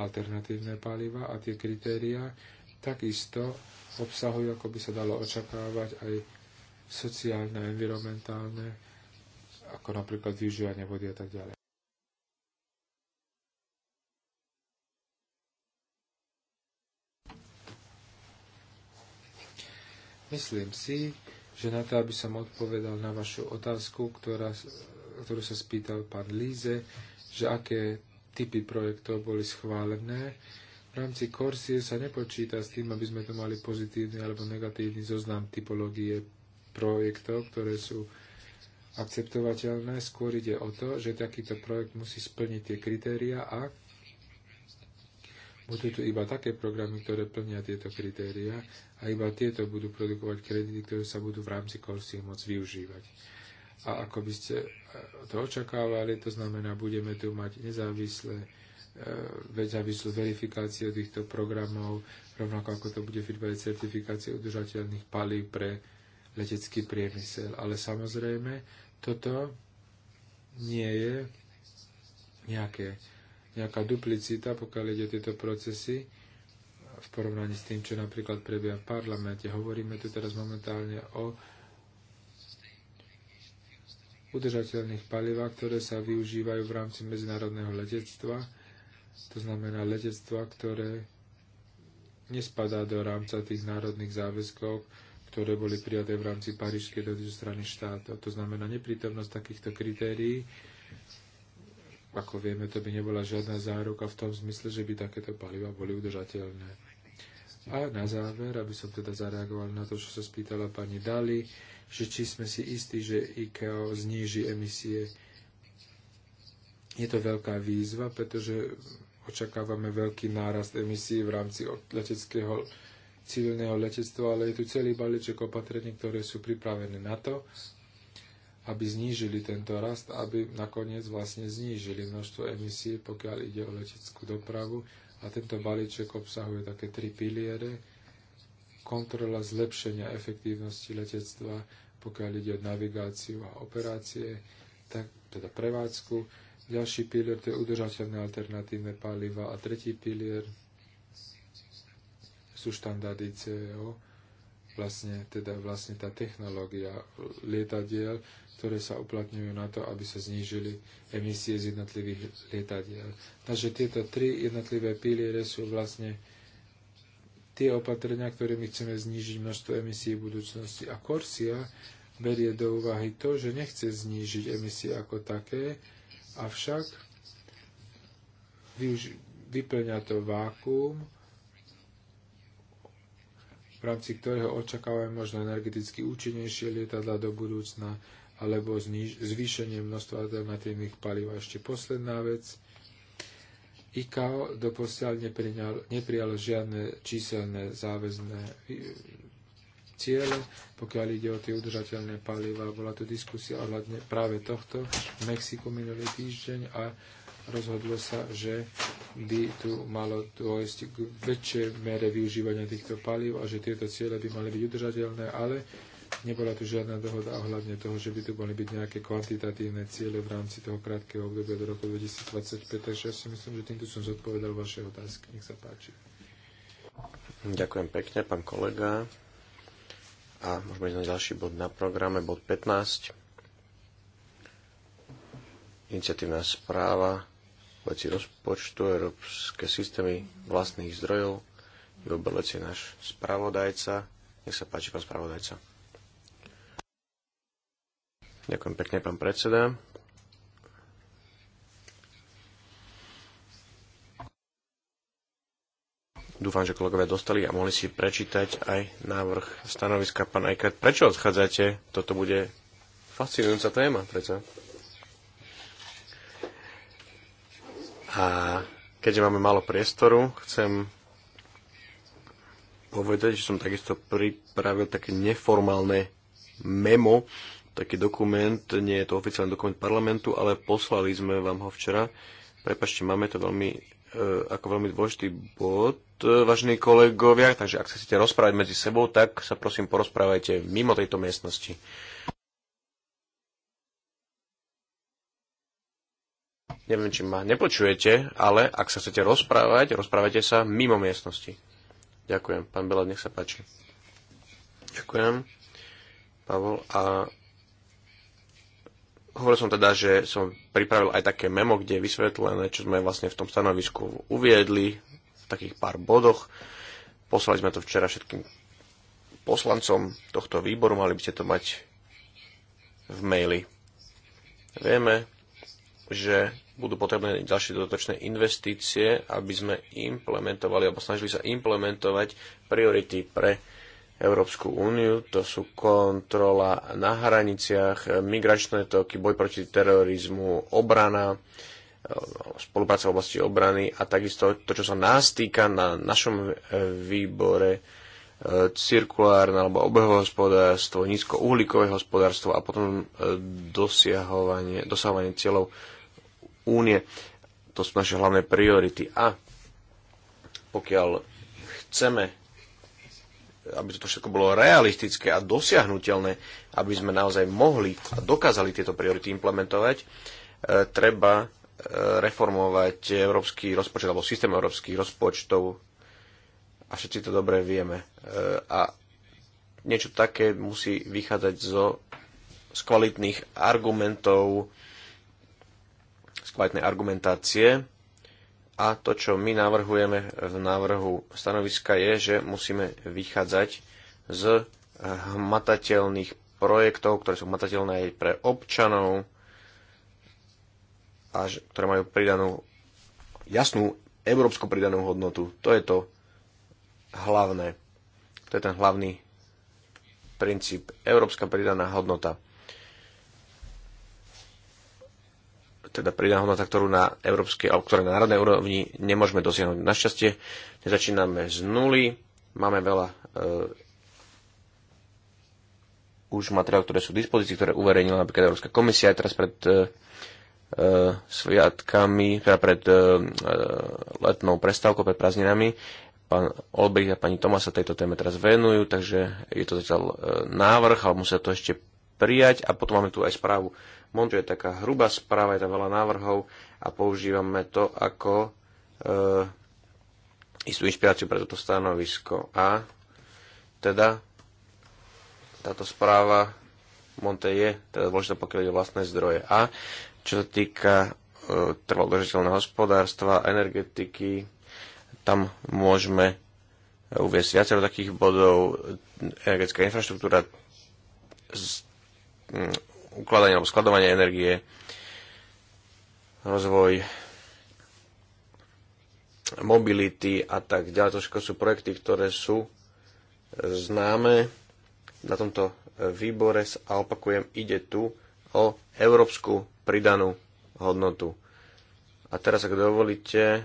A: alternatívne paliva a tie kritéria takisto obsahujú, ako by sa dalo očakávať aj sociálne, environmentálne, ako napríklad využívanie vody a tak ďalej. Myslím si, že na to, aby som odpovedal na vašu otázku, ktorá, ktorú sa spýtal pán Líze, že aké typy projektov boli schválené, v rámci korsie sa nepočíta s tým, aby sme tu mali pozitívny alebo negatívny zoznam typológie projektov, ktoré sú akceptovateľné. Skôr ide o to, že takýto projekt musí splniť tie kritéria a budú tu iba také programy, ktoré plnia tieto kritéria a iba tieto budú produkovať kredity, ktoré sa budú v rámci korsie môcť využívať. A ako by ste to očakávali, to znamená, budeme tu mať nezávislé nezávislú verifikáciu týchto programov, rovnako ako to bude v certifikácie udržateľných palív pre letecký priemysel. Ale samozrejme, toto nie je nejaké, nejaká duplicita, pokiaľ ide tieto procesy v porovnaní s tým, čo napríklad prebieha v parlamente. Hovoríme tu teraz momentálne o udržateľných palivách, ktoré sa využívajú v rámci medzinárodného letectva to znamená letectva, ktoré nespadá do rámca tých národných záväzkov, ktoré boli prijaté v rámci Parížskej dohody strany štáta. To znamená neprítomnosť takýchto kritérií, ako vieme, to by nebola žiadna záruka v tom zmysle, že by takéto paliva boli udržateľné. A na záver, aby som teda zareagoval na to, čo sa spýtala pani Dali, že či sme si istí, že IKO zníži emisie. Je to veľká výzva, pretože očakávame veľký nárast emisí v rámci leteckého civilného letectva, ale je tu celý balíček opatrení, ktoré sú pripravené na to, aby znížili tento rast, aby nakoniec vlastne znížili množstvo emisí, pokiaľ ide o leteckú dopravu. A tento balíček obsahuje také tri piliere. Kontrola zlepšenia efektívnosti letectva, pokiaľ ide o navigáciu a operácie, tak, teda prevádzku, ďalší pilier to je udržateľné alternatívne paliva a tretí pilier sú štandardy CEO, vlastne, teda vlastne tá technológia lietadiel, ktoré sa uplatňujú na to, aby sa znížili emisie z jednotlivých lietadiel. Takže tieto tri jednotlivé piliere sú vlastne tie opatrenia, ktoré my chceme znížiť množstvo emisí v budúcnosti. A Corsia berie do úvahy to, že nechce znížiť emisie ako také, avšak vyplňa to vákuum, v rámci ktorého očakávame možno energeticky účinnejšie lietadla do budúcna alebo zniž- zvýšenie množstva alternatívnych palív. A ešte posledná vec. ICAO doposiaľ neprijalo žiadne číselné záväzné ciele, pokiaľ ide o tie udržateľné paliva. Bola tu diskusia ohľadne práve tohto v Mexiku minulý týždeň a rozhodlo sa, že by tu malo dôjsť k väčšej mere využívania týchto palív a že tieto ciele by mali byť udržateľné, ale nebola tu žiadna dohoda ohľadne toho, že by tu mali byť nejaké kvantitatívne ciele v rámci toho krátkeho obdobia do roku 2025. Takže ja si myslím, že týmto som zodpovedal vaše otázky. Nech sa páči.
C: Ďakujem pekne, pán kolega a môžeme ísť na ďalší bod na programe, bod 15. Iniciatívna správa veci rozpočtu, európske systémy vlastných zdrojov. Ivo Berlec je náš spravodajca. Nech sa páči, pán spravodajca. Ďakujem pekne, pán predseda. Dúfam, že kolegovia dostali a mohli si prečítať aj návrh stanoviska pán Eckert. Prečo odchádzate? Toto bude fascinujúca téma, prečo? A keďže máme málo priestoru, chcem povedať, že som takisto pripravil také neformálne memo, taký dokument, nie je to oficiálny dokument parlamentu, ale poslali sme vám ho včera. Prepašte, máme to veľmi, e, ako veľmi dôležitý bod E, vážení kolegovia, takže ak sa chcete rozprávať medzi sebou, tak sa prosím porozprávajte mimo tejto miestnosti. Neviem, či ma nepočujete, ale ak sa chcete rozprávať, rozprávajte sa mimo miestnosti. Ďakujem. Pán Bela, nech sa páči. Ďakujem. Pavol, a hovoril som teda, že som pripravil aj také memo, kde je vysvetlené, čo sme vlastne v tom stanovisku uviedli, takých pár bodoch. Poslali sme to včera všetkým poslancom tohto výboru, mali by ste to mať v maili. Vieme, že budú potrebné ďalšie dodatočné investície, aby sme implementovali alebo snažili sa implementovať priority pre Európsku úniu, to sú kontrola na hraniciach, migračné toky, boj proti terorizmu, obrana, spolupráca v oblasti obrany a takisto to, čo sa nás týka na našom e, výbore, e, cirkulárne alebo obehové hospodárstvo, nízkouhlíkové hospodárstvo a potom e, dosahovanie, dosahovanie cieľov únie. To sú naše hlavné priority. A pokiaľ chceme, aby toto všetko bolo realistické a dosiahnutelné, aby sme naozaj mohli a dokázali tieto priority implementovať, treba reformovať európsky rozpočet alebo systém európskych rozpočtov a všetci to dobre vieme. E, a niečo také musí vychádzať zo, z kvalitných argumentov, z kvalitnej argumentácie a to, čo my navrhujeme v návrhu stanoviska je, že musíme vychádzať z hmatateľných projektov, ktoré sú hmatateľné aj pre občanov, a ktoré majú pridanú, jasnú európsku pridanú hodnotu. To je to hlavné. To je ten hlavný princíp. Európska pridaná hodnota. Teda pridaná hodnota, ktorú na európskej, alebo ktoré na národnej úrovni nemôžeme dosiahnuť. Našťastie nezačíname z nuly, máme veľa e, už materiál, ktoré sú v dispozícii, ktoré uverejnila napríklad Európska komisia aj teraz pred e, E, sviatkami, teda pred e, e, letnou prestávkou, pred prázdninami. Pán Olbrich a pani Tomasa tejto téme teraz venujú, takže je to zatiaľ návrh, ale musia to ešte prijať. A potom máme tu aj správu Montu, je taká hrubá správa, je tam veľa návrhov a používame to ako uh, istú inšpiráciu pre toto stanovisko. A teda táto správa Monte je teda dôležitá, pokiaľ ide vlastné zdroje. A čo sa týka e, trvalodržateľného hospodárstva, energetiky, tam môžeme uviesť viacero takých bodov. Energetická infraštruktúra, ukladanie alebo skladovanie energie, rozvoj mobility a tak ďalej. To všetko sú projekty, ktoré sú známe na tomto výbore a opakujem, ide tu o európsku pridanú hodnotu. A teraz, ak dovolíte,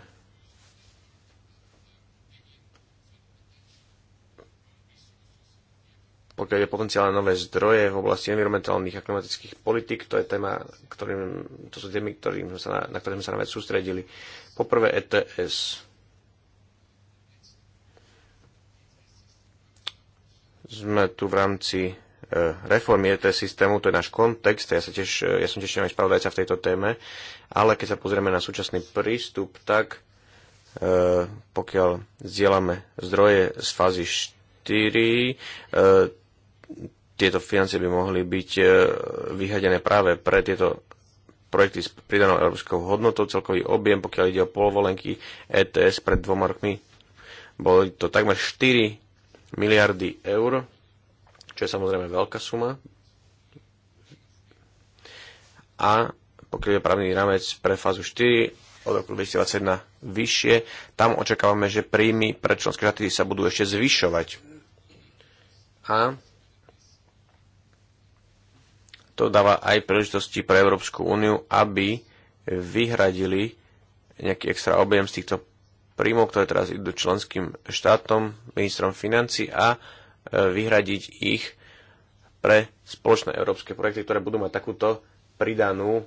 C: pokiaľ je potenciálne nové zdroje v oblasti environmentálnych a klimatických politik, to je téma, ktorým, to sú témy, ktorým sa, na, na ktoré sme sa najviac sústredili. Poprvé ETS. Sme tu v rámci E, reformy ETS systému, to je náš kontext, ja, sa tiež, e, ja som tiež nemaj spravodajca v tejto téme, ale keď sa pozrieme na súčasný prístup, tak e, pokiaľ zdieľame zdroje z fázy 4, tieto financie by mohli byť vyhadené práve pre tieto projekty s pridanou európskou hodnotou. Celkový objem, pokiaľ ide o polovolenky ETS pred dvoma rokmi, boli to takmer 4 miliardy eur čo je samozrejme veľká suma. A pokiaľ je právny rámec pre fázu 4 od roku 2021 vyššie. Tam očakávame, že príjmy pre členské štáty sa budú ešte zvyšovať. A to dáva aj príležitosti pre Európsku úniu, aby vyhradili nejaký extra objem z týchto príjmov, ktoré teraz idú členským štátom, ministrom financí a vyhradiť ich pre spoločné európske projekty, ktoré budú mať takúto pridanú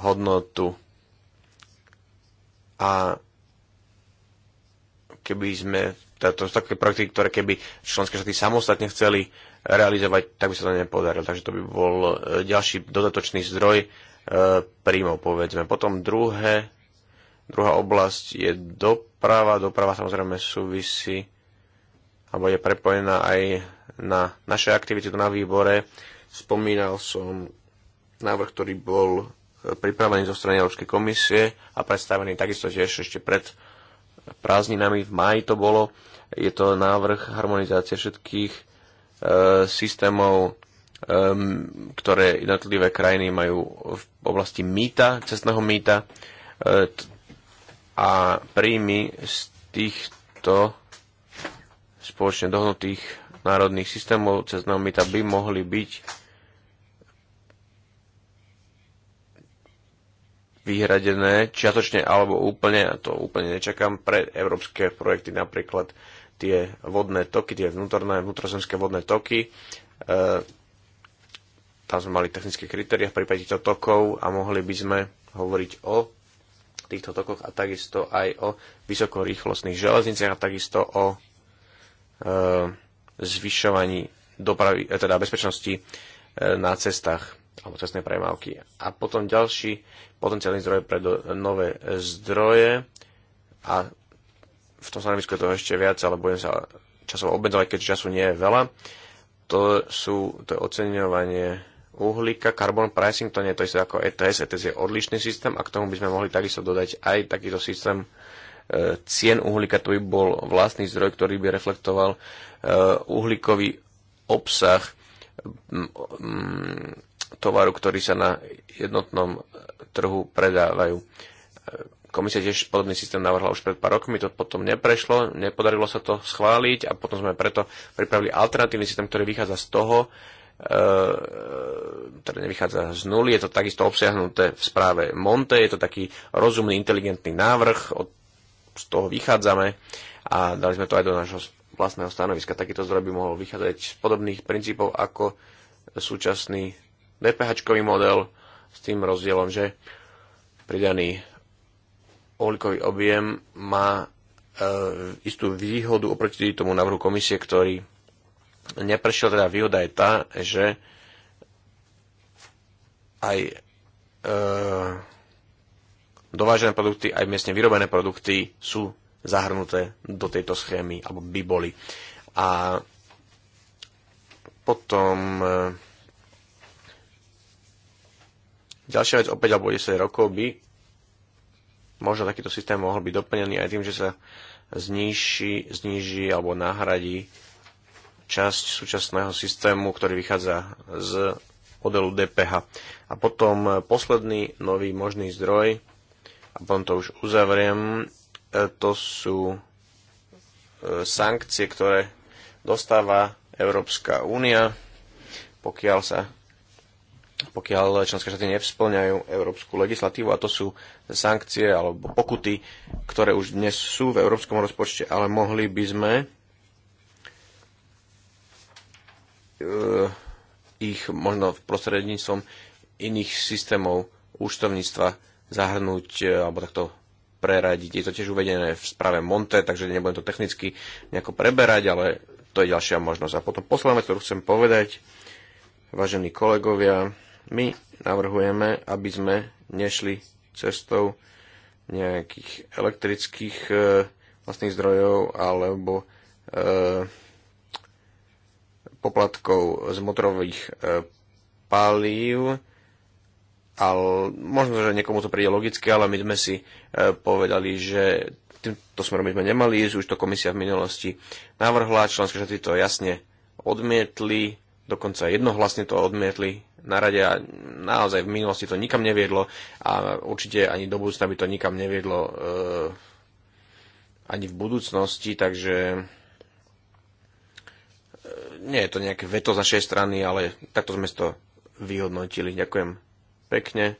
C: hodnotu. A keby sme sú také projekty, ktoré keby členské štáty samostatne chceli realizovať, tak by sa to nepodarilo. Takže to by bol e, ďalší dodatočný zdroj e, príjmov, povedzme. Potom druhé, druhá oblasť je doprava. Doprava samozrejme súvisí alebo je prepojená aj na naše aktivity tu na výbore. Spomínal som návrh, ktorý bol e, pripravený zo strany Európskej komisie a predstavený takisto tiež ešte pred prázdninami, v maji to bolo. Je to návrh harmonizácie všetkých e, systémov, e, ktoré jednotlivé krajiny majú v oblasti mýta, cestného mýta e, a príjmy z týchto spoločne dohnutých národných systémov cez NOMITA by mohli byť vyhradené čiatočne alebo úplne, a to úplne nečakám, pre európske projekty, napríklad tie vodné toky, tie vnútorné, vnútrozemské vodné toky. E, tam sme mali technické kritéria v prípade týchto tokov a mohli by sme hovoriť o týchto tokoch a takisto aj o vysokorýchlostných železniciach a takisto o E, zvyšovaní dopravy, e, teda bezpečnosti e, na cestách alebo cestnej premávky. A potom ďalší potenciálny zdroj pre do, nové zdroje a v tom stanovisku je toho ešte viac, ale budem sa časovo obmedzovať, keďže času nie je veľa. To, sú, to je oceňovanie uhlíka, carbon pricing, to nie je to isté ako ETS, ETS je odlišný systém a k tomu by sme mohli takisto dodať aj takýto systém cien uhlíka, to by bol vlastný zdroj, ktorý by reflektoval eh, uhlíkový obsah mm, mm, tovaru, ktorý sa na jednotnom trhu predávajú. Eh, komisia tiež podobný systém navrhla už pred pár rokmi, to potom neprešlo, nepodarilo sa to schváliť a potom sme preto pripravili alternatívny systém, ktorý vychádza z toho, eh, ktorý nevychádza z nuly. Je to takisto obsiahnuté v správe Monte, je to taký rozumný, inteligentný návrh od z toho vychádzame a dali sme to aj do nášho vlastného stanoviska. Takýto zdroj by mohol vychádzať z podobných princípov ako súčasný dph model s tým rozdielom, že pridaný uhlíkový objem má e, istú výhodu oproti tomu návrhu komisie, ktorý neprešiel. Teda výhoda je tá, že aj e, dovážené produkty, aj miestne vyrobené produkty sú zahrnuté do tejto schémy, alebo by boli. A potom e, ďalšia vec, opäť alebo 10 rokov by možno takýto systém mohol byť doplnený aj tým, že sa zniží, zniží alebo nahradí časť súčasného systému, ktorý vychádza z modelu DPH. A potom e, posledný nový možný zdroj a potom to už uzavriem, e, to sú e, sankcie, ktoré dostáva Európska únia, pokiaľ sa pokiaľ členské štáty nevsplňajú európsku legislatívu a to sú sankcie alebo pokuty, ktoré už dnes sú v európskom rozpočte, ale mohli by sme e, ich možno v prostredníctvom iných systémov účtovníctva zahrnúť e, alebo takto preradiť. Je to tiež uvedené v správe Monte, takže nebudem to technicky nejako preberať, ale to je ďalšia možnosť. A potom posledná vec, ktorú chcem povedať, vážení kolegovia, my navrhujeme, aby sme nešli cestou nejakých elektrických e, vlastných zdrojov alebo e, poplatkov z motorových e, palív ale možno, že niekomu to príde logické, ale my sme si e, povedali, že týmto smerom by sme nemali ísť, už to komisia v minulosti navrhla, členské štáty to jasne odmietli, dokonca jednohlasne to odmietli na rade a naozaj v minulosti to nikam neviedlo a určite ani do budúcna by to nikam neviedlo e, ani v budúcnosti, takže e, nie je to nejaké veto z našej strany, ale takto sme to vyhodnotili. Ďakujem pekne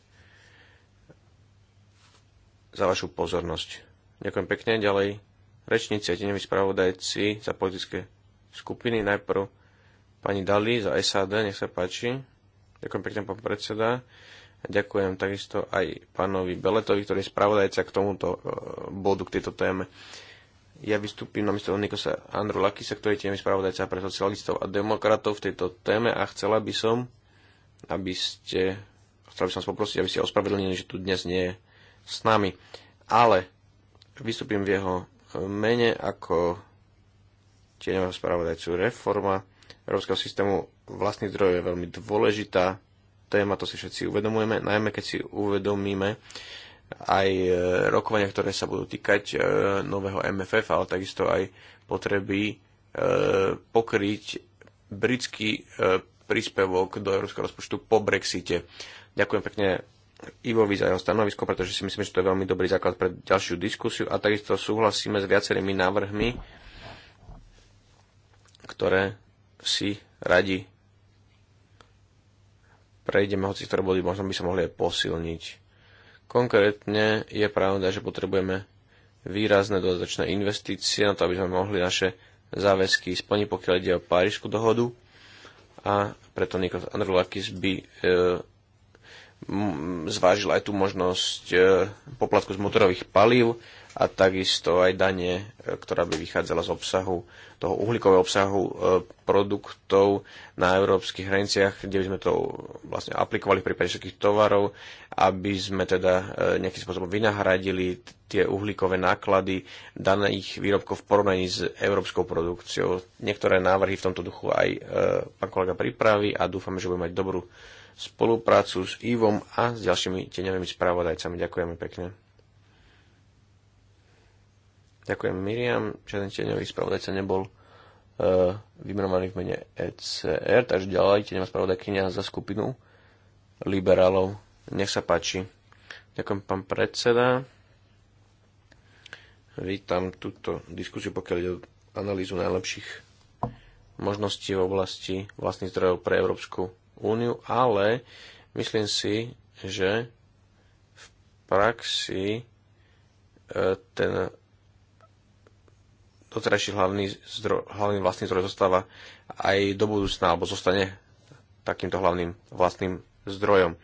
C: za vašu pozornosť. Ďakujem pekne. Ďalej rečníci a tenevi spravodajci za politické skupiny. Najprv pani Dali za SAD, nech sa páči. Ďakujem pekne, pán predseda. A ďakujem takisto aj pánovi Beletovi, ktorý je spravodajca k tomuto e, bodu, k tejto téme. Ja vystúpim na miesto Nikosa Andru Lakisa, ktorý je tiež spravodajca pre socialistov a demokratov v tejto téme a chcela by som, aby ste Chcel by som vás poprosiť, aby ste ospravedlnili, že tu dnes nie je s nami. Ale vystúpim v jeho mene ako tieňového spravodajcu reforma Európskeho systému vlastných zdrojov je veľmi dôležitá téma, to si všetci uvedomujeme, najmä keď si uvedomíme aj e, rokovania, ktoré sa budú týkať e, nového MFF, ale takisto aj potreby e, pokryť britský príspevok do európskeho rozpočtu po Brexite. Ďakujem pekne Ivovi za jeho stanovisko, pretože si myslím, že to je veľmi dobrý základ pre ďalšiu diskusiu a takisto súhlasíme s viacerými návrhmi, ktoré si radi prejdeme, hoci ktoré body možno by sa mohli aj posilniť. Konkrétne je pravda, že potrebujeme výrazné dodatočné investície na to, aby sme mohli naše záväzky splniť, pokiaľ ide o Parížskú dohodu a preto Nikos Andrulakis by e, zvážil aj tú možnosť e, poplatku z motorových palív a takisto aj dane, e, ktorá by vychádzala z obsahu, toho uhlíkového obsahu e, produktov na európskych hraniciach, kde by sme to vlastne aplikovali v prípade všetkých tovarov, aby sme teda nejakým spôsobom vynahradili tie uhlíkové náklady daných výrobkov v porovnaní s európskou produkciou. Niektoré návrhy v tomto duchu aj pán kolega pripraví a dúfame, že budeme mať dobrú spoluprácu s Ivom a s ďalšími tieňovými spravodajcami. Ďakujeme pekne. Ďakujem Miriam, ten tieňový spravodajca nebol uh, vymenovaný v mene ECR, takže ďalej tieňová spravodajkynia za skupinu liberálov. Nech sa páči. Ďakujem pán predseda. Vítam túto diskusiu, pokiaľ ide o analýzu najlepších možností v oblasti vlastných zdrojov pre Európsku úniu, ale myslím si, že v praxi e, ten doterajší hlavný, zdro, hlavný vlastný zdroj zostáva aj do budúcna, alebo zostane takýmto hlavným vlastným zdrojom.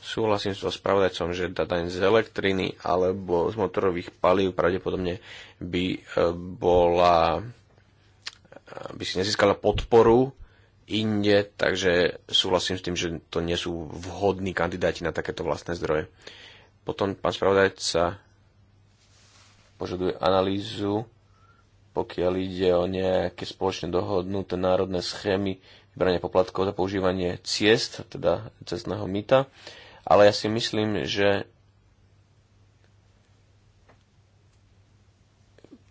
C: Súhlasím so spravodajcom, že daň z elektriny alebo z motorových palív pravdepodobne by e, bola e, by si nezískala podporu inde, takže súhlasím s tým, že to nie sú vhodní kandidáti na takéto vlastné zdroje. Potom pán spravodajca požaduje analýzu, pokiaľ ide o nejaké spoločne dohodnuté národné schémy vybrania poplatkov za používanie ciest, teda cestného mýta. Ale ja si myslím, že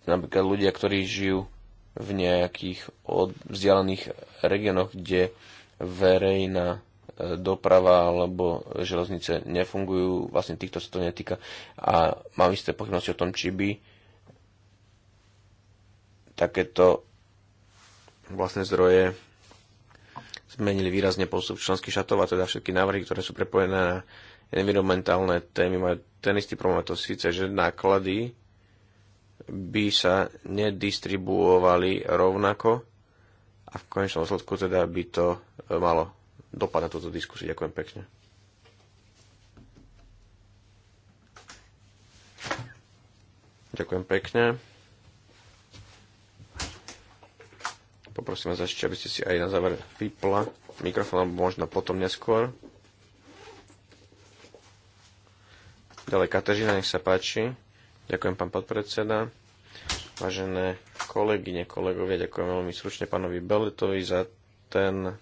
C: napríklad ľudia, ktorí žijú v nejakých od, vzdialených regiónoch, kde verejná e, doprava alebo železnice nefungujú, vlastne týchto sa to netýka a mám isté pochybnosti o tom, či by takéto vlastné zdroje zmenili výrazne postup členských šatov a teda všetky návrhy, ktoré sú prepojené na environmentálne témy, majú ten istý problém, to síce, že náklady by sa nedistribuovali rovnako a v konečnom dôsledku teda by to e, malo dopad na túto diskusiu. Ďakujem pekne. Ďakujem pekne. Poprosím vás ešte, aby ste si aj na záver vypla mikrofón, alebo možno potom neskôr. Ďalej Katežina, nech sa páči. Ďakujem, pán podpredseda. Vážené kolegyne, kolegovia, ďakujem veľmi stručne pánovi Beletovi za ten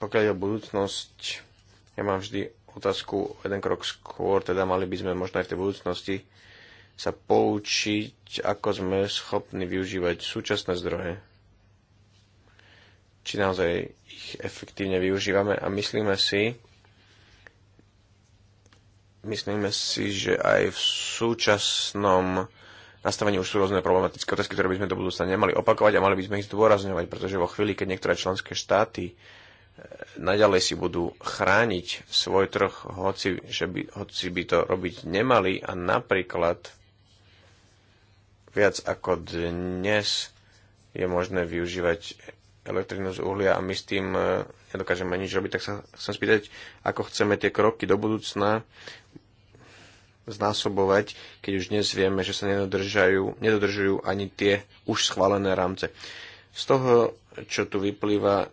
C: pokiaľ je o budúcnosť, ja mám vždy otázku jeden krok skôr, teda mali by sme možno aj v tej budúcnosti sa poučiť, ako sme schopní využívať súčasné zdroje. Či naozaj ich efektívne využívame a myslíme si, Myslíme si, že aj v súčasnom nastavení už sú rôzne problematické otázky, ktoré by sme do budúcna nemali opakovať a mali by sme ich zdôrazňovať, pretože vo chvíli, keď niektoré členské štáty e, naďalej si budú chrániť svoj trh, hoci, že by, hoci by to robiť nemali a napríklad viac ako dnes je možné využívať elektrínu z uhlia a my s tým e, nedokážeme nič robiť, tak sa chcem spýtať, ako chceme tie kroky do budúcna znásobovať, keď už dnes vieme, že sa nedodržajú, nedodržujú ani tie už schválené rámce. Z toho, čo tu vyplýva,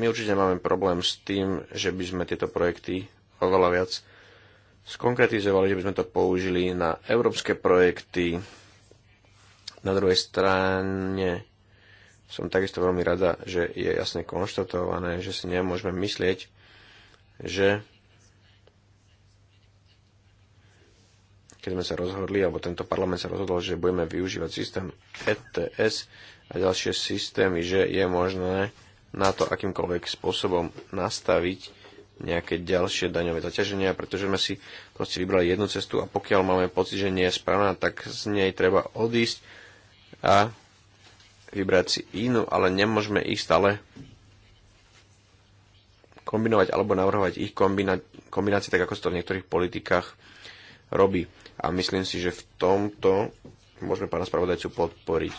C: my určite máme problém s tým, že by sme tieto projekty oveľa viac skonkretizovali, že by sme to použili na európske projekty. Na druhej strane som takisto veľmi rada, že je jasne konštatované, že si nemôžeme myslieť, že keď sme sa rozhodli, alebo tento parlament sa rozhodol, že budeme využívať systém ETS a ďalšie systémy, že je možné na to akýmkoľvek spôsobom nastaviť nejaké ďalšie daňové zaťaženia, pretože sme si proste vybrali jednu cestu a pokiaľ máme pocit, že nie je správna, tak z nej treba odísť a vybrať si inú, ale nemôžeme ich stále kombinovať alebo navrhovať ich kombina- kombinácie, tak ako sa to v niektorých politikách robí a myslím si, že v tomto môžeme pána spravodajcu podporiť.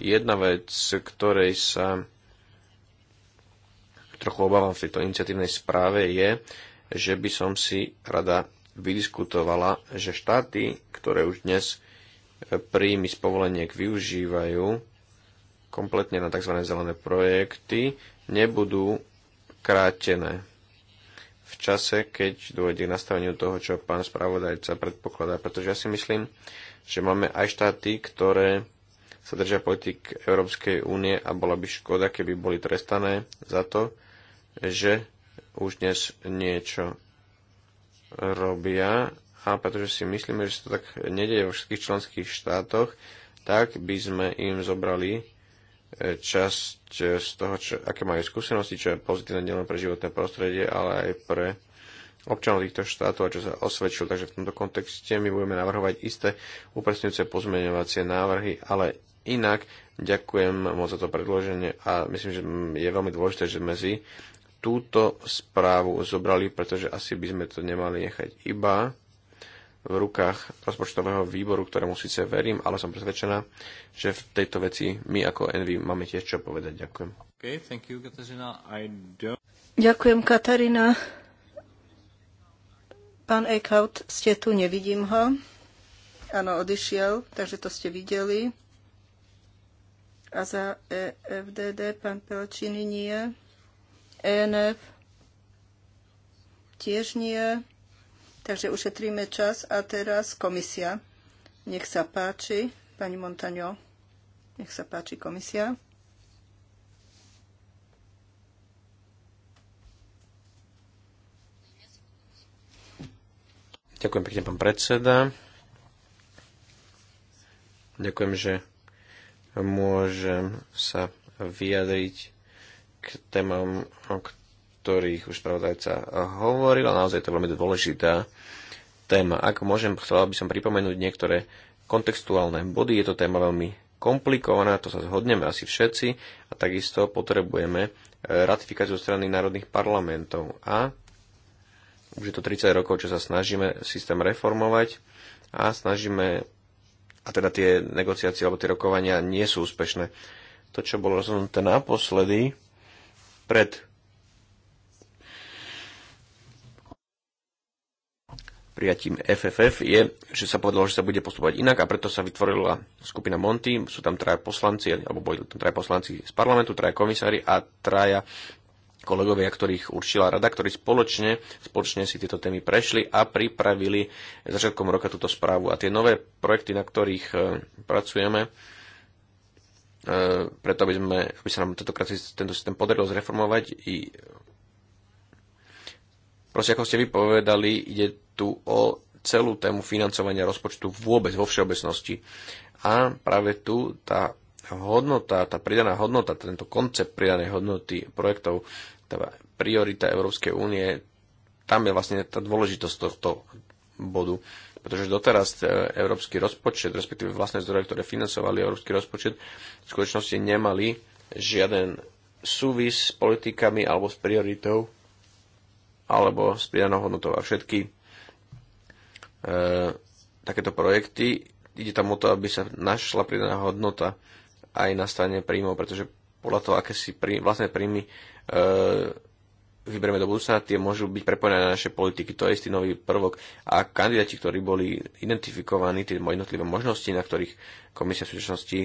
C: Jedna vec, ktorej sa trochu obávam v tejto iniciatívnej správe je, že by som si rada vydiskutovala, že štáty, ktoré už dnes e, príjmy z povoleniek využívajú kompletne na tzv. zelené projekty, nebudú krátené v čase, keď dôjde k nastaveniu toho, čo pán spravodajca predpokladá. Pretože ja si myslím, že máme aj štáty, ktoré sa držia politik Európskej únie a bola by škoda, keby boli trestané za to, že už dnes niečo robia a pretože si myslíme, že sa to tak nedeje vo všetkých členských štátoch, tak by sme im zobrali časť z toho, čo, aké majú skúsenosti, čo je pozitívne nielen pre životné prostredie, ale aj pre občanov týchto štátov a čo sa osvedčil. Takže v tomto kontexte my budeme navrhovať isté upresňujúce pozmeňovacie návrhy, ale inak ďakujem moc za to predloženie a myslím, že je veľmi dôležité, že sme si túto správu zobrali, pretože asi by sme to nemali nechať iba v rukách rozpočtového výboru, ktorému síce verím, ale som presvedčená, že v tejto veci my ako Envy máme tiež čo povedať. Ďakujem.
A: Okay, thank you, Katarina. I don't...
B: Ďakujem, Katarina. Pán Eichhout, ste tu, nevidím ho. Áno, odišiel, takže to ste videli. A za EFDD pán Pelčiny nie. ENF tiež nie. Takže ušetríme čas a teraz komisia. Nech sa páči, pani Montaňo. Nech sa páči komisia.
C: Ďakujem pekne, pán predseda. Ďakujem, že môžem sa vyjadriť k témam, o ktorých ktorých už spravodajca hovoril, a naozaj to je veľmi dôležitá téma. Ak môžem, chcel, by som pripomenúť niektoré kontextuálne body. Je to téma veľmi komplikovaná, to sa zhodneme asi všetci a takisto potrebujeme e, ratifikáciu strany národných parlamentov. A už je to 30 rokov, čo sa snažíme systém reformovať a snažíme, a teda tie negociácie alebo tie rokovania nie sú úspešné. To, čo bolo rozhodnuté naposledy pred prijatím FFF je, že sa povedalo, že sa bude postupovať inak a preto sa vytvorila skupina Monty, sú tam traja poslanci, alebo boli tam traja poslanci z parlamentu, traja komisári a traja kolegovia, ktorých určila rada, ktorí spoločne, spoločne si tieto témy prešli a pripravili začiatkom roka túto správu. A tie nové projekty, na ktorých e, pracujeme, e, preto aby, sme, aby sa nám tentokrát tento systém podarilo zreformovať, i, proste ako ste vypovedali, ide tu o celú tému financovania rozpočtu vôbec vo všeobecnosti. A práve tu tá hodnota, tá pridaná hodnota, tento koncept pridanej hodnoty projektov, tá priorita Európskej únie, tam je vlastne tá dôležitosť tohto bodu. Pretože doteraz e, európsky rozpočet, respektíve vlastné zdroje, ktoré financovali európsky rozpočet, v skutočnosti nemali žiaden súvis s politikami alebo s prioritou alebo s pridanou hodnotou. A všetky E, takéto projekty. Ide tam o to, aby sa našla pridaná hodnota aj na strane príjmov, pretože podľa toho, aké si prí, vlastné príjmy e, vyberieme do budúcna, tie môžu byť prepojené na naše politiky. To je istý nový prvok. A kandidáti, ktorí boli identifikovaní, tie jednotlivé možnosti, na ktorých komisia v súčasnosti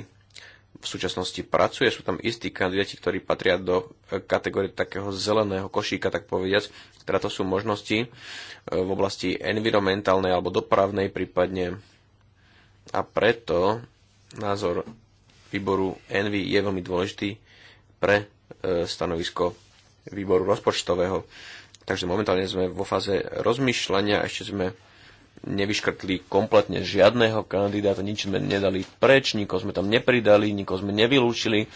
C: v súčasnosti pracuje. Sú tam istí kandidáti, ktorí patria do e, kategórie takého zeleného košíka, tak povediať. Teda to sú možnosti e, v oblasti environmentálnej alebo dopravnej prípadne. A preto názor výboru Envy je veľmi dôležitý pre e, stanovisko výboru rozpočtového. Takže momentálne sme vo fáze rozmýšľania, ešte sme nevyškrtli kompletne žiadného kandidáta, nič sme nedali preč, nikoho sme tam nepridali, nikoho sme nevylúčili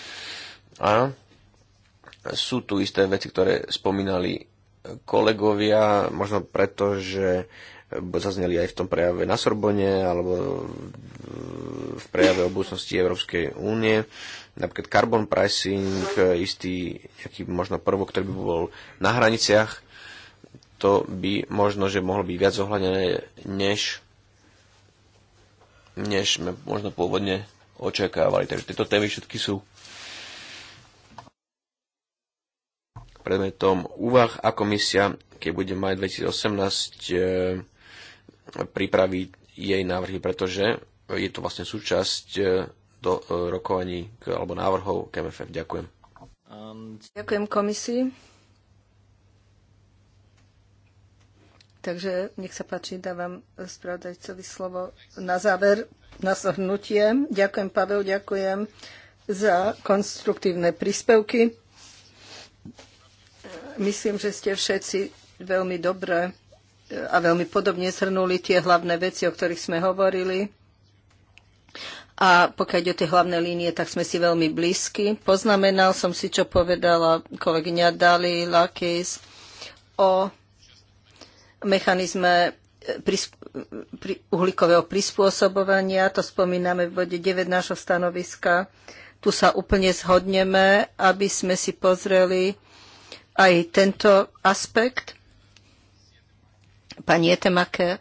C: a sú tu isté veci, ktoré spomínali kolegovia, možno preto, že zazneli aj v tom prejave na Sorbone alebo v prejave o budúcnosti Európskej únie. Napríklad carbon pricing, istý nejaký možno prvok, ktorý by bol na hraniciach to by možno, že mohlo byť viac ohľadené, než, než sme možno pôvodne očakávali. Takže tieto témy všetky sú predmetom úvah a komisia, keď bude maj 2018, e, pripraví jej návrhy, pretože je to vlastne súčasť e, do e, rokovaní k, alebo návrhov KMF. Ďakujem.
A: Um,
B: ďakujem komisii. Takže nech sa páči, dávam spravodajcovi slovo na záver, na zhrnutie. Ďakujem, Pavel, ďakujem za konstruktívne príspevky. Myslím, že ste všetci veľmi dobre e, a veľmi podobne zhrnuli tie hlavné veci, o ktorých sme hovorili. A pokiaľ ide o tie hlavné línie, tak sme si veľmi blízki. Poznamenal som si, čo povedala kolegyňa Dali Lakis o mechanizme e, uhlíkového prispôsobovania, to spomíname v bode 9 nášho stanoviska. Tu sa úplne zhodneme, aby sme si pozreli aj tento aspekt. Pani Etemake,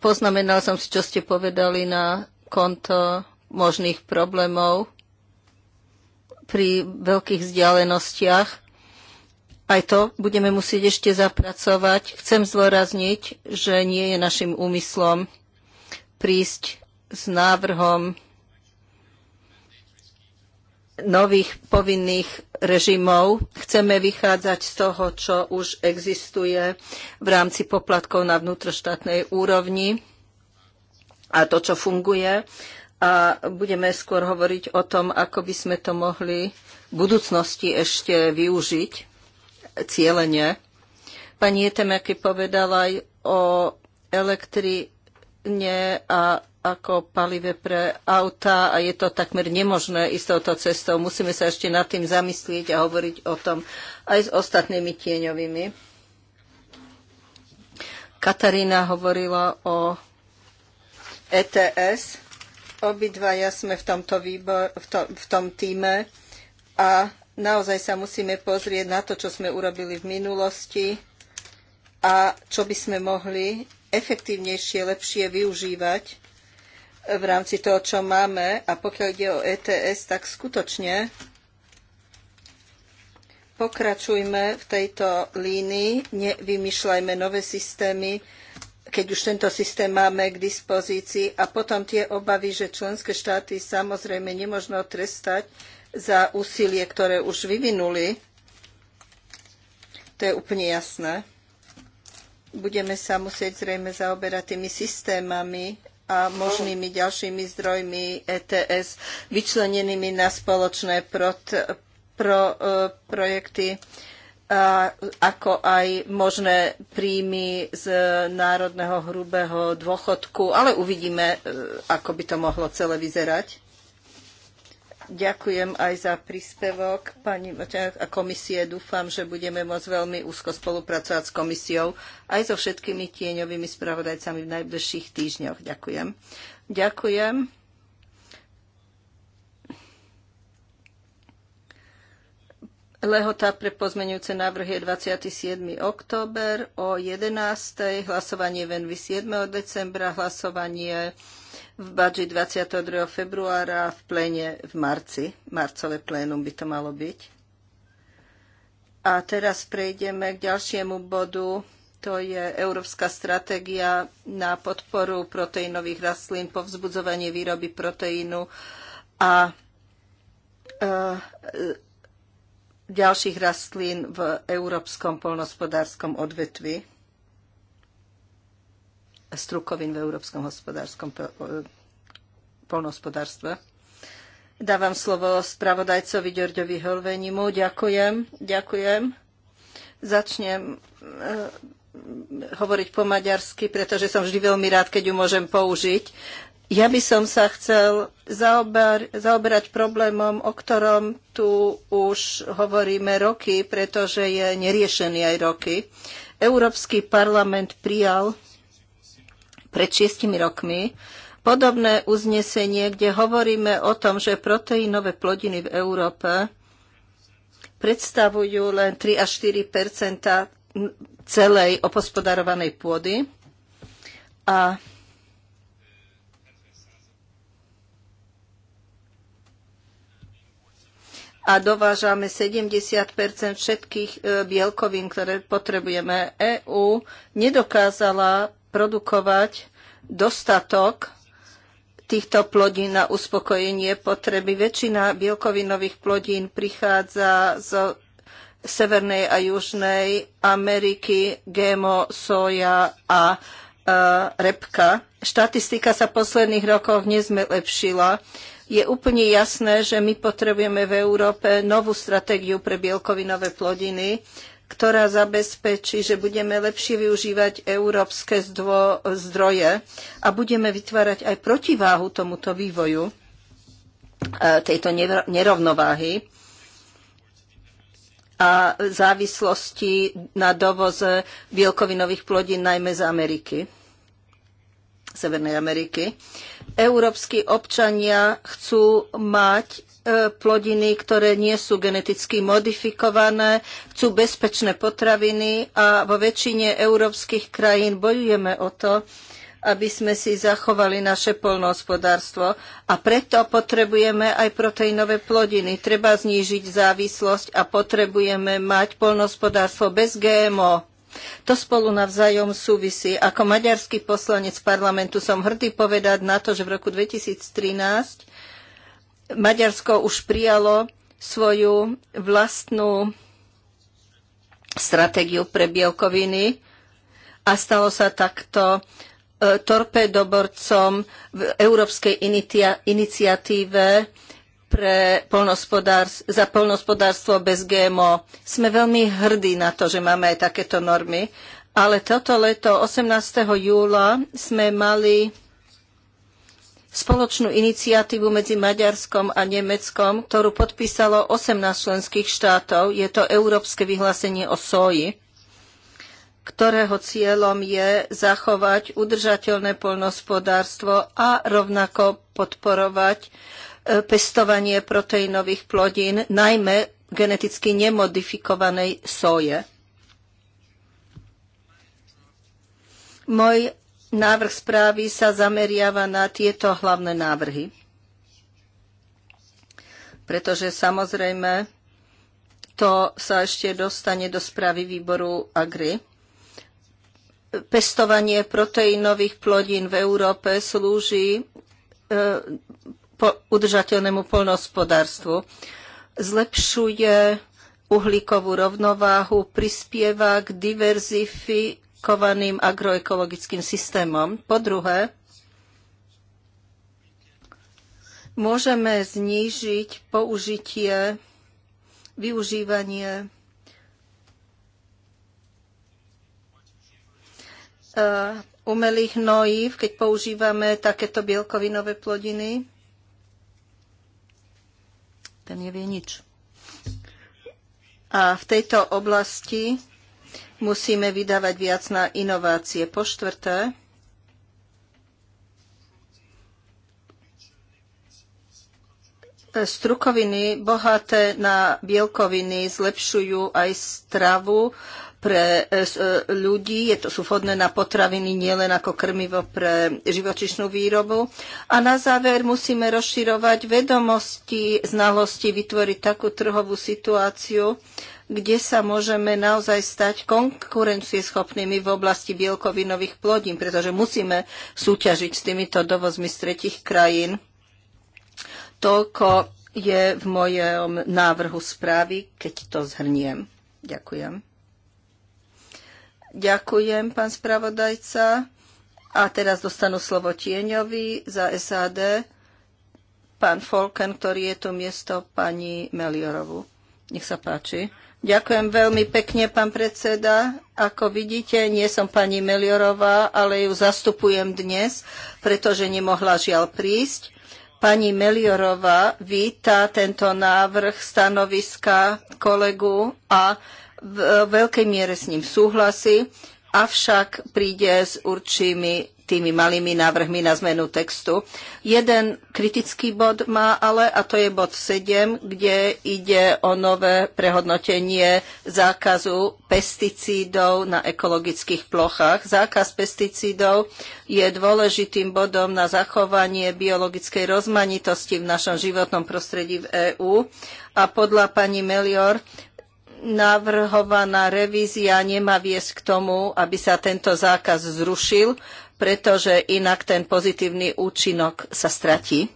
B: poznamenal som si, čo ste povedali na konto možných problémov pri veľkých vzdialenostiach aj to budeme musieť ešte zapracovať. Chcem zdôrazniť, že nie je našim úmyslom prísť s návrhom nových povinných režimov. Chceme vychádzať z toho, čo už existuje v rámci poplatkov na vnútroštátnej úrovni a to, čo funguje. A budeme skôr hovoriť o tom, ako by sme to mohli v budúcnosti ešte využiť cieľenie. Pani Jetemeky povedala aj o elektrine a ako palive pre auta a je to takmer nemožné ísť touto cestou. Musíme sa ešte nad tým zamyslieť a hovoriť o tom aj s ostatnými tieňovými. Katarína hovorila o ETS. Obidvaja sme v tomto, výbor, v to, v tom týme a Naozaj sa musíme pozrieť na to, čo sme urobili v minulosti a čo by sme mohli efektívnejšie, lepšie využívať v rámci toho, čo máme. A pokiaľ ide o ETS, tak skutočne pokračujme v tejto línii, nevymyšľajme nové systémy, keď už tento systém máme k dispozícii. A potom tie obavy, že členské štáty samozrejme nemožno trestať za úsilie, ktoré už vyvinuli. To je úplne jasné. Budeme sa musieť zrejme zaoberať tými systémami a možnými ďalšími zdrojmi ETS vyčlenenými na spoločné pro, pro, e, projekty, a, ako aj možné príjmy z národného hrubého dôchodku, ale uvidíme, e, ako by to mohlo celé vyzerať. Ďakujem aj za príspevok pani a komisie. Dúfam, že budeme môcť veľmi úzko spolupracovať s komisiou aj so všetkými tieňovými spravodajcami v najbližších týždňoch. Ďakujem. Ďakujem. Lehota pre pozmenujúce návrhy je 27. október o 11. hlasovanie venvy 7. decembra, hlasovanie v budži 22. februára v plene v marci. Marcové plénum by to malo byť. A teraz prejdeme k ďalšiemu bodu. To je Európska stratégia na podporu proteínových rastlín, povzbudzovanie výroby proteínu a e, e ďalších rastlín v európskom polnospodárskom odvetvi strukovin v európskom hospodárskom polnohospodárstve. Dávam slovo spravodajcovi Ďorďovi Holvenimu. Ďakujem, ďakujem. Začnem eh, hovoriť po maďarsky, pretože som vždy veľmi rád, keď ju môžem použiť. Ja by som sa chcel zaober, zaoberať problémom, o ktorom tu už hovoríme roky, pretože je neriešený aj roky. Európsky parlament prijal pred šiestimi rokmi podobné uznesenie, kde hovoríme o tom, že proteínové plodiny v Európe predstavujú len 3 až 4 celej opospodarovanej pôdy. A a dovážame 70 všetkých e, bielkovín, ktoré potrebujeme. EÚ nedokázala produkovať dostatok týchto plodín na uspokojenie potreby. Väčšina bielkovinových plodín prichádza z Severnej a Južnej Ameriky, GMO, soja a e, repka. Štatistika sa posledných rokov nezlepšila. Je úplne jasné, že my potrebujeme v Európe novú stratégiu pre bielkovinové plodiny, ktorá zabezpečí, že budeme lepšie využívať európske zdroje a budeme vytvárať aj protiváhu tomuto vývoju, e, tejto nerovnováhy a závislosti na dovoze bielkovinových plodín najmä z Ameriky, Severnej Ameriky. Európsky občania chcú mať E, plodiny, ktoré nie sú geneticky modifikované, chcú bezpečné potraviny a vo väčšine európskych krajín bojujeme o to, aby sme si zachovali naše polnohospodárstvo. A preto potrebujeme aj proteínové plodiny. Treba znížiť závislosť a potrebujeme mať polnohospodárstvo bez GMO. To spolu navzájom súvisí. Ako maďarský poslanec parlamentu som hrdý povedať na to, že v roku 2013 Maďarsko už prijalo svoju vlastnú stratégiu pre bielkoviny a stalo sa takto e, torpedoborcom v Európskej iniciatíve pre polnospodárs- za polnospodárstvo bez GMO. Sme veľmi hrdí na to, že máme aj takéto normy, ale toto leto 18. júla sme mali spoločnú iniciatívu medzi Maďarskom a Nemeckom, ktorú podpísalo 18 členských štátov. Je to Európske vyhlásenie o soji ktorého cieľom je zachovať udržateľné poľnohospodárstvo a rovnako podporovať e, pestovanie proteínových plodín, najmä geneticky nemodifikovanej soje. Môj Návrh správy sa zameriava na tieto hlavné návrhy. Pretože samozrejme to sa ešte dostane do správy výboru Agri. Pestovanie proteínových plodín v Európe slúži e, udržateľnému poľnohospodárstvu. Zlepšuje uhlíkovú rovnováhu, prispieva k diverzifi- komplikovaným agroekologickým systémom. Po druhé, môžeme znížiť použitie, využívanie eh, umelých hnojív, keď používame takéto bielkovinové plodiny? Ten nevie nič. A v tejto oblasti musíme vydávať viac na inovácie. Po štvrté, strukoviny bohaté na bielkoviny zlepšujú aj stravu pre e, e, ľudí, je to, sú vhodné na potraviny nielen ako krmivo pre živočišnú výrobu. A na záver musíme rozširovať vedomosti, znalosti, vytvoriť takú trhovú situáciu, kde sa môžeme naozaj stať konkurencieschopnými v oblasti bielkovinových plodín, pretože musíme súťažiť s týmito dovozmi z tretich krajín. Toľko je v mojom návrhu správy, keď to zhrniem. Ďakujem. Ďakujem, pán spravodajca. A teraz dostanú slovo Tieňovi za SAD, pán Folken, ktorý je tu miesto pani Meliorovu. Nech sa páči. Ďakujem veľmi pekne, pán predseda. Ako vidíte, nie som pani Meliorová, ale ju zastupujem dnes, pretože nemohla žiaľ prísť. Pani Meliorová víta tento návrh stanoviska kolegu a v veľkej miere s ním súhlasí, avšak príde s určitými tými malými návrhmi na zmenu textu. Jeden kritický bod má ale, a to je bod 7, kde ide o nové prehodnotenie zákazu pesticídov na ekologických plochách. Zákaz pesticídov je dôležitým bodom na zachovanie biologickej rozmanitosti v našom životnom prostredí v EÚ a podľa pani Melior navrhovaná revízia nemá viesť k tomu, aby sa tento zákaz zrušil, pretože inak ten pozitívny účinok sa stratí.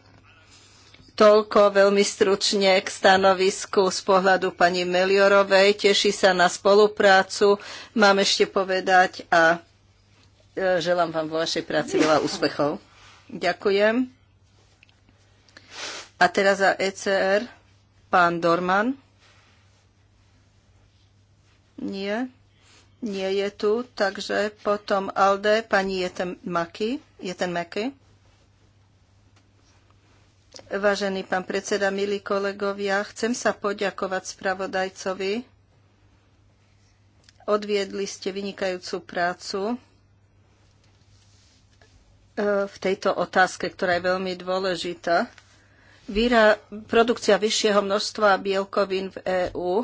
B: Toľko veľmi stručne k stanovisku z pohľadu pani Meliorovej. Teší sa na spoluprácu. Mám ešte povedať a e, želám vám vo vašej práci veľa úspechov. Ďakujem. A teraz za ECR pán Dorman. Nie nie je tu, takže potom Alde, pani Jeten Maki. Jeten Maki. Vážený pán predseda, milí kolegovia, chcem sa poďakovať spravodajcovi. Odviedli ste vynikajúcu prácu e, v tejto otázke, ktorá je veľmi dôležitá. Výra, produkcia vyššieho množstva bielkovín v EÚ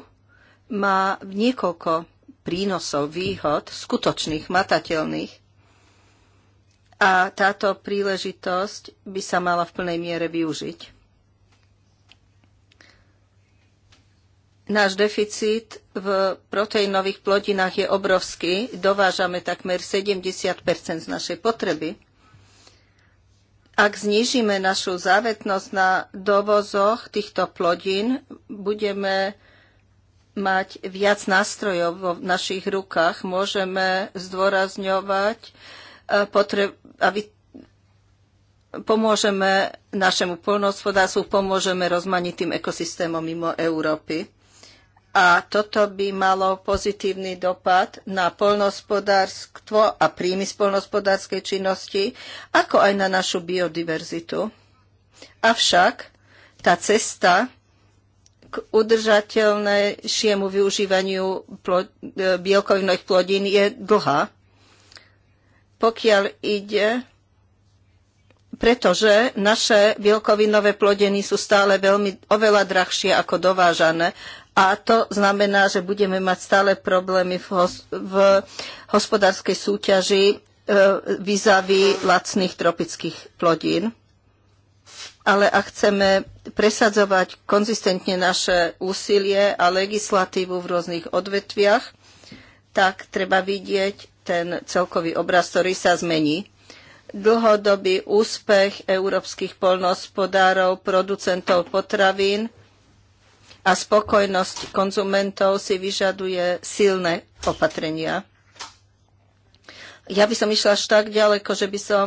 B: má niekoľko prínosov, výhod, skutočných, matateľných. A táto príležitosť by sa mala v plnej miere využiť. Náš deficit v proteínových plodinách je obrovský. Dovážame takmer 70 z našej potreby. Ak znížime našu závetnosť na dovozoch týchto plodín, budeme mať viac nástrojov vo našich rukách. Môžeme zdôrazňovať e, potreb, aby pomôžeme našemu polnohospodárstvu, pomôžeme rozmanitým ekosystémom mimo Európy. A toto by malo pozitívny dopad na polnohospodárstvo a príjmy z polnohospodárskej činnosti, ako aj na našu biodiverzitu. Avšak tá cesta k udržateľnejšiemu využívaniu e, bielkovinových plodín je dlhá. Pokiaľ ide, pretože naše bielkovinové plodiny sú stále veľmi, oveľa drahšie ako dovážané a to znamená, že budeme mať stále problémy v, hos, v hospodárskej súťaži e, lacných tropických plodín ale ak chceme presadzovať konzistentne naše úsilie a legislatívu v rôznych odvetviach, tak treba vidieť ten celkový obraz, ktorý sa zmení. Dlhodobý úspech európskych polnospodárov, producentov potravín a spokojnosť konzumentov si vyžaduje silné opatrenia. Ja by som išla až tak ďaleko, že by som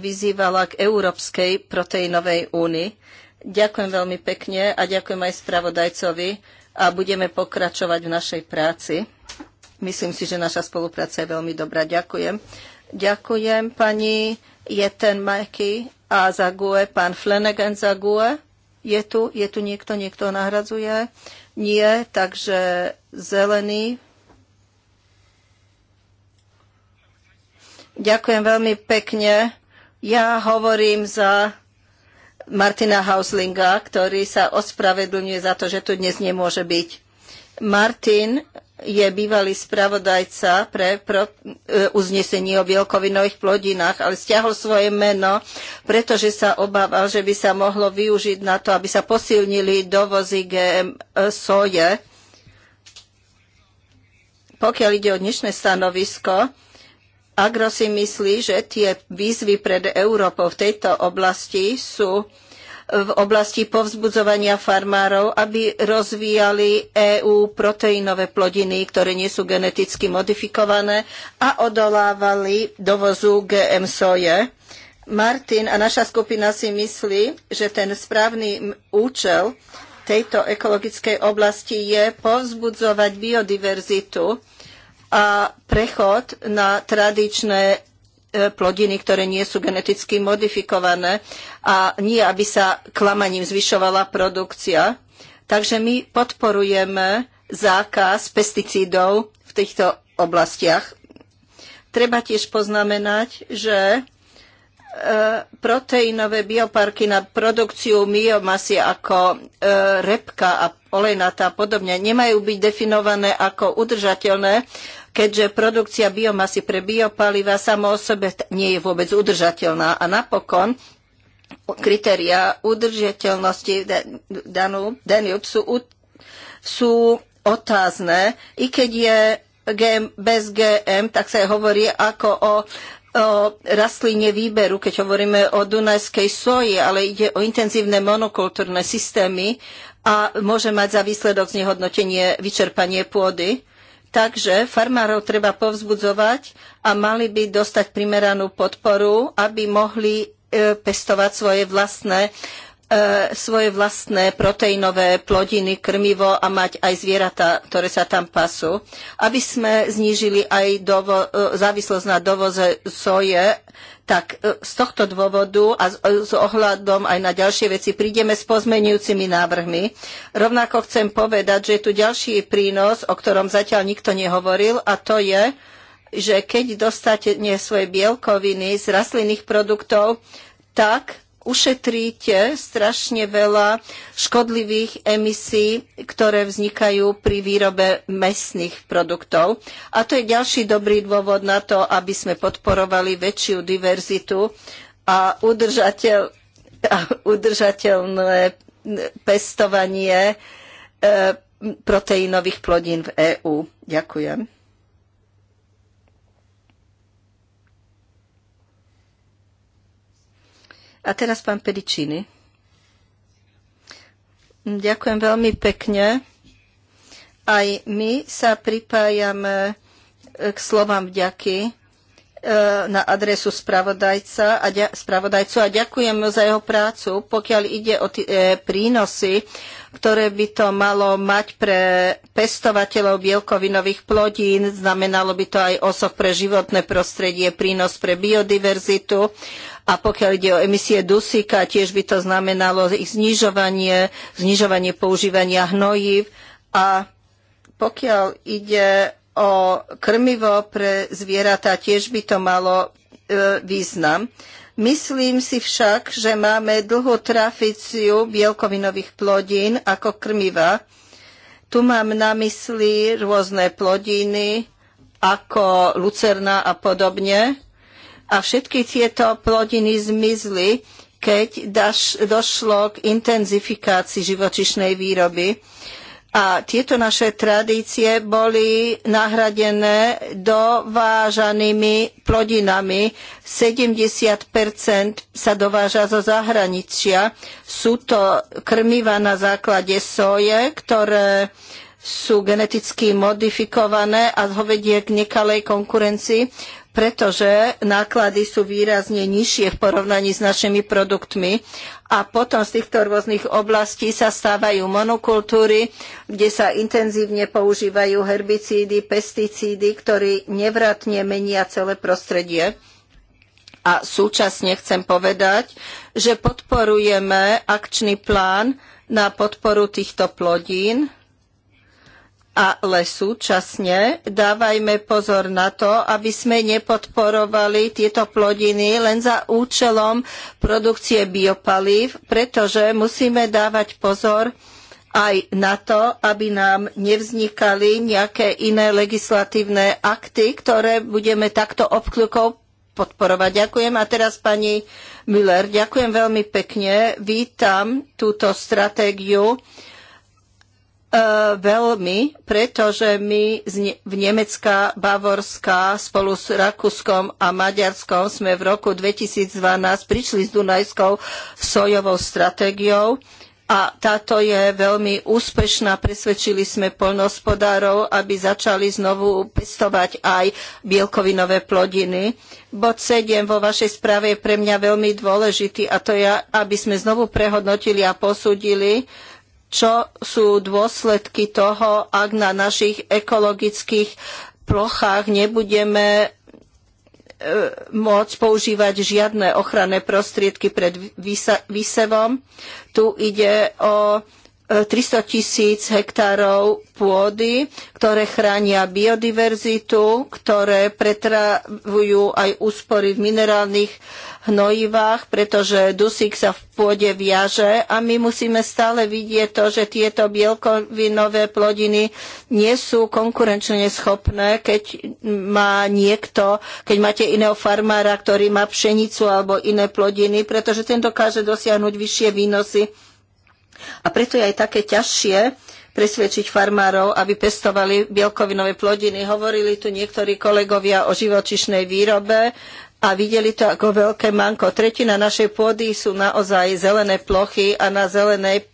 B: vyzývala k Európskej proteínovej únii. Ďakujem veľmi pekne a ďakujem aj spravodajcovi a budeme pokračovať v našej práci. Myslím si, že naša spolupráca je veľmi dobrá. Ďakujem. Ďakujem pani Jeten Majky a Zague, pán Flanagan za GUE. Je tu, je tu niekto, niekto nahradzuje? Nie, takže zelený. Ďakujem veľmi pekne. Ja hovorím za Martina Hauslinga, ktorý sa ospravedlňuje za to, že tu dnes nemôže byť. Martin je bývalý spravodajca pre pro, e, uznesenie o bielkovinových plodinách, ale stiahol svoje meno, pretože sa obával, že by sa mohlo využiť na to, aby sa posilnili dovozy GM e, soje. Pokiaľ ide o dnešné stanovisko, Agro si myslí, že tie výzvy pred Európou v tejto oblasti sú v oblasti povzbudzovania farmárov, aby rozvíjali EÚ proteínové plodiny, ktoré nie sú geneticky modifikované a odolávali dovozu GM soje. Martin a naša skupina si myslí, že ten správny účel tejto ekologickej oblasti je povzbudzovať biodiverzitu a prechod na tradičné e, plodiny, ktoré nie sú geneticky modifikované a nie, aby sa klamaním zvyšovala produkcia. Takže my podporujeme zákaz pesticídov v týchto oblastiach. Treba tiež poznamenať, že e, proteínové bioparky na produkciu biomasy ako e, repka a olejnatá a podobne nemajú byť definované ako udržateľné, keďže produkcia biomasy pre biopaliva samo o sebe nie je vôbec udržateľná. A napokon kritéria udržateľnosti danú, Danube sú, sú otázne, i keď je GM, bez GM, tak sa hovorí ako o o rastline výberu, keď hovoríme o dunajskej soji, ale ide o intenzívne monokultúrne systémy a môže mať za výsledok znehodnotenie vyčerpanie pôdy. Takže farmárov treba povzbudzovať a mali by dostať primeranú podporu, aby mohli e, pestovať svoje vlastné E, svoje vlastné proteínové plodiny, krmivo a mať aj zvieratá, ktoré sa tam pasú. Aby sme znížili aj dovo- e, závislosť na dovoze soje, tak e, z tohto dôvodu a s ohľadom aj na ďalšie veci prídeme s pozmenujúcimi návrhmi. Rovnako chcem povedať, že je tu ďalší prínos, o ktorom zatiaľ nikto nehovoril a to je, že keď dostate svoje bielkoviny z rastlinných produktov, tak ušetríte strašne veľa škodlivých emisí, ktoré vznikajú pri výrobe mesných produktov. A to je ďalší dobrý dôvod na to, aby sme podporovali väčšiu diverzitu a udržateľ, udržateľné pestovanie eh, proteínových plodín v EÚ. Ďakujem. A teraz pán pedičiny. Ďakujem veľmi pekne. Aj my sa pripájame eh, k slovám vďaky eh, na adresu spravodajca a spravodajcu a ďakujem za jeho prácu, pokiaľ ide o e, prínosy, ktoré by to malo mať pre pestovateľov bielkovinových plodín. Znamenalo by to aj osoch pre životné prostredie, prínos pre biodiverzitu a pokiaľ ide o emisie dusíka, tiež by to znamenalo ich znižovanie, znižovanie používania hnojív a pokiaľ ide o krmivo pre zvieratá, tiež by to malo e, význam. Myslím si však, že máme dlhú traficiu bielkovinových plodín ako krmiva. Tu mám na mysli rôzne plodiny ako lucerna a podobne, a všetky tieto plodiny zmizli, keď došlo k intenzifikácii živočišnej výroby. A tieto naše tradície boli nahradené dovážanými plodinami. 70 sa dováža zo zahraničia. Sú to krmiva na základe soje, ktoré sú geneticky modifikované a hovedie k nekalej konkurencii pretože náklady sú výrazne nižšie v porovnaní s našimi produktmi. A potom z týchto rôznych oblastí sa stávajú monokultúry, kde sa intenzívne používajú herbicídy, pesticídy, ktorí nevratne menia celé prostredie. A súčasne chcem povedať, že podporujeme akčný plán na podporu týchto plodín ale súčasne dávajme pozor na to, aby sme nepodporovali tieto plodiny len za účelom produkcie biopalív, pretože musíme dávať pozor aj na to, aby nám nevznikali nejaké iné legislatívne akty, ktoré budeme takto obklukov podporovať. Ďakujem. A teraz pani Müller, ďakujem veľmi pekne. Vítam túto stratégiu E, veľmi, pretože my v Nemecka, Bavorska spolu s Rakúskom a Maďarskom sme v roku 2012 prišli s Dunajskou sojovou stratégiou a táto je veľmi úspešná. Presvedčili sme poľnohospodárov, aby začali znovu pestovať aj bielkovinové plodiny. Bod 7 vo vašej správe je pre mňa veľmi dôležitý a to je, aby sme znovu prehodnotili a posúdili, čo sú dôsledky toho, ak na našich ekologických plochách nebudeme e, môcť používať žiadne ochranné prostriedky pred výsevom. Tu ide o 300 tisíc hektárov pôdy, ktoré chránia biodiverzitu, ktoré pretravujú aj úspory v minerálnych hnojivách, pretože dusík sa v pôde viaže a my musíme stále vidieť to, že tieto bielkovinové plodiny nie sú konkurenčne schopné, keď má niekto, keď máte iného farmára, ktorý má pšenicu alebo iné plodiny, pretože ten dokáže dosiahnuť vyššie výnosy a preto je aj také ťažšie presvedčiť farmárov, aby pestovali bielkovinové plodiny. Hovorili tu niektorí kolegovia o živočišnej výrobe a videli to ako veľké manko. Tretina našej pôdy sú naozaj zelené plochy a na zelených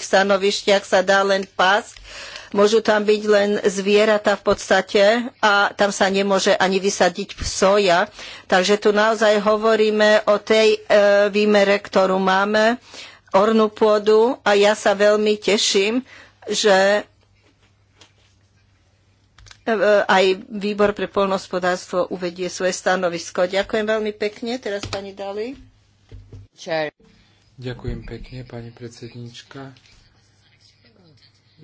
B: stanovišťach sa dá len pásť. Môžu tam byť len zvieratá v podstate a tam sa nemôže ani vysadiť soja. Takže tu naozaj hovoríme o tej e, výmere, ktorú máme ornú pôdu a ja sa veľmi teším, že e, aj výbor pre poľnohospodárstvo uvedie svoje stanovisko. Ďakujem veľmi pekne. Teraz pani Dali.
A: Ďakujem pekne, pani predsednička.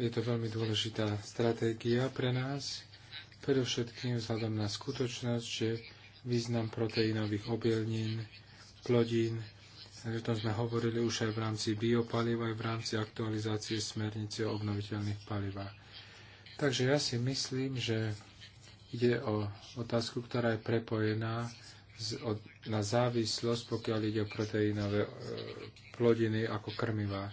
A: Je to veľmi dôležitá stratégia pre nás, predovšetkým vzhľadom na skutočnosť, že význam proteínových obilnín, plodín O tom sme hovorili už aj v rámci biopaliva aj v rámci aktualizácie smernice o obnoviteľných palivách. Takže ja si myslím, že ide o otázku, ktorá je prepojená z, od, na závislosť, pokiaľ ide o proteínové e, plodiny ako krmivá.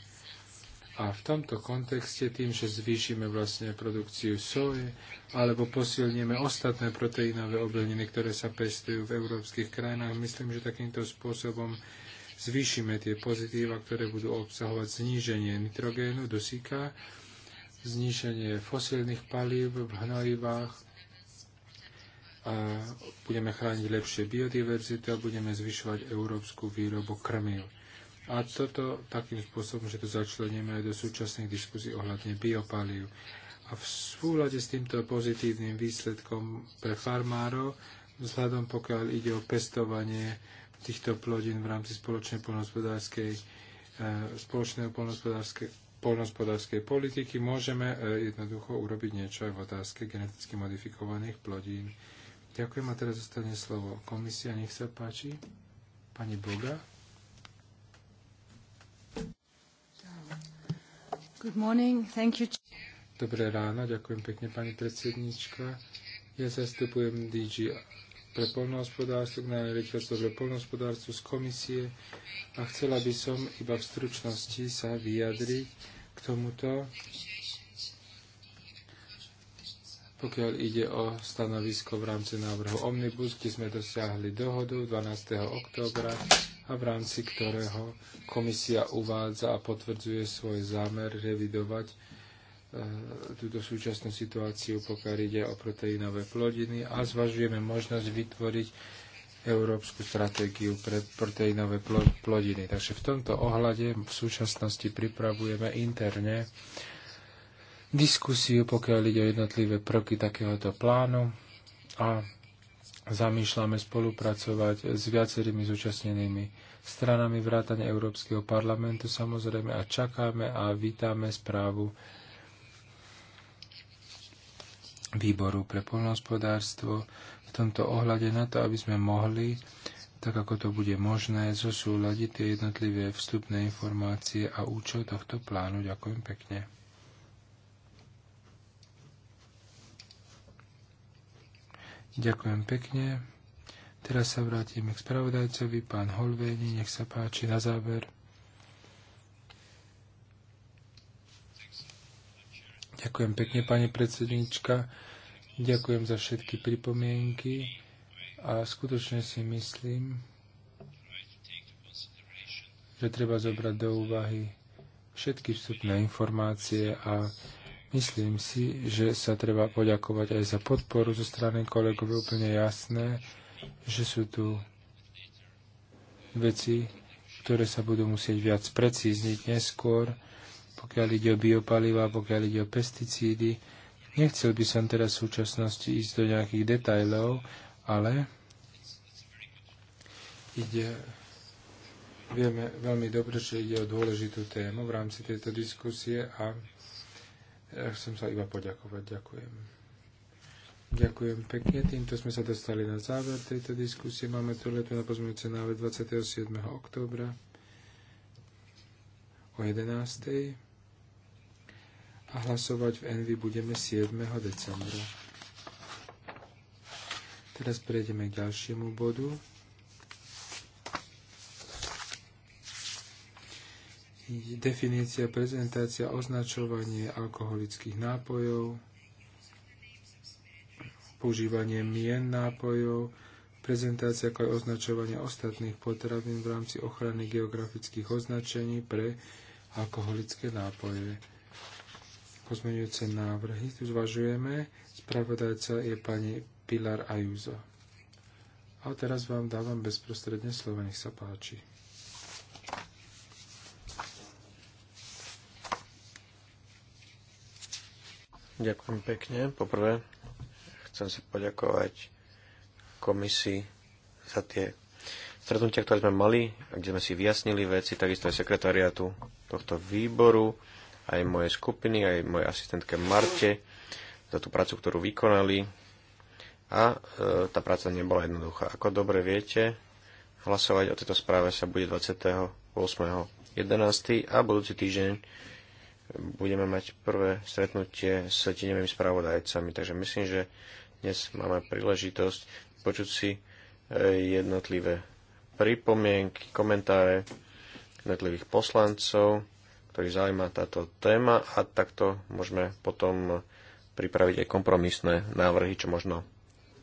A: A v tomto kontexte tým, že zvýšime vlastne produkciu soje alebo posilníme ostatné proteínové obleniny, ktoré sa pestujú v európskych krajinách, myslím, že takýmto spôsobom zvýšime tie pozitíva, ktoré budú obsahovať zníženie nitrogénu, dusíka, zníženie fosílnych palív v hnojivách, a budeme chrániť lepšie biodiverzitu a budeme zvyšovať európsku výrobu krmiv. A toto takým spôsobom, že to začleníme aj do súčasných diskusí ohľadne biopalív. A v súhľade s týmto pozitívnym výsledkom pre farmárov, vzhľadom pokiaľ ide o pestovanie týchto plodín v rámci spoločnej polnospodárskej, eh, spoločnej polnospodárskej, polnospodárskej politiky môžeme eh, jednoducho urobiť niečo aj v otázke geneticky modifikovaných plodín. Ďakujem a teraz zostane slovo komisia, nech sa páči. Pani Boga. Good morning, thank you. Dobré ráno, ďakujem pekne pani predsednička. Ja zastupujem DG pre polnohospodárstvo, k riaditeľstvo pre polnohospodárstvo z komisie a chcela by som iba v stručnosti sa vyjadriť k tomuto, pokiaľ ide o stanovisko v rámci návrhu Omnibus, kde sme dosiahli dohodu 12. októbra a v rámci ktorého komisia uvádza a potvrdzuje svoj zámer revidovať Eh, túto súčasnú situáciu, pokiaľ ide o proteínové plodiny a zvažujeme možnosť vytvoriť európsku stratégiu pre proteínové plodiny. Takže v tomto ohľade v súčasnosti pripravujeme interne diskusiu, pokiaľ ide o jednotlivé prvky takéhoto plánu a zamýšľame spolupracovať s viacerými zúčastnenými stranami vrátane Európskeho parlamentu samozrejme a čakáme a vítame správu výboru pre poľnohospodárstvo v tomto ohľade na to, aby sme mohli, tak ako to bude možné, zosúľadiť tie jednotlivé vstupné informácie a účel tohto plánu. Ďakujem pekne. Ďakujem pekne. Teraz sa vrátime k spravodajcovi, pán Holvéni, nech sa páči na záver. Ďakujem pekne, pani predsednička. Ďakujem za všetky pripomienky a skutočne si myslím, že treba zobrať do úvahy všetky vstupné informácie a myslím si, že sa treba poďakovať aj za podporu zo strany kolegov. Je úplne jasné, že sú tu veci, ktoré sa budú musieť viac precízniť neskôr pokiaľ ide o biopaliva, pokiaľ ide o pesticídy. Nechcel by som teraz v súčasnosti ísť do nejakých detajlov, ale ide, vieme veľmi dobre, že ide o dôležitú tému v rámci tejto diskusie a ja e, chcem sa iba poďakovať. Ďakujem. Ďakujem pekne. Týmto sme sa dostali na záver tejto diskusie. Máme tu letu na pozmeňujúce návrh 27. októbra o 11 a hlasovať v Envy budeme 7. decembra. Teraz prejdeme k ďalšiemu bodu. Definícia, prezentácia, označovanie alkoholických nápojov, používanie mien nápojov, prezentácia ako aj označovanie ostatných potravín v rámci ochrany geografických označení pre alkoholické nápoje pozmeňujúce návrhy. Tu zvažujeme. Spravodajca je pani Pilar Ajúza. A teraz vám dávam bezprostredne slovo, nech sa páči. Ďakujem pekne.
C: Poprvé chcem sa poďakovať komisii za tie stretnutia, ktoré sme mali, kde sme si vyjasnili veci, takisto aj sekretariátu tohto výboru aj mojej skupiny, aj mojej asistentke Marte za tú prácu, ktorú vykonali. A e, tá práca nebola jednoduchá. Ako dobre viete, hlasovať o tejto správe sa bude 28.11. a budúci týždeň budeme mať prvé stretnutie s tieňovými správodajcami. Takže myslím, že dnes máme príležitosť počuť si e, jednotlivé pripomienky, komentáre jednotlivých poslancov ktorý zaujíma táto téma a takto môžeme potom pripraviť aj kompromisné návrhy, čo možno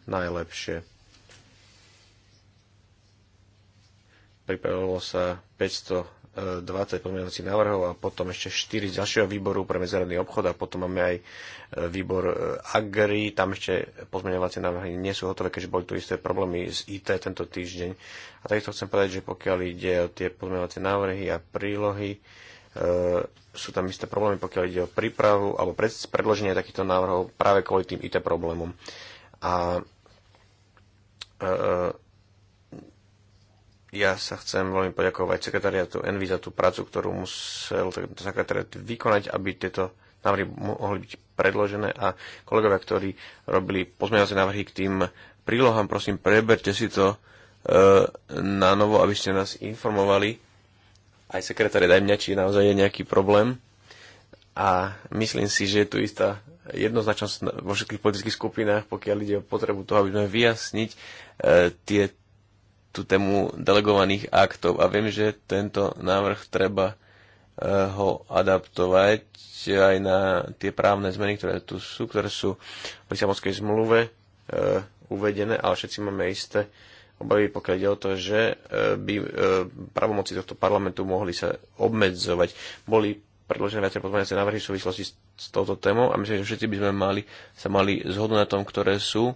C: najlepšie. Pripravilo sa 520 pozmeňovacích návrhov a potom ešte 4 z ďalšieho výboru pre medzinárodný obchod a potom máme aj e, výbor e, Agri. Tam ešte pozmeňovacie návrhy nie sú hotové, keďže boli tu isté problémy s IT tento týždeň. A takisto chcem povedať, že pokiaľ ide o tie pozmeňovacie návrhy a prílohy, E, sú tam isté problémy, pokiaľ ide o prípravu alebo predloženie takýchto návrhov práve kvôli tým IT problémom. A e, e, ja sa chcem veľmi poďakovať sekretariatu Envy za tú prácu, ktorú musel tento sekretariat vykonať, aby tieto návrhy mohli byť predložené a kolegovia, ktorí robili pozmeňovacie návrhy k tým prílohám, prosím, preberte si to e, na novo, aby ste nás informovali aj sekretár aj mňa, či naozaj je nejaký problém. A myslím si, že je tu istá jednoznačnosť vo všetkých politických skupinách, pokiaľ ide o potrebu toho, aby sme vyjasniť e, tie, tú tému delegovaných aktov. A viem, že tento návrh treba e, ho adaptovať aj na tie právne zmeny, ktoré tu sú, ktoré sú v Lisabonskej zmluve e, uvedené, ale všetci máme isté e, obavy, pokiaľ ide o to, že e, by e, pravomoci tohto parlamentu mohli sa obmedzovať. Boli predložené viaceré pozmeňovacie návrhy v súvislosti s touto témou a myslím, že všetci by sme mali, sa mali zhodnúť na tom, ktoré sú e,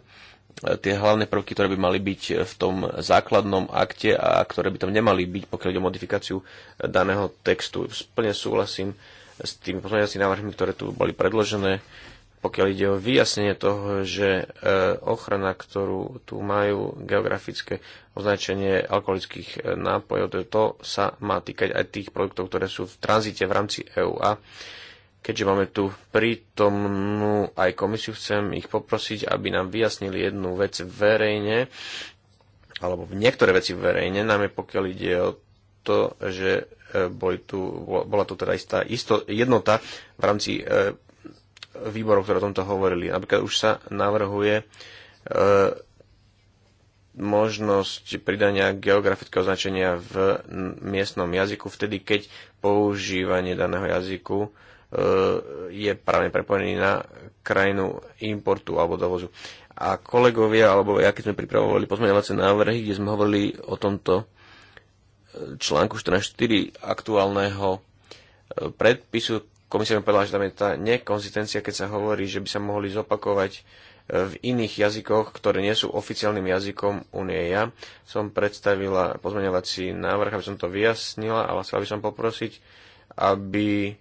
C: tie hlavné prvky, ktoré by mali byť v tom základnom akte a ktoré by tam nemali byť, pokiaľ ide o modifikáciu daného textu. Plne súhlasím s tými pozmeňovacími návrhmi, ktoré tu boli predložené pokiaľ ide o vyjasnenie toho, že e, ochrana, ktorú tu majú geografické označenie alkoholických e, nápojov, to, to sa má týkať aj tých produktov, ktoré sú v tranzite v rámci EU. A keďže máme tu prítomnú aj komisiu, chcem ich poprosiť, aby nám vyjasnili jednu vec verejne, alebo niektoré veci verejne, najmä pokiaľ ide o to, že e, boli tu, bola tu teda istá isto, jednota v rámci výborov, ktoré o tomto hovorili. Napríklad už sa navrhuje e, možnosť pridania geografického značenia v miestnom jazyku vtedy, keď používanie daného jazyku e, je právne prepojený na krajinu importu alebo dovozu. A kolegovia, alebo ja keď sme pripravovali pozmeňovacie návrhy, kde sme hovorili o tomto e, článku 14.4 aktuálneho e, predpisu, komisia mi povedala, že tam je tá nekonzistencia, keď sa hovorí, že by sa mohli zopakovať e, v iných jazykoch, ktoré nie sú oficiálnym jazykom Unie. Ja som predstavila pozmeňovací návrh, aby som to vyjasnila, ale chcela by som poprosiť, aby e,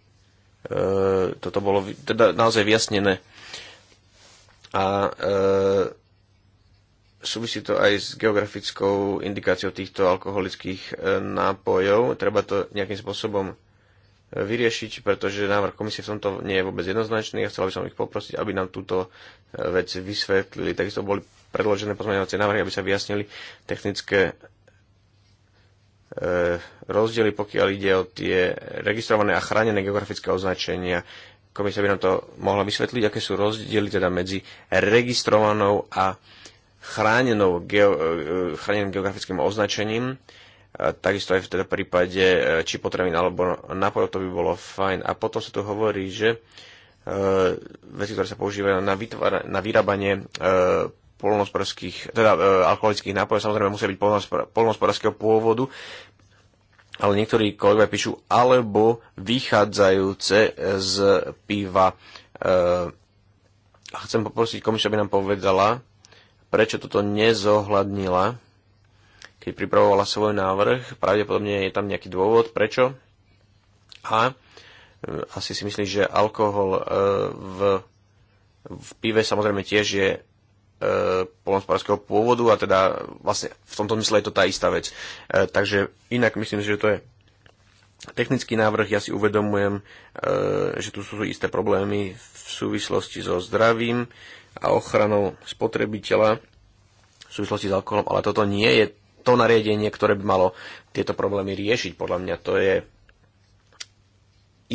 C: toto bolo teda naozaj vyjasnené. A e, súvisí to aj s geografickou indikáciou týchto alkoholických e, nápojov. Treba to nejakým spôsobom vyriešiť, pretože návrh komisie v tomto nie je vôbec jednoznačný a chcela by som ich poprosiť, aby nám túto e, vec vysvetlili. Takisto boli predložené pozmeňovacie návrhy, aby sa vyjasnili technické e, rozdiely, pokiaľ ide o tie registrované a chránené geografické označenia. Komisia by nám to mohla vysvetliť, aké sú rozdiely teda medzi registrovanou a chránenou, geo, e, chráneným geografickým označením takisto aj v teda prípade e, či potravín alebo nápojov, to by bolo fajn. A potom sa tu hovorí, že e, veci, ktoré sa používajú na, vytvára, na vyrábanie e, polnospodárských, teda alkoholických nápojov, samozrejme musia byť polnospodárskeho pôvodu, ale niektorí kolegovia píšu, alebo vychádzajúce z piva. Chcem poprosiť komisiu, aby nám povedala, prečo toto nezohľadnila keď pripravovala svoj návrh. Pravdepodobne je tam nejaký dôvod, prečo. A e, asi si myslíš, že alkohol e, v, v pive samozrejme tiež je e, polnospodárskeho pôvodu a teda vlastne v tomto mysle je to tá istá vec. Takže inak myslím si, že to je technický návrh. Ja si uvedomujem, že tu sú isté problémy v súvislosti so zdravím a ochranou spotrebiteľa v súvislosti s alkoholom, ale toto nie je to nariadenie, ktoré by malo tieto problémy riešiť. Podľa mňa to je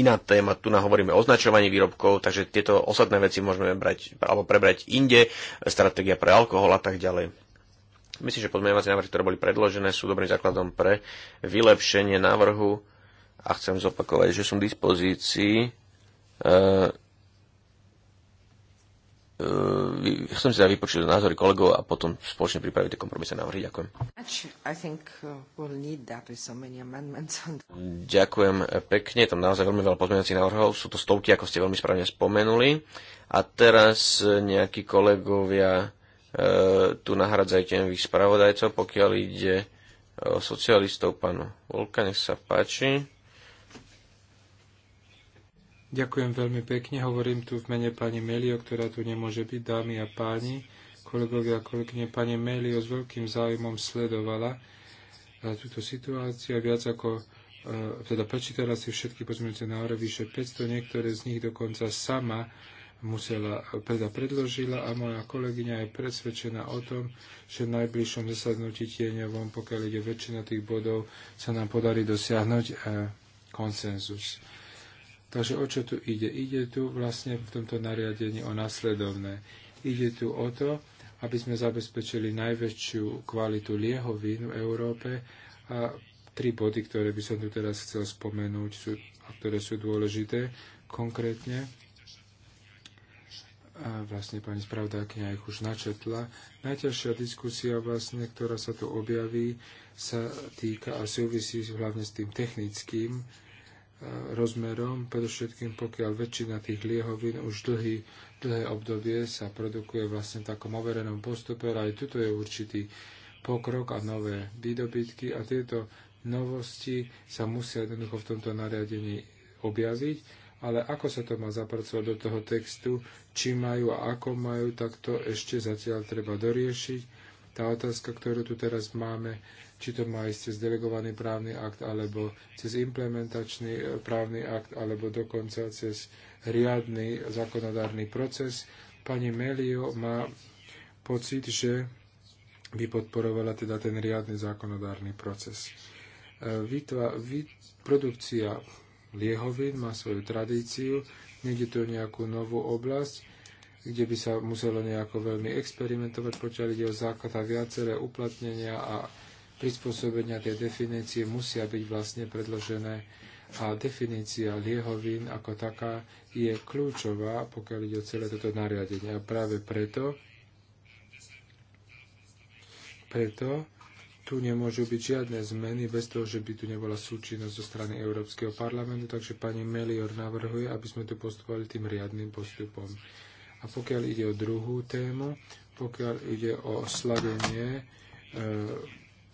C: iná téma. Tu nahovoríme o označovaní výrobkov, takže tieto ostatné veci môžeme brať, alebo prebrať inde, stratégia pre alkohol a tak ďalej. Myslím, že pozmeňovacie návrhy, ktoré boli predložené, sú dobrým základom pre vylepšenie návrhu a chcem zopakovať, že som v dispozícii eh, Ehm, chcem si teda vypočuť názory kolegov a potom spoločne pripraviť tie kompromisné návrhy. Ďakujem. Uh, Ďakujem eh, pekne, tam naozaj veľmi veľa pozmeňovacích návrhov, sú to stovky, ako ste veľmi správne spomenuli. A teraz eh, nejakí kolegovia e, tu nahradzajú tenových spravodajcov, pokiaľ ide o socialistov, pán Volka, nech sa páči.
A: Ďakujem veľmi pekne. Hovorím tu v mene pani Melio, ktorá tu nemôže byť, dámy a páni, kolegovia a kolegyne. Pani Melio s veľkým záujmom sledovala eh, túto situáciu a viac ako eh, teda prečítala si všetky pozmeňujúce návrhy, vyše 500, niektoré z nich dokonca sama musela, teda predložila a moja kolegyňa je presvedčená o tom, že v najbližšom zasadnutí tieňovom, pokiaľ ide väčšina tých bodov, sa nám podarí dosiahnuť eh, konsenzus. Takže o čo tu ide? Ide tu vlastne v tomto nariadení o nasledovné. Ide tu o to, aby sme zabezpečili najväčšiu kvalitu liehovín v Európe a tri body, ktoré by som tu teraz chcel spomenúť sú, a ktoré sú dôležité konkrétne. A vlastne pani spravodajkňa ich už načetla. Najťažšia diskusia vlastne, ktorá sa tu objaví, sa týka a súvisí hlavne s tým technickým, rozmerom, predovšetkým pokiaľ väčšina tých liehovín už dlhý, dlhé obdobie sa produkuje vlastne v takom overenom postupe, ale aj tuto je určitý pokrok a nové výdobytky a tieto novosti sa musia jednoducho v tomto nariadení objaviť, ale ako sa to má zapracovať do toho textu, či majú a ako majú, tak to ešte zatiaľ treba doriešiť tá otázka, ktorú tu teraz máme, či to má ísť cez delegovaný právny akt, alebo cez implementačný e, právny akt, alebo dokonca cez riadny zákonodárny proces. Pani Melio má pocit, že by podporovala teda ten riadny zákonodárny proces. E, Vytva, vyt, produkcia liehovin má svoju tradíciu, nejde to nejakú novú oblasť, kde by sa muselo nejako veľmi experimentovať, pokiaľ ide o základ a viaceré uplatnenia a prispôsobenia tej definície musia byť vlastne predložené a definícia liehovín ako taká je kľúčová, pokiaľ ide o celé toto nariadenie. A práve preto, preto tu nemôžu byť žiadne zmeny bez toho, že by tu nebola súčinnosť zo strany Európskeho parlamentu, takže pani Melior navrhuje, aby sme tu postupovali tým riadnym postupom. A pokiaľ ide o druhú tému, pokiaľ ide o slavenie e,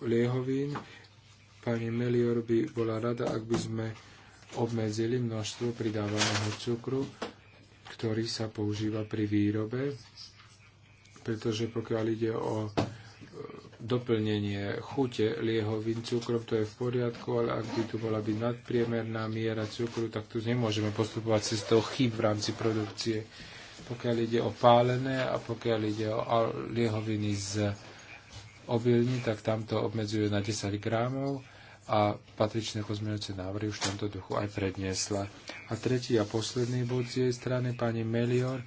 A: liehovín, pani Melior by bola rada, ak by sme obmedzili množstvo pridávaného cukru, ktorý sa používa pri výrobe, pretože pokiaľ ide o e, doplnenie chute liehovín cukrom, to je v poriadku, ale ak by tu bola byť nadpriemerná miera cukru, tak tu nemôžeme postupovať cez toho chyb v rámci produkcie pokiaľ ide o pálené a pokiaľ ide o liehoviny z obilní, tak tam to obmedzuje na 10 gramov a patričné pozmeňujúce návrhy už v tomto duchu aj predniesla. A tretí a posledný bod z jej strany, pani Melior,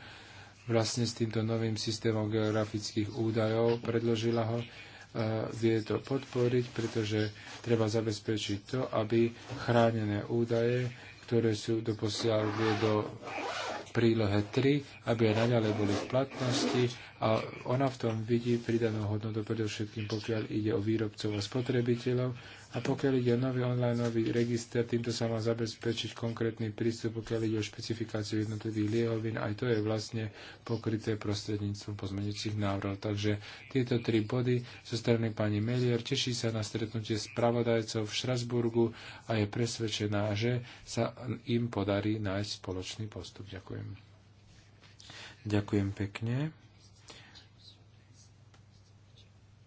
A: vlastne s týmto novým systémom geografických údajov predložila ho, e, vie to podporiť, pretože treba zabezpečiť to, aby chránené údaje, ktoré sú doposiaľ do prílohe 3, aby aj naďalej boli v platnosti a ona v tom vidí pridanú hodnotu predovšetkým, pokiaľ ide o výrobcov a spotrebiteľov a pokiaľ ide o nový online nový register, týmto sa má zabezpečiť konkrétny prístup, pokiaľ ide o špecifikáciu jednotlivých liehovín, aj to je vlastne pokryté prostredníctvom pozmeňujúcich návrhov. Takže tieto tri body zo strany pani Melier teší sa na stretnutie s pravodajcov v Štrasburgu a je presvedčená, že sa im podarí nájsť spoločný postup. Ďakujem. Ďakujem pekne.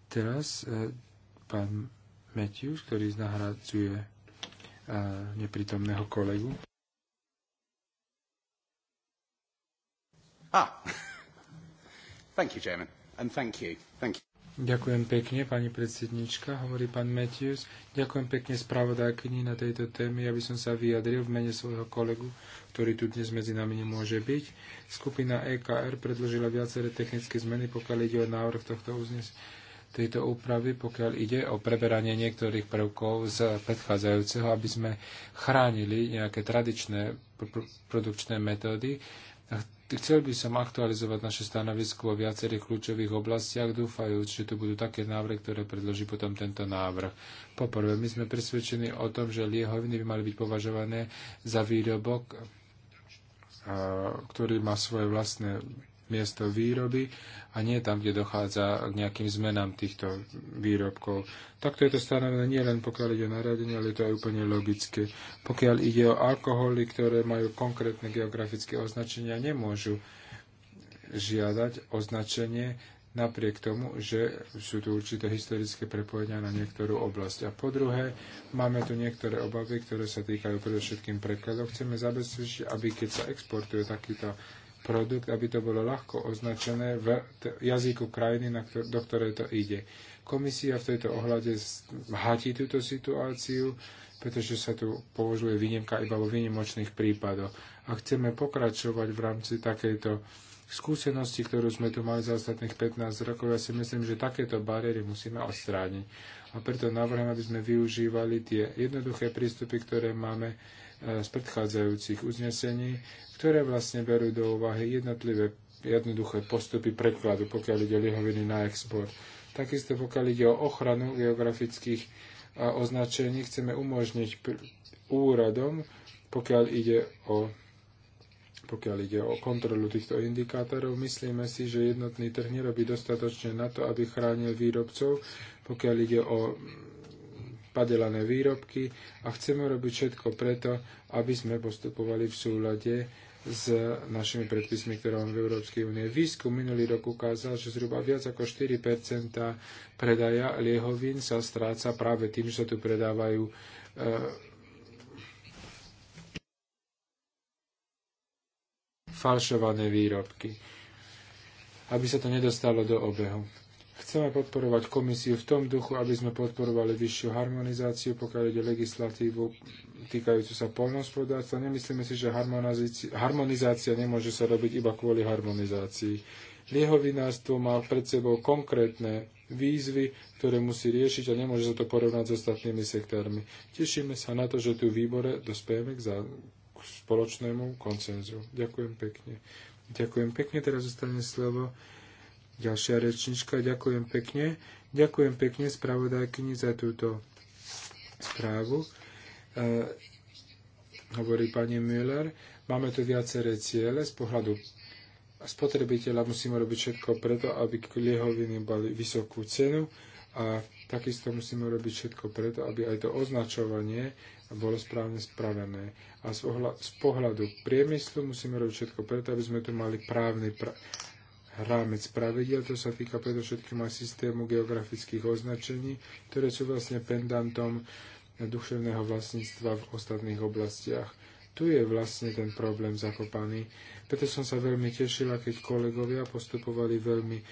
A: Teraz eh, pán Matthews, ktorý nahradzuje e, neprítomného kolegu.
B: Ah. *laughs* Thank you, Chairman. And thank you.
A: Thank you. Ďakujem pekne, pani predsednička, hovorí pán Matthews. Ďakujem pekne spravodajkyni na tejto témy, Aby som sa vyjadril v mene svojho kolegu, ktorý tu dnes medzi nami nemôže byť. Skupina EKR predložila viaceré technické zmeny, pokiaľ ide o návrh tohto uznesenia tejto úpravy, pokiaľ ide o preberanie niektorých prvkov z predchádzajúceho, aby sme chránili nejaké tradičné pr- produkčné metódy. Chcel by som aktualizovať naše stanovisko vo viacerých kľúčových oblastiach, dúfajúc, že tu budú také návrhy, ktoré predloží potom tento návrh. Poprvé, my sme presvedčení o tom, že liehoviny by mali byť považované za výrobok, ktorý má svoje vlastné miesto výroby a nie tam, kde dochádza k nejakým zmenám týchto výrobkov. Takto je to stanovené nie len pokiaľ ide o naradenie, ale je to aj úplne logické. Pokiaľ ide o alkoholy, ktoré majú konkrétne geografické označenia, nemôžu žiadať označenie napriek tomu, že sú tu určité historické prepojenia na niektorú oblasť. A po druhé, máme tu niektoré obavy, ktoré sa týkajú predovšetkým prekladov. Chceme zabezpečiť, aby keď sa exportuje takýto produkt, aby to bolo ľahko označené v jazyku krajiny, na ktor- do ktorej to ide. Komisia v tejto ohľade hatí túto situáciu, pretože sa tu považuje výnimka iba vo výnimočných prípadoch. A chceme pokračovať v rámci takejto skúsenosti, ktorú sme tu mali za ostatných 15 rokov, ja si myslím, že takéto bariéry musíme odstrániť. A preto navrhujem, aby sme využívali tie jednoduché prístupy, ktoré máme Eh, z predchádzajúcich uznesení, ktoré vlastne berú do úvahy jednotlivé jednoduché postupy prekladu, pokiaľ ide o lihoviny na export. Takisto pokiaľ ide o ochranu geografických eh, označení, chceme umožniť úradom, pokiaľ ide o pokiaľ ide o kontrolu týchto indikátorov, myslíme si, že jednotný trh nerobí dostatočne na to, aby chránil výrobcov, pokiaľ ide o padelané výrobky a chceme robiť všetko preto, aby sme postupovali v súlade s našimi predpismi, ktoré máme v Európskej únie. Výskum minulý rok ukázal, že zhruba viac ako 4 predaja liehovín sa stráca práve tým, že sa tu predávajú e, falšované výrobky, aby sa to nedostalo do obehu. Chceme podporovať komisiu v tom duchu, aby sme podporovali vyššiu harmonizáciu, pokiaľ ide legislatívu týkajúcu sa polnospodárstva. Nemyslíme si, že harmonizácia nemôže sa robiť iba kvôli harmonizácii. Liehovinárstvo má pred sebou konkrétne výzvy, ktoré musí riešiť a nemôže sa to porovnať s ostatnými sektármi. Tešíme sa na to, že tu v výbore dospejeme k, k spoločnému koncenzu. Ďakujem pekne. Ďakujem pekne, teraz zostane slovo Ďalšia rečnička, ďakujem pekne. Ďakujem pekne spravodajkyni za túto správu. E, hovorí pani Müller, máme tu viaceré ciele z pohľadu spotrebiteľa musíme robiť všetko preto, aby liehoviny mali vysokú cenu a takisto musíme robiť všetko preto, aby aj to označovanie bolo správne spravené. A z, pohľadu priemyslu musíme robiť všetko preto, aby sme tu mali právny, pra, rámec pravidel, to sa týka predovšetkým aj systému geografických označení, ktoré sú vlastne pendantom duševného vlastníctva v ostatných oblastiach. Tu je vlastne ten problém zakopaný. Preto som sa veľmi tešila, keď kolegovia postupovali veľmi e,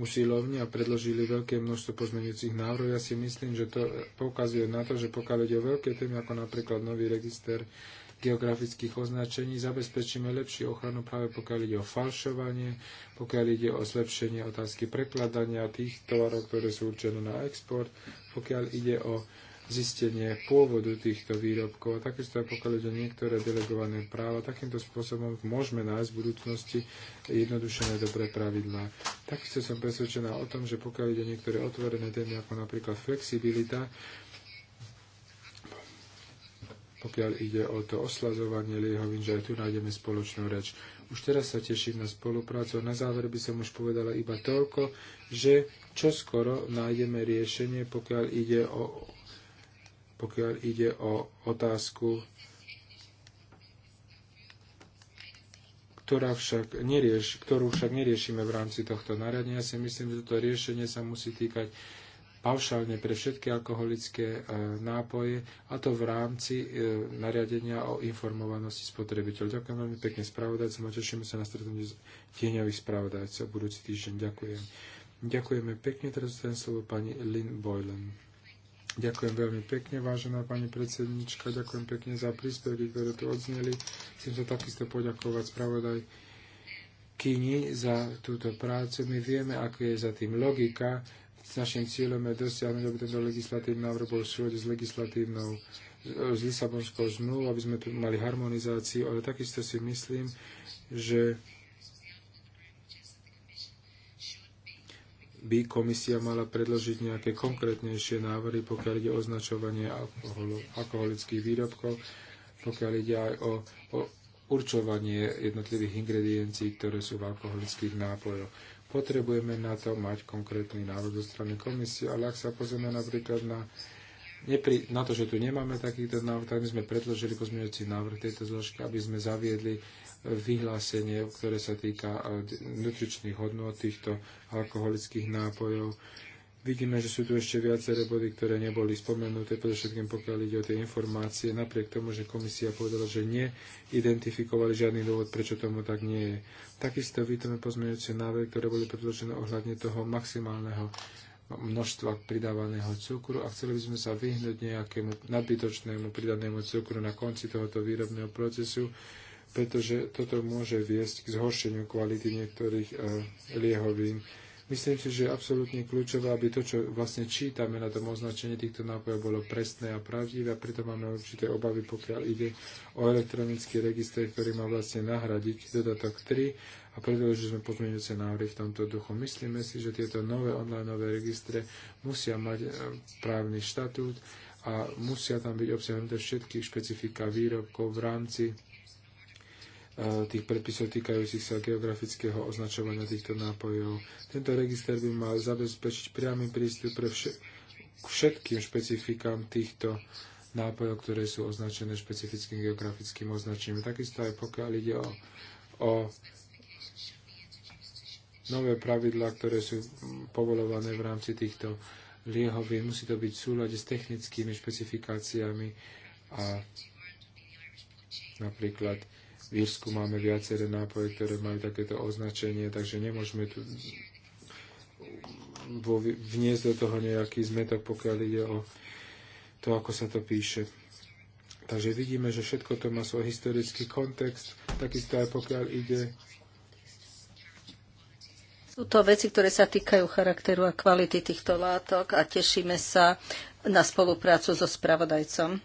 A: usilovne a predložili veľké množstvo pozmeňujúcich návrhov. Ja si myslím, že to eh, poukazuje na to, že pokiaľ ide o veľké témy, ako napríklad nový register geografických označení, zabezpečíme lepšiu ochranu práve pokiaľ ide o falšovanie, pokiaľ ide o zlepšenie otázky prekladania tých tovarov, ktoré sú určené na export, pokiaľ ide o zistenie pôvodu týchto výrobkov. Takisto aj pokiaľ ide niektoré delegované práva, takýmto spôsobom môžeme nájsť v budúcnosti jednodušené dobré pravidlá. Takisto som presvedčená o tom, že pokiaľ ide niektoré otvorené témy, ako napríklad flexibilita, pokiaľ ide o to oslazovanie liehovin, že aj tu nájdeme spoločnú reč. Už teraz sa teším na spoluprácu a na záver by som už povedala iba toľko, že čo skoro nájdeme riešenie, pokiaľ ide o, pokiaľ ide o otázku, ktorá však nerieš, ktorú však neriešime v rámci tohto nariadenia. Ja si myslím, že toto riešenie sa musí týkať paušálne pre všetky alkoholické e, nápoje, a to v rámci e, nariadenia o informovanosti spotrebiteľov. Ďakujem veľmi pekne spravodajcom a tešíme sa na stretnutie tieňových spravodajcov budúci týždeň. Ďakujem. Ďakujeme pekne, teraz ten slovo pani Lynn Boylan. Ďakujem veľmi pekne, vážená pani predsednička, ďakujem pekne za príspevky, ktoré tu odzneli. Chcem sa takisto poďakovať spravodaj Kini za túto prácu. My vieme, aké je za tým logika Našim cieľom je dosiahnuť, aby tento legislatívny návrh bol v s legislatívnou z Lisabonskou zmluvou, aby sme tu mali harmonizáciu, ale takisto si myslím, že by komisia mala predložiť nejaké konkrétnejšie návrhy, pokiaľ ide o označovanie alkoholu, alkoholických výrobkov, pokiaľ ide aj o, o určovanie jednotlivých ingrediencií, ktoré sú v alkoholických nápojoch potrebujeme na to mať konkrétny návrh zo strany komisie, ale ak sa pozrieme napríklad na, nepri, na to, že tu nemáme takýto návrh, tak my sme predložili pozmeňujúci návrh tejto zložky, aby sme zaviedli vyhlásenie, ktoré sa týka eh, nutričných hodnot týchto alkoholických nápojov. Vidíme, že sú tu ešte viaceré body, ktoré neboli spomenuté, predovšetkým pokiaľ ide o tie informácie, napriek tomu, že komisia povedala, že neidentifikovali žiadny dôvod, prečo tomu tak nie je. Takisto vítame pozmeňujúce návrhy, ktoré boli predložené ohľadne toho maximálneho množstva pridávaného cukru a chceli by sme sa vyhnúť nejakému nadbytočnému pridanému cukru na konci tohoto výrobného procesu, pretože toto môže viesť k zhoršeniu kvality niektorých e, liehovín. Myslím si, že je absolútne kľúčové, aby to, čo vlastne čítame na tom označení týchto nápojov, bolo presné a pravdivé a preto máme určité obavy, pokiaľ ide o elektronický register, ktorý má vlastne nahradiť dodatok 3 a predložili sme pozmeňujúce návrhy v tomto duchu. Myslíme si, že tieto nové online registre musia mať e, právny štatút a musia tam byť obsiahnuté všetky špecifika výrobkov v rámci E, tých predpisov týkajúcich sa geografického označovania týchto nápojov. Tento register by mal zabezpečiť priamy prístup pre vše, k všetkým špecifikám týchto nápojov, ktoré sú označené špecifickým geografickým označením. Takisto aj pokiaľ ide o, o nové pravidlá, ktoré sú povolované v rámci týchto liehovín, musí to byť v súľade s technickými špecifikáciami a napríklad v Írsku máme viaceré nápoje, ktoré majú takéto označenie, takže nemôžeme tu vniesť do toho nejaký zmetok, pokiaľ ide o to, ako sa to píše. Takže vidíme, že všetko to má svoj historický kontext, takisto aj pokiaľ ide.
B: Sú to veci, ktoré sa týkajú charakteru a kvality týchto látok a tešíme sa na spoluprácu so spravodajcom.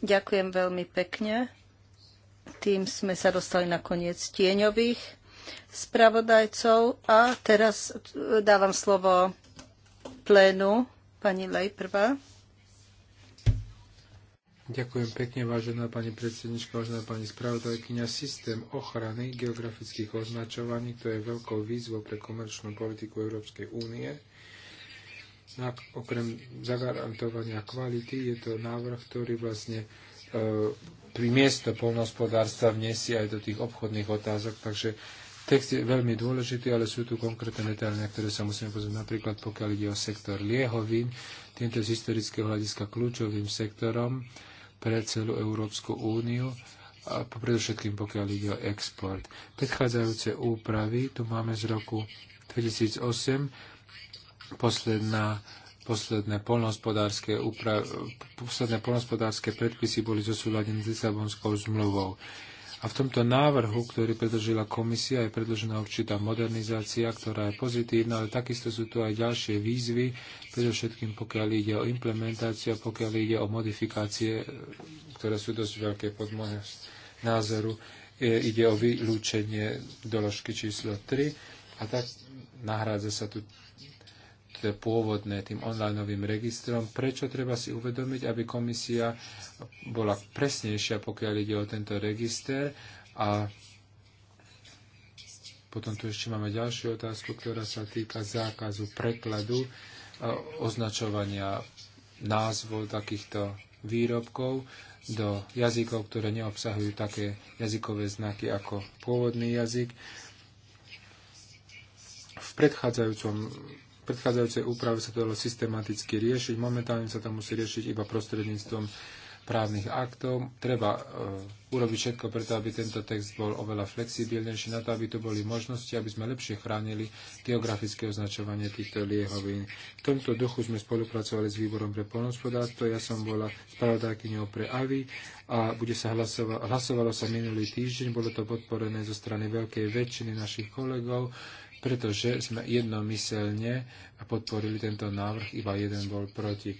B: Ďakujem veľmi pekne. Tým sme sa dostali na koniec tieňových spravodajcov a teraz e, dávam slovo plénu pani Lej prvá.
A: Ďakujem pekne, vážená pani predsednička, vážená pani spravodajkyňa. Systém ochrany geografických označovaní, to je veľkou výzvou pre komerčnú politiku Európskej únie na, okrem zagarantovania kvality je to návrh, ktorý vlastne e, pri miesto polnohospodárstva vniesie aj do tých obchodných otázok, takže text je veľmi dôležitý, ale sú tu konkrétne detaily, na ktoré sa musíme pozrieť. Napríklad pokiaľ ide o sektor liehovín, tento z historického hľadiska kľúčovým sektorom pre celú Európsku úniu a predovšetkým pokiaľ ide o export. Predchádzajúce úpravy, tu máme z roku 2008, Posledná posledné polnohospodárske, upra- posledné polnohospodárske predpisy boli zosúladené s Lisabonskou zmluvou. A v tomto návrhu, ktorý predložila komisia, je predložená určitá modernizácia, ktorá je pozitívna, ale takisto sú tu aj ďalšie výzvy, predovšetkým pokiaľ ide o implementáciu a pokiaľ ide o modifikácie, ktoré sú dosť veľké pod môjho názoru. je, ide o vylúčenie doložky číslo 3 a tak nahrádza sa tu to pôvodné tým onlineovým registrom. Prečo treba si uvedomiť, aby komisia bola presnejšia, pokiaľ ide o tento register a potom tu ešte máme ďalšiu otázku, ktorá sa týka zákazu prekladu, e, označovania názvov takýchto výrobkov do jazykov, ktoré neobsahujú také jazykové znaky ako pôvodný jazyk. V predchádzajúcom predchádzajúcej úprave sa to dalo systematicky riešiť. Momentálne sa to musí riešiť iba prostredníctvom právnych aktov. Treba e, urobiť všetko preto, aby tento text bol oveľa flexibilnejší, na to, aby tu boli možnosti, aby sme lepšie chránili geografické označovanie týchto liehovín. V tomto duchu sme spolupracovali s výborom pre polnospodárstvo. Ja som bola spravodajkyňou pre AVI a bude sa hlasova- hlasovalo sa minulý týždeň. Bolo to podporené zo strany veľkej väčšiny našich kolegov pretože sme jednomyselne podporili tento návrh, iba jeden bol proti.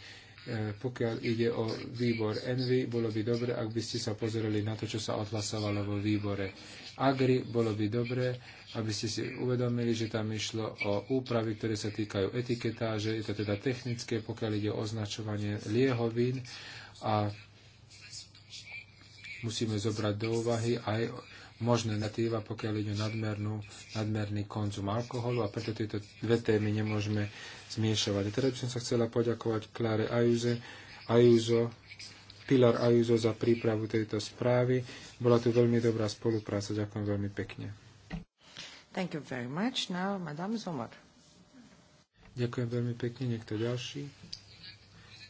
A: E, pokiaľ ide o výbor Envy, bolo by dobre, ak by ste sa pozreli na to, čo sa odhlasovalo vo výbore Agri, bolo by dobre, aby ste si uvedomili, že tam išlo o úpravy, ktoré sa týkajú etiketáže, je to teda technické, pokiaľ ide o označovanie liehovín a musíme zobrať do úvahy aj možné natíva, pokiaľ ide o nadmernú, nadmerný konzum alkoholu a preto tieto dve témy nemôžeme zmiešovať. A teraz by som sa chcela poďakovať Kláre Ajuze, Ajuzo, Pilar Ajuzo za prípravu tejto správy. Bola tu veľmi dobrá spolupráca. Ďakujem veľmi pekne.
B: Thank you very much. Now, Madame Zomar.
A: Ďakujem veľmi pekne. Niekto ďalší?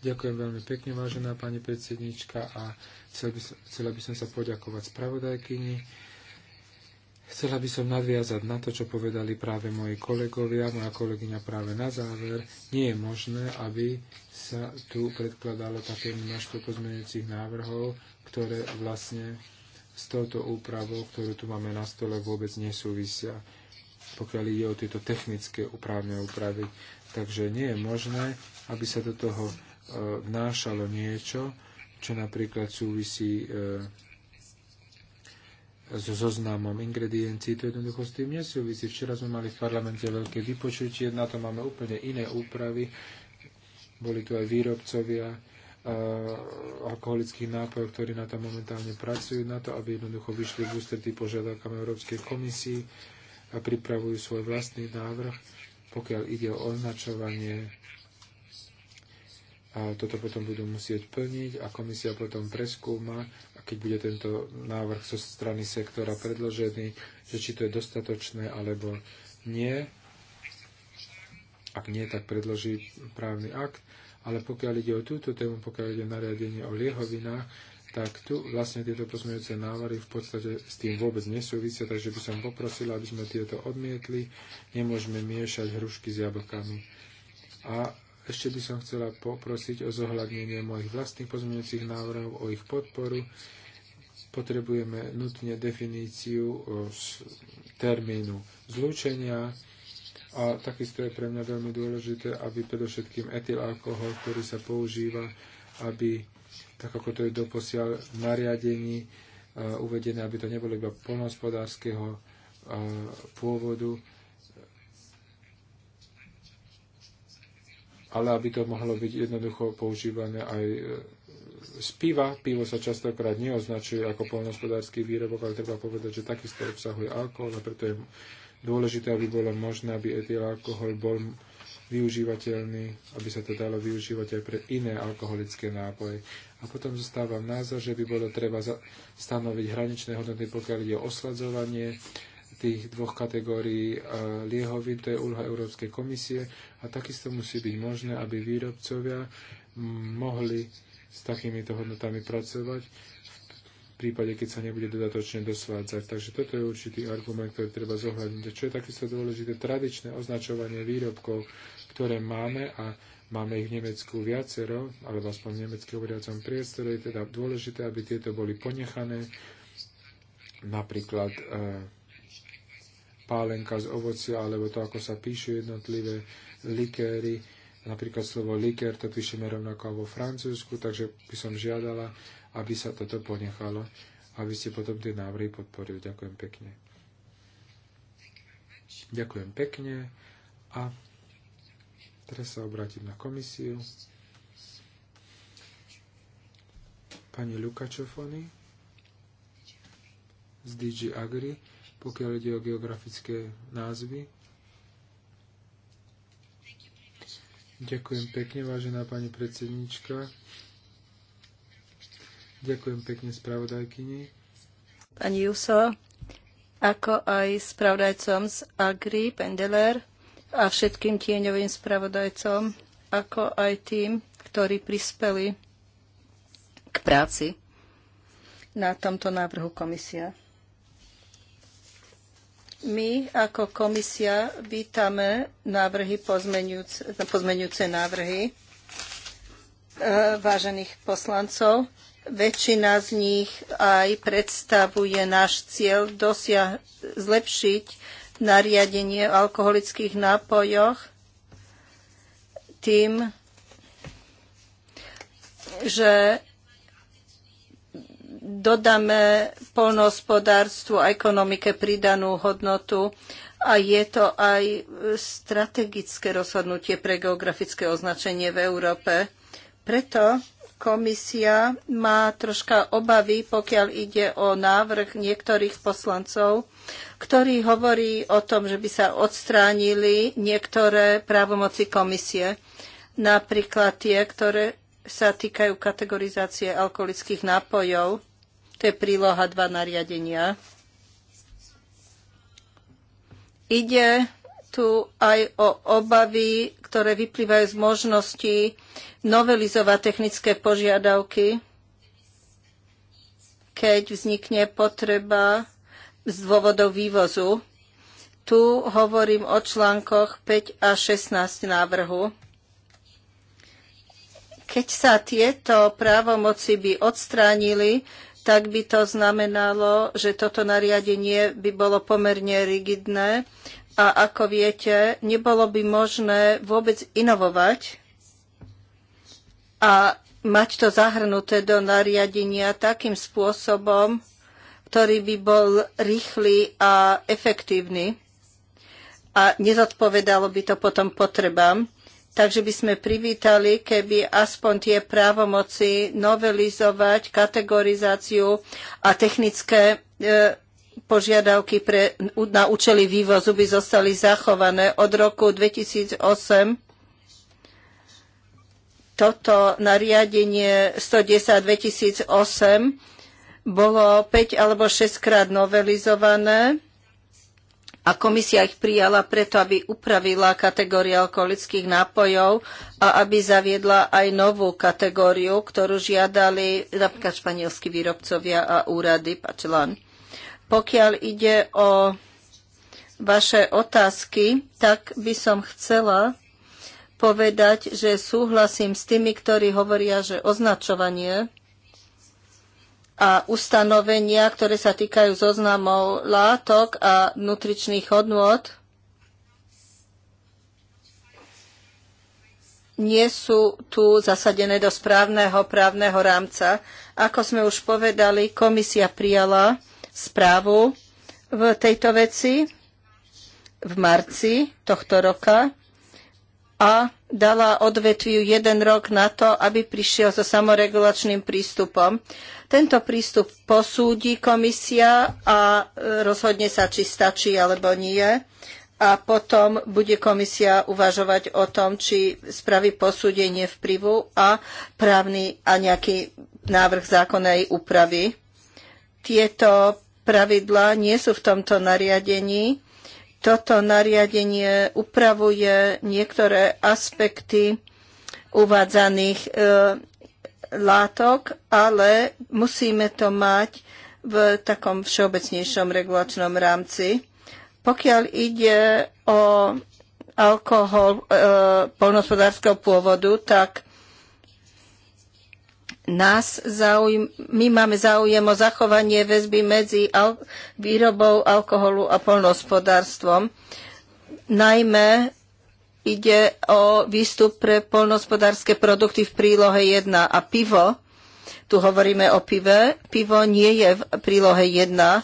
A: Ďakujem veľmi pekne, vážená pani predsednička, a chcel by, chcela by som sa poďakovať spravodajkyni Chcela by som nadviazať na to, čo povedali práve moji kolegovia, moja kolegyňa práve na záver. Nie je možné, aby sa tu predkladalo také množstvo pozmeňujúcich návrhov, ktoré vlastne s touto úpravou, ktorú tu máme na stole, vôbec nesúvisia, pokiaľ ide o tieto technické úpravné úpravy. Takže nie je možné, aby sa do toho e, vnášalo niečo, čo napríklad súvisí e, so zoznamom ingrediencií, to jednoducho s tým nesúvisí. Včera sme mali v parlamente veľké vypočutie, na to máme úplne iné úpravy. Boli tu aj výrobcovia alkoholických nápojov, ktorí na to momentálne pracujú, na to, aby jednoducho vyšli v ústretí požiadavkám Európskej komisii a pripravujú svoj vlastný návrh, pokiaľ ide o označovanie a toto potom budú musieť plniť a komisia potom preskúma keď bude tento návrh zo so strany sektora predložený, že či to je dostatočné alebo nie. Ak nie, tak predloží právny akt. Ale pokiaľ ide o túto tému, pokiaľ ide o nariadenie o liehovinách, tak tu vlastne tieto pozmeňujúce návrhy v podstate s tým vôbec nesúvisia, takže by som poprosila, aby sme tieto odmietli. Nemôžeme miešať hrušky s jablkami. A ešte by som chcela poprosiť o zohľadnenie mojich vlastných pozmeňujúcich návrhov, o ich podporu. Potrebujeme nutne definíciu e, termínu zlúčenia a takisto je pre mňa veľmi dôležité, aby predovšetkým etylalkohol, ktorý sa používa, aby, tak ako to je doposiaľ v nariadení uh, uvedené, aby to nebolo iba polnohospodárskeho uh, pôvodu, ale aby to mohlo byť jednoducho používané aj e, z piva. Pivo sa častokrát neoznačuje ako polnohospodársky výrobok, ale treba povedať, že takisto obsahuje alkohol a preto je dôležité, aby bolo možné, aby alkohol bol využívateľný, aby sa to dalo využívať aj pre iné alkoholické nápoje. A potom zostávam názor, že by bolo treba stanoviť hraničné hodnoty, pokiaľ ide o osladzovanie, tých dvoch kategórií eh, liehovín, to je úloha Európskej komisie a takisto musí byť možné, aby výrobcovia mohli s takýmito hodnotami pracovať v prípade, keď sa nebude dodatočne dosvádzať. Takže toto je určitý argument, ktorý treba zohľadniť. A čo je takisto dôležité, tradičné označovanie výrobkov, ktoré máme a máme ich v Nemecku viacero, alebo aspoň v nemecky hovoriacom priestore, je teda dôležité, aby tieto boli ponechané, napríklad eh, pálenka z ovocia, alebo to, ako sa píšu jednotlivé likéry. Napríklad slovo likér to píšeme rovnako vo francúzsku, takže by som žiadala, aby sa toto ponechalo, aby ste potom tie návrhy podporili. Ďakujem pekne. Ďakujem pekne a teraz sa obrátim na komisiu. Pani Lukačofony z DG Agri pokiaľ ide o geografické názvy. Ďakujem pekne, vážená pani predsednička. Ďakujem pekne spravodajkyni.
B: Pani Juso, ako aj spravodajcom z Agri, Pendeler a všetkým tieňovým spravodajcom, ako aj tým, ktorí prispeli k práci na tomto návrhu komisia. My ako komisia vítame návrhy pozmeňujúce, pozmeňujúce návrhy e, vážených poslancov. Väčšina z nich aj predstavuje náš cieľ dosia- zlepšiť nariadenie o alkoholických nápojoch tým, že dodáme polnohospodárstvu a ekonomike pridanú hodnotu a je to aj strategické rozhodnutie pre geografické označenie v Európe. Preto komisia má troška obavy, pokiaľ ide o návrh niektorých poslancov, ktorý hovorí o tom, že by sa odstránili niektoré právomoci komisie, napríklad tie, ktoré sa týkajú kategorizácie alkoholických nápojov. To je príloha 2 nariadenia. Ide tu aj o obavy, ktoré vyplývajú z možnosti novelizovať technické požiadavky, keď vznikne potreba z dôvodov vývozu. Tu hovorím o článkoch 5 a 16 návrhu. Keď sa tieto právomoci by odstránili, tak by to znamenalo, že toto nariadenie by bolo pomerne rigidné a ako viete, nebolo by možné vôbec inovovať a mať to zahrnuté do nariadenia takým spôsobom, ktorý by bol rýchly a efektívny a nezodpovedalo by to potom potrebám. Takže by sme privítali, keby aspoň tie právomoci novelizovať kategorizáciu a technické e, požiadavky pre, na účely vývozu by zostali zachované od roku 2008 toto nariadenie 110-2008 bolo 5 alebo 6 krát novelizované a komisia ich prijala preto, aby upravila kategórie alkoholických nápojov a aby zaviedla aj novú kategóriu, ktorú žiadali napríklad španielskí výrobcovia a úrady Pačlan. Pokiaľ ide o vaše otázky, tak by som chcela povedať, že súhlasím s tými, ktorí hovoria, že označovanie a ustanovenia, ktoré sa týkajú zoznamov látok a nutričných hodnôt, nie sú tu zasadené do správneho právneho rámca. Ako sme už povedali, komisia prijala správu v tejto veci v marci tohto roka a dala odvetviu jeden rok na to, aby prišiel so samoregulačným prístupom. Tento prístup posúdi komisia a e, rozhodne sa, či stačí alebo nie. A potom bude komisia uvažovať o tom, či spraví posúdenie vplyvu a právny a nejaký návrh zákonnej úpravy. Tieto pravidlá nie sú v tomto nariadení toto nariadenie upravuje niektoré aspekty uvádzaných e, látok, ale musíme to mať v takom všeobecnejšom regulačnom rámci. Pokiaľ ide o alkohol e, polnospodárskeho pôvodu, tak nás zaujím, my máme záujem o zachovanie väzby medzi al- výrobou alkoholu a poľnohospodárstvom. Najmä ide o výstup pre poľnohospodárske produkty v prílohe 1 a pivo. Tu hovoríme o pive. Pivo nie je v prílohe 1. E,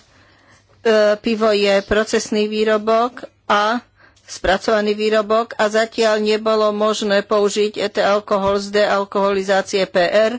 B: pivo je procesný výrobok a spracovaný výrobok a zatiaľ nebolo možné použiť e-, alkohol z dealkoholizácie PR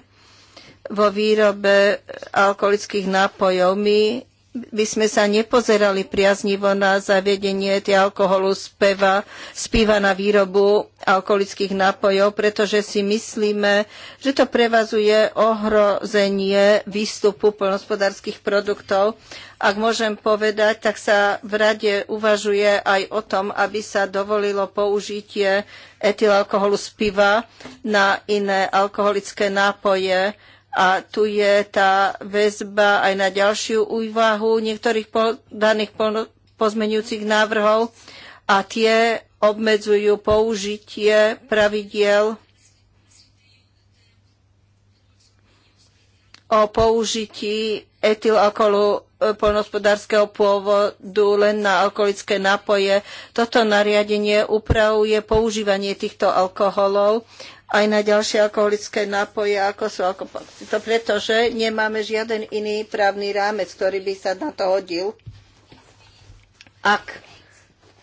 B: vo výrobe alkoholických nápojov. My by sme sa nepozerali priaznivo na zavedenie alkoholu z, peva, z piva na výrobu alkoholických nápojov, pretože si myslíme, že to prevazuje ohrozenie výstupu poľnohospodárskych produktov. Ak môžem povedať, tak sa v rade uvažuje aj o tom, aby sa dovolilo použitie etylalkoholu z piva na iné alkoholické nápoje, a tu je tá väzba aj na ďalšiu úvahu niektorých daných pozmenujúcich návrhov a tie obmedzujú použitie pravidiel o použití etylalkoholu E, poľnohospodárskeho pôvodu len na alkoholické nápoje. Toto nariadenie upravuje používanie týchto alkoholov aj na ďalšie alkoholické nápoje, ako sú alkoholické. To preto, že nemáme žiaden iný právny rámec, ktorý by sa na to hodil. Ak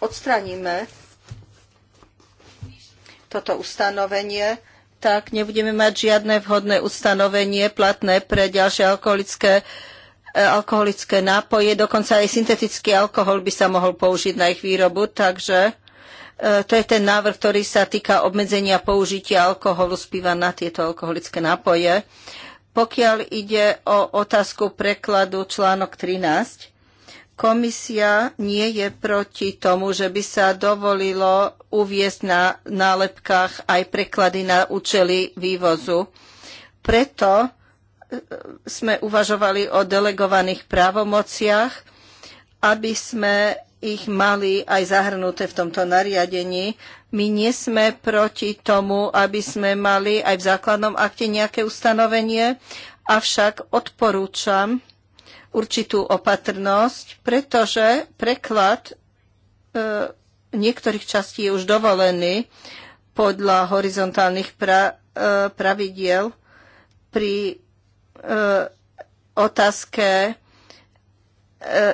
B: odstraníme toto ustanovenie, tak nebudeme mať žiadne vhodné ustanovenie platné pre ďalšie alkoholické nápoje alkoholické nápoje, dokonca aj syntetický alkohol by sa mohol použiť na ich výrobu, takže e, to je ten návrh, ktorý sa týka obmedzenia použitia alkoholu z piva na tieto alkoholické nápoje. Pokiaľ ide o otázku prekladu článok 13, komisia nie je proti tomu, že by sa dovolilo uviezť na nálepkách aj preklady na účely vývozu. Preto sme uvažovali o delegovaných právomociach, aby sme ich mali aj zahrnuté v tomto nariadení. My nie sme proti tomu, aby sme mali aj v základnom akte nejaké ustanovenie, avšak odporúčam určitú opatrnosť, pretože preklad e, niektorých častí je už dovolený podľa horizontálnych pra, e, pravidiel pri Eh, otázke eh,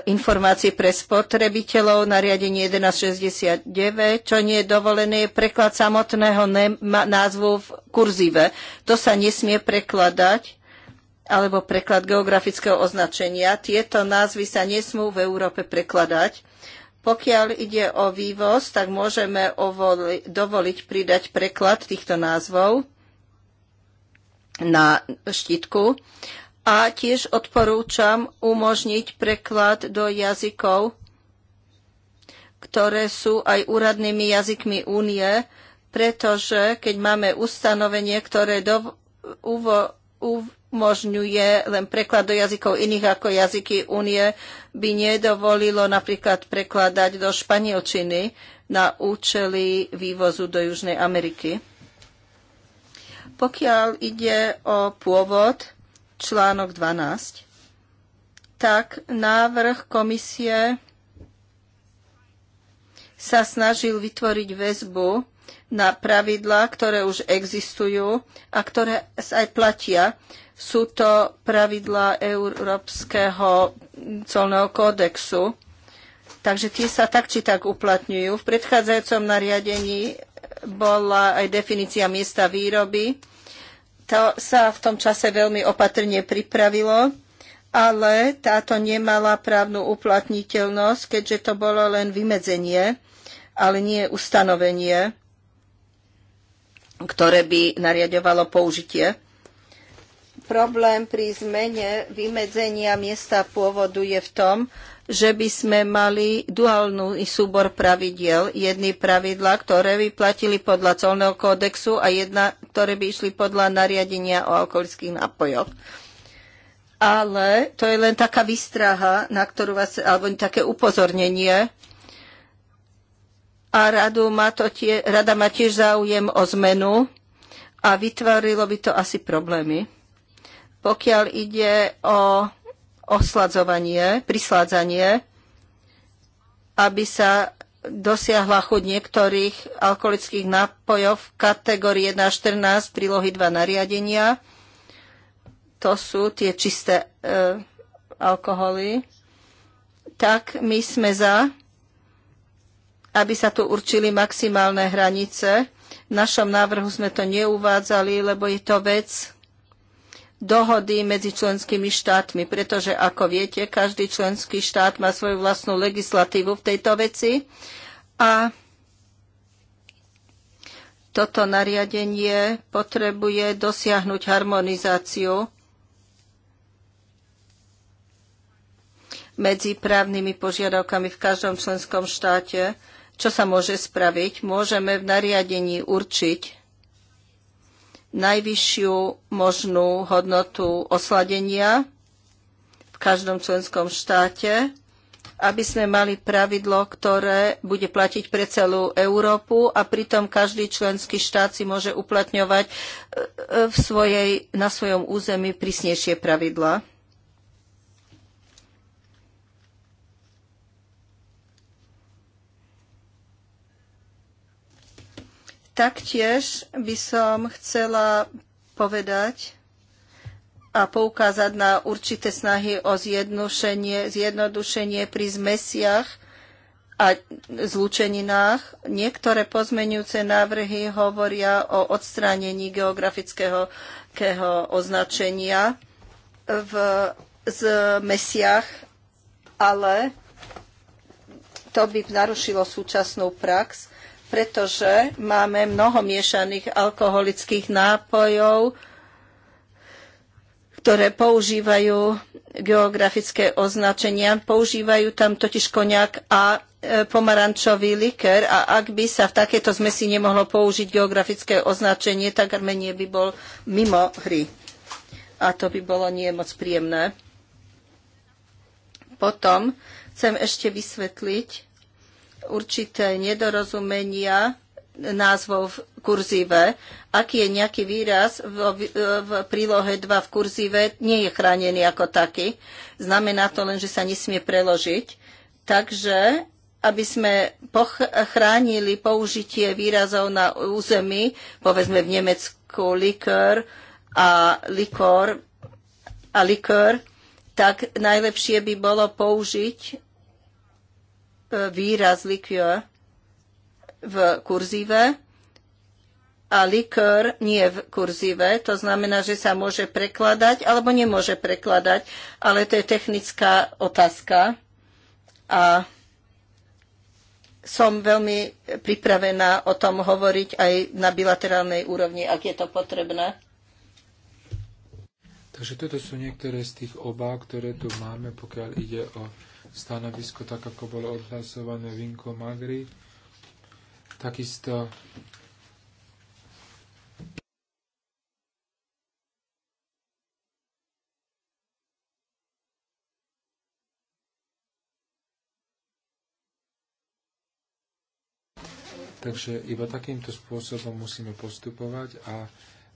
B: informácií pre spotrebiteľov, nariadenie 1169, čo nie je dovolené, je preklad samotného názvu v kurzíve. To sa nesmie prekladať alebo preklad geografického označenia. Tieto názvy sa nesmú v Európe prekladať. Pokiaľ ide o vývoz, tak môžeme dovoliť pridať preklad týchto názvov na štítku. A tiež odporúčam umožniť preklad do jazykov, ktoré sú aj úradnými jazykmi únie, pretože keď máme ustanovenie, ktoré do, uvo, umožňuje len preklad do jazykov iných ako jazyky únie, by nedovolilo napríklad prekladať do španielčiny na účely vývozu do Južnej Ameriky. Pokiaľ ide o pôvod, článok 12, tak návrh komisie sa snažil vytvoriť väzbu na pravidlá, ktoré už existujú a ktoré aj platia. Sú to pravidlá Európskeho colného kódexu, takže tie sa tak či tak uplatňujú. V predchádzajúcom nariadení bola aj definícia miesta výroby. To sa v tom čase veľmi opatrne pripravilo, ale táto nemala právnu uplatniteľnosť, keďže to bolo len vymedzenie, ale nie ustanovenie, ktoré by nariadovalo použitie. Problém pri zmene vymedzenia miesta pôvodu je v tom, že by sme mali duálny súbor pravidiel. Jedny pravidla, ktoré by platili podľa colného kódexu a jedna, ktoré by išli podľa nariadenia o alkoholických nápojoch. Ale to je len taká výstraha, na ktorú vás, alebo také upozornenie. A radu má to tie, rada má tiež záujem o zmenu a vytvorilo by to asi problémy. Pokiaľ ide o osladzovanie, prisládzanie, aby sa dosiahla chuť niektorých alkoholických nápojov v kategórii 1 až 14 prílohy 2 nariadenia. To sú tie čisté e, alkoholy. Tak my sme za, aby sa tu určili maximálne hranice. V našom návrhu sme to neuvádzali, lebo je to vec dohody medzi členskými štátmi, pretože ako viete, každý členský štát má svoju vlastnú legislatívu v tejto veci a toto nariadenie potrebuje dosiahnuť harmonizáciu medzi právnymi požiadavkami v každom členskom štáte. Čo sa môže spraviť? Môžeme v nariadení určiť najvyššiu možnú hodnotu osladenia v každom členskom štáte, aby sme mali pravidlo, ktoré bude platiť pre celú Európu a pritom každý členský štát si môže uplatňovať e, e, v svojej, na svojom území prísnejšie pravidla. Taktiež by som chcela povedať a poukázať na určité snahy o zjednodušenie pri zmesiach a zlúčeninách. Niektoré pozmenujúce návrhy hovoria o odstránení geografického označenia v zmesiach, ale to by narušilo súčasnú prax pretože máme mnoho miešaných alkoholických nápojov, ktoré používajú geografické označenia. Používajú tam totiž koniak a e, pomarančový liker a ak by sa v takéto zmesi nemohlo použiť geografické označenie, tak Armenie by bol mimo hry. A to by bolo nie moc príjemné. Potom chcem ešte vysvetliť, určité nedorozumenia názvov v kurzíve. Ak je nejaký výraz v, v prílohe 2 v kurzíve, nie je chránený ako taký. Znamená to len, že sa nesmie preložiť. Takže aby sme chránili použitie výrazov na území, povedzme v Nemecku likör a likor a likör, tak najlepšie by bolo použiť výraz liqueur v kurzíve a likör nie v kurzíve. To znamená, že sa môže prekladať alebo nemôže prekladať, ale to je technická otázka. A som veľmi pripravená o tom hovoriť aj na bilaterálnej úrovni, ak je to potrebné.
A: Takže toto sú niektoré z tých obáv, ktoré tu máme, pokiaľ ide o stanovisko, tak ako bolo odhlasované Vinko Magri. Takisto Takže iba takýmto spôsobom musíme postupovať a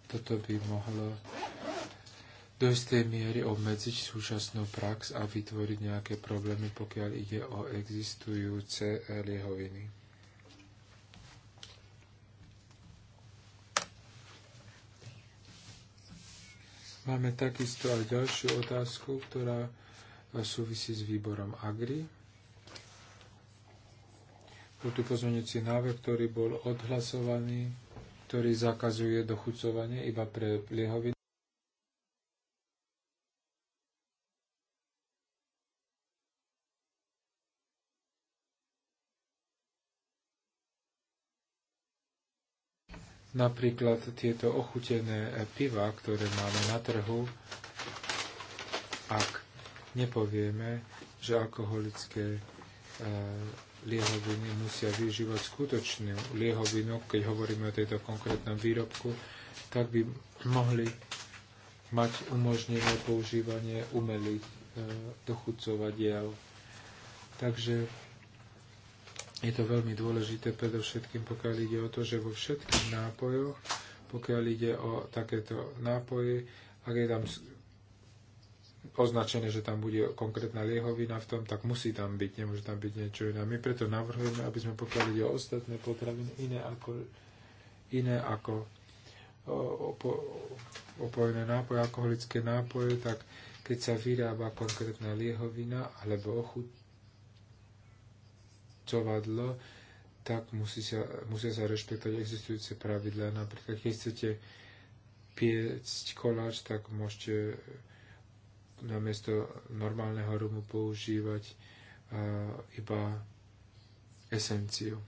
A: toto by mohlo do istej miery obmedziť súčasnú prax a vytvoriť nejaké problémy, pokiaľ ide o existujúce eh, liehoviny. Máme takisto aj ďalšiu otázku, ktorá eh, súvisí s výborom Agri. Bol tu pozmeňujúci návrh, ktorý bol odhlasovaný, ktorý zakazuje dochucovanie iba pre liehoviny. Napríklad tieto ochutené piva, ktoré máme na trhu, ak nepovieme, že alkoholické e, liehoviny musia využívať skutočnú liehovinu, keď hovoríme o tejto konkrétnom výrobku, tak by mohli mať umožnené používanie umelých e, dochudcovadiel. Takže je to veľmi dôležité, predovšetkým pokiaľ ide o to, že vo všetkých nápojoch, pokiaľ ide o takéto nápoje, ak je tam označené, že tam bude konkrétna liehovina v tom, tak musí tam byť, nemôže tam byť niečo iné. My preto navrhujeme, aby sme pokiaľ ide o ostatné potraviny iné ako, iné ako opo, opojené nápoje, alkoholické nápoje, tak keď sa vyrába konkrétna liehovina alebo ochutná, covadlo, tak musí sa, musia sa rešpektovať existujúce pravidlá. Napríklad, keď chcete piecť koláč, tak môžete namiesto normálneho rumu používať uh, iba esenciu.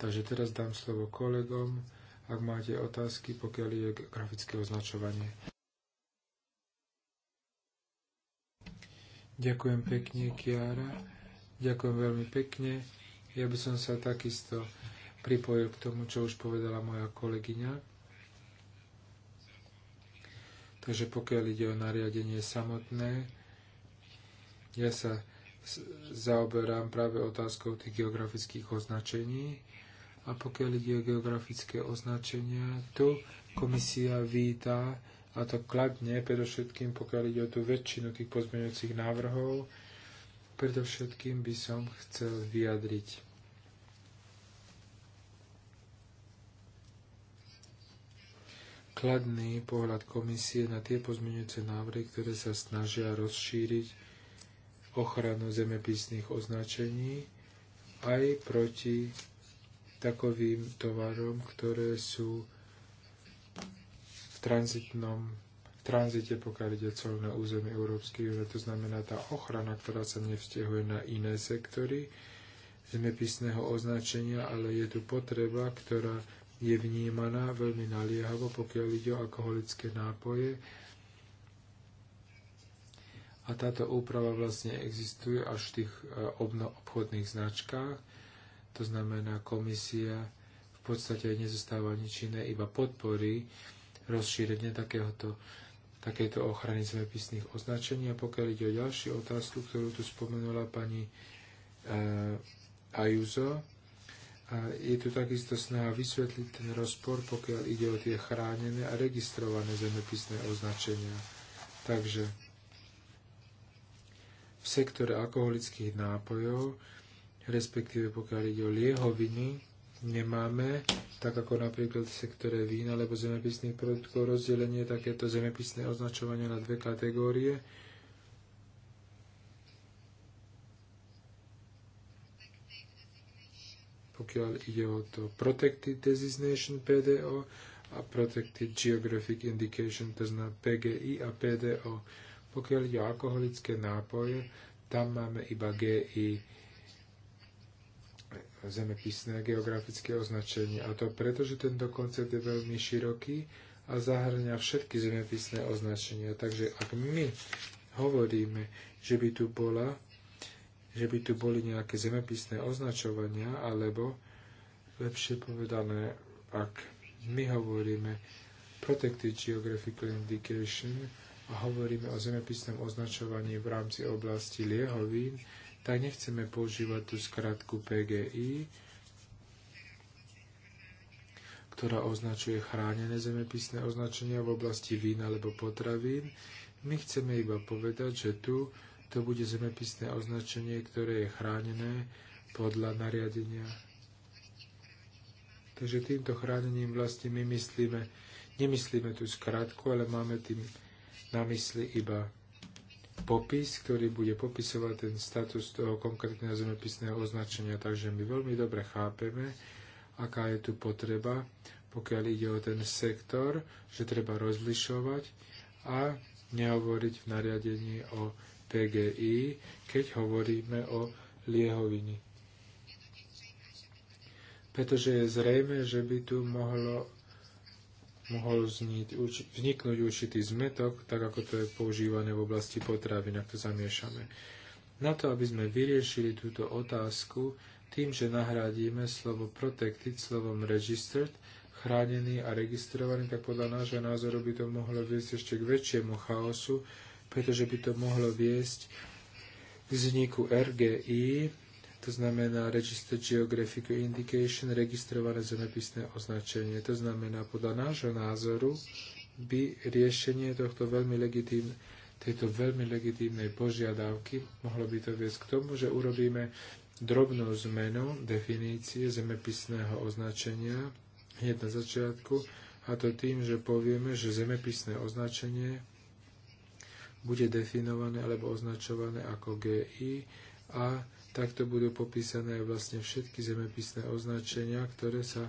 A: Takže teraz dám slovo kolegom, ak máte otázky, pokiaľ je grafické označovanie. Ďakujem pekne, Kiara. Ďakujem veľmi pekne. Ja by som sa takisto pripojil k tomu, čo už povedala moja kolegyňa. Takže pokiaľ ide o nariadenie samotné, ja sa zaoberám práve otázkou tých geografických označení. A pokiaľ ide o geografické označenia, tu komisia víta, a to kladne, predovšetkým pokiaľ ide o tú väčšinu tých pozmeňujúcich návrhov, Predovšetkým by som chcel vyjadriť kladný pohľad komisie na tie pozmeňujúce návrhy, ktoré sa snažia rozšíriť ochranu zemepisných označení aj proti takovým tovarom, ktoré sú v tranzitnom tranzite, pokiaľ ide colné územie Európskej únie. To znamená, tá ochrana, ktorá sa nevzťahuje na iné sektory zemepisného označenia, ale je tu potreba, ktorá je vnímaná veľmi naliehavo, pokiaľ ide o alkoholické nápoje. A táto úprava vlastne existuje až v tých e, obchodných značkách. To znamená, komisia v podstate nezostáva nič iné, iba podpory rozšírenie takéhoto takéto ochrany zemepisných označení. A pokiaľ ide o ďalšiu otázku, ktorú tu spomenula pani e, Ajuzo, a e, je tu takisto snaha vysvetliť ten rozpor, pokiaľ ide o tie chránené a registrované zemepisné označenia. Takže v sektore alkoholických nápojov, respektíve pokiaľ ide o liehoviny, nemáme, tak ako napríklad v sektore vína alebo zemepisných produktov, rozdelenie takéto zemepisné označovania na dve kategórie. Pokiaľ ide o to Protected Designation PDO a Protected Geographic Indication, to znamená PGI a PDO. Pokiaľ ide o alkoholické nápoje, tam máme iba GI zemepisné geografické označenie. A to preto, že tento koncept je veľmi široký a zahrňa všetky zemepisné označenia. Takže ak my hovoríme, že by tu bola že by tu boli nejaké zemepisné označovania, alebo lepšie povedané, ak my hovoríme Protected Geographical Indication a hovoríme o zemepisnom označovaní v rámci oblasti liehovín, tak nechceme používať tú skratku PGI, ktorá označuje chránené zemepisné označenia v oblasti vína alebo potravín. My chceme iba povedať, že tu to bude zemepisné označenie, ktoré je chránené podľa nariadenia. Takže týmto chránením vlastne my myslíme, nemyslíme tú skratku, ale máme tým na mysli iba popis, ktorý bude popisovať ten status toho konkrétneho zemepisného označenia. Takže my veľmi dobre chápeme, aká je tu potreba, pokiaľ ide o ten sektor, že treba rozlišovať a nehovoriť v nariadení o PGI, keď hovoríme o liehoviny. Pretože je zrejme, že by tu mohlo mohol vzniť, vzniknúť určitý zmetok, tak ako to je používané v oblasti potravy, na to zamiešame. Na to, aby sme vyriešili túto otázku, tým, že nahradíme slovo protected slovom registered, chránený a registrovaný, tak podľa nášho názoru by to mohlo viesť ešte k väčšiemu chaosu, pretože by to mohlo viesť k vzniku RGI, to znamená Register Geographical Indication, registrované zemepisné označenie. To znamená, podľa nášho názoru by riešenie tohto veľmi legitímne, tejto veľmi legitímnej požiadavky mohlo by to viesť k tomu, že urobíme drobnú zmenu definície zemepisného označenia hneď na začiatku, a to tým, že povieme, že zemepisné označenie bude definované alebo označované ako GI a Takto budú popísané vlastne všetky zemepisné označenia, ktoré sa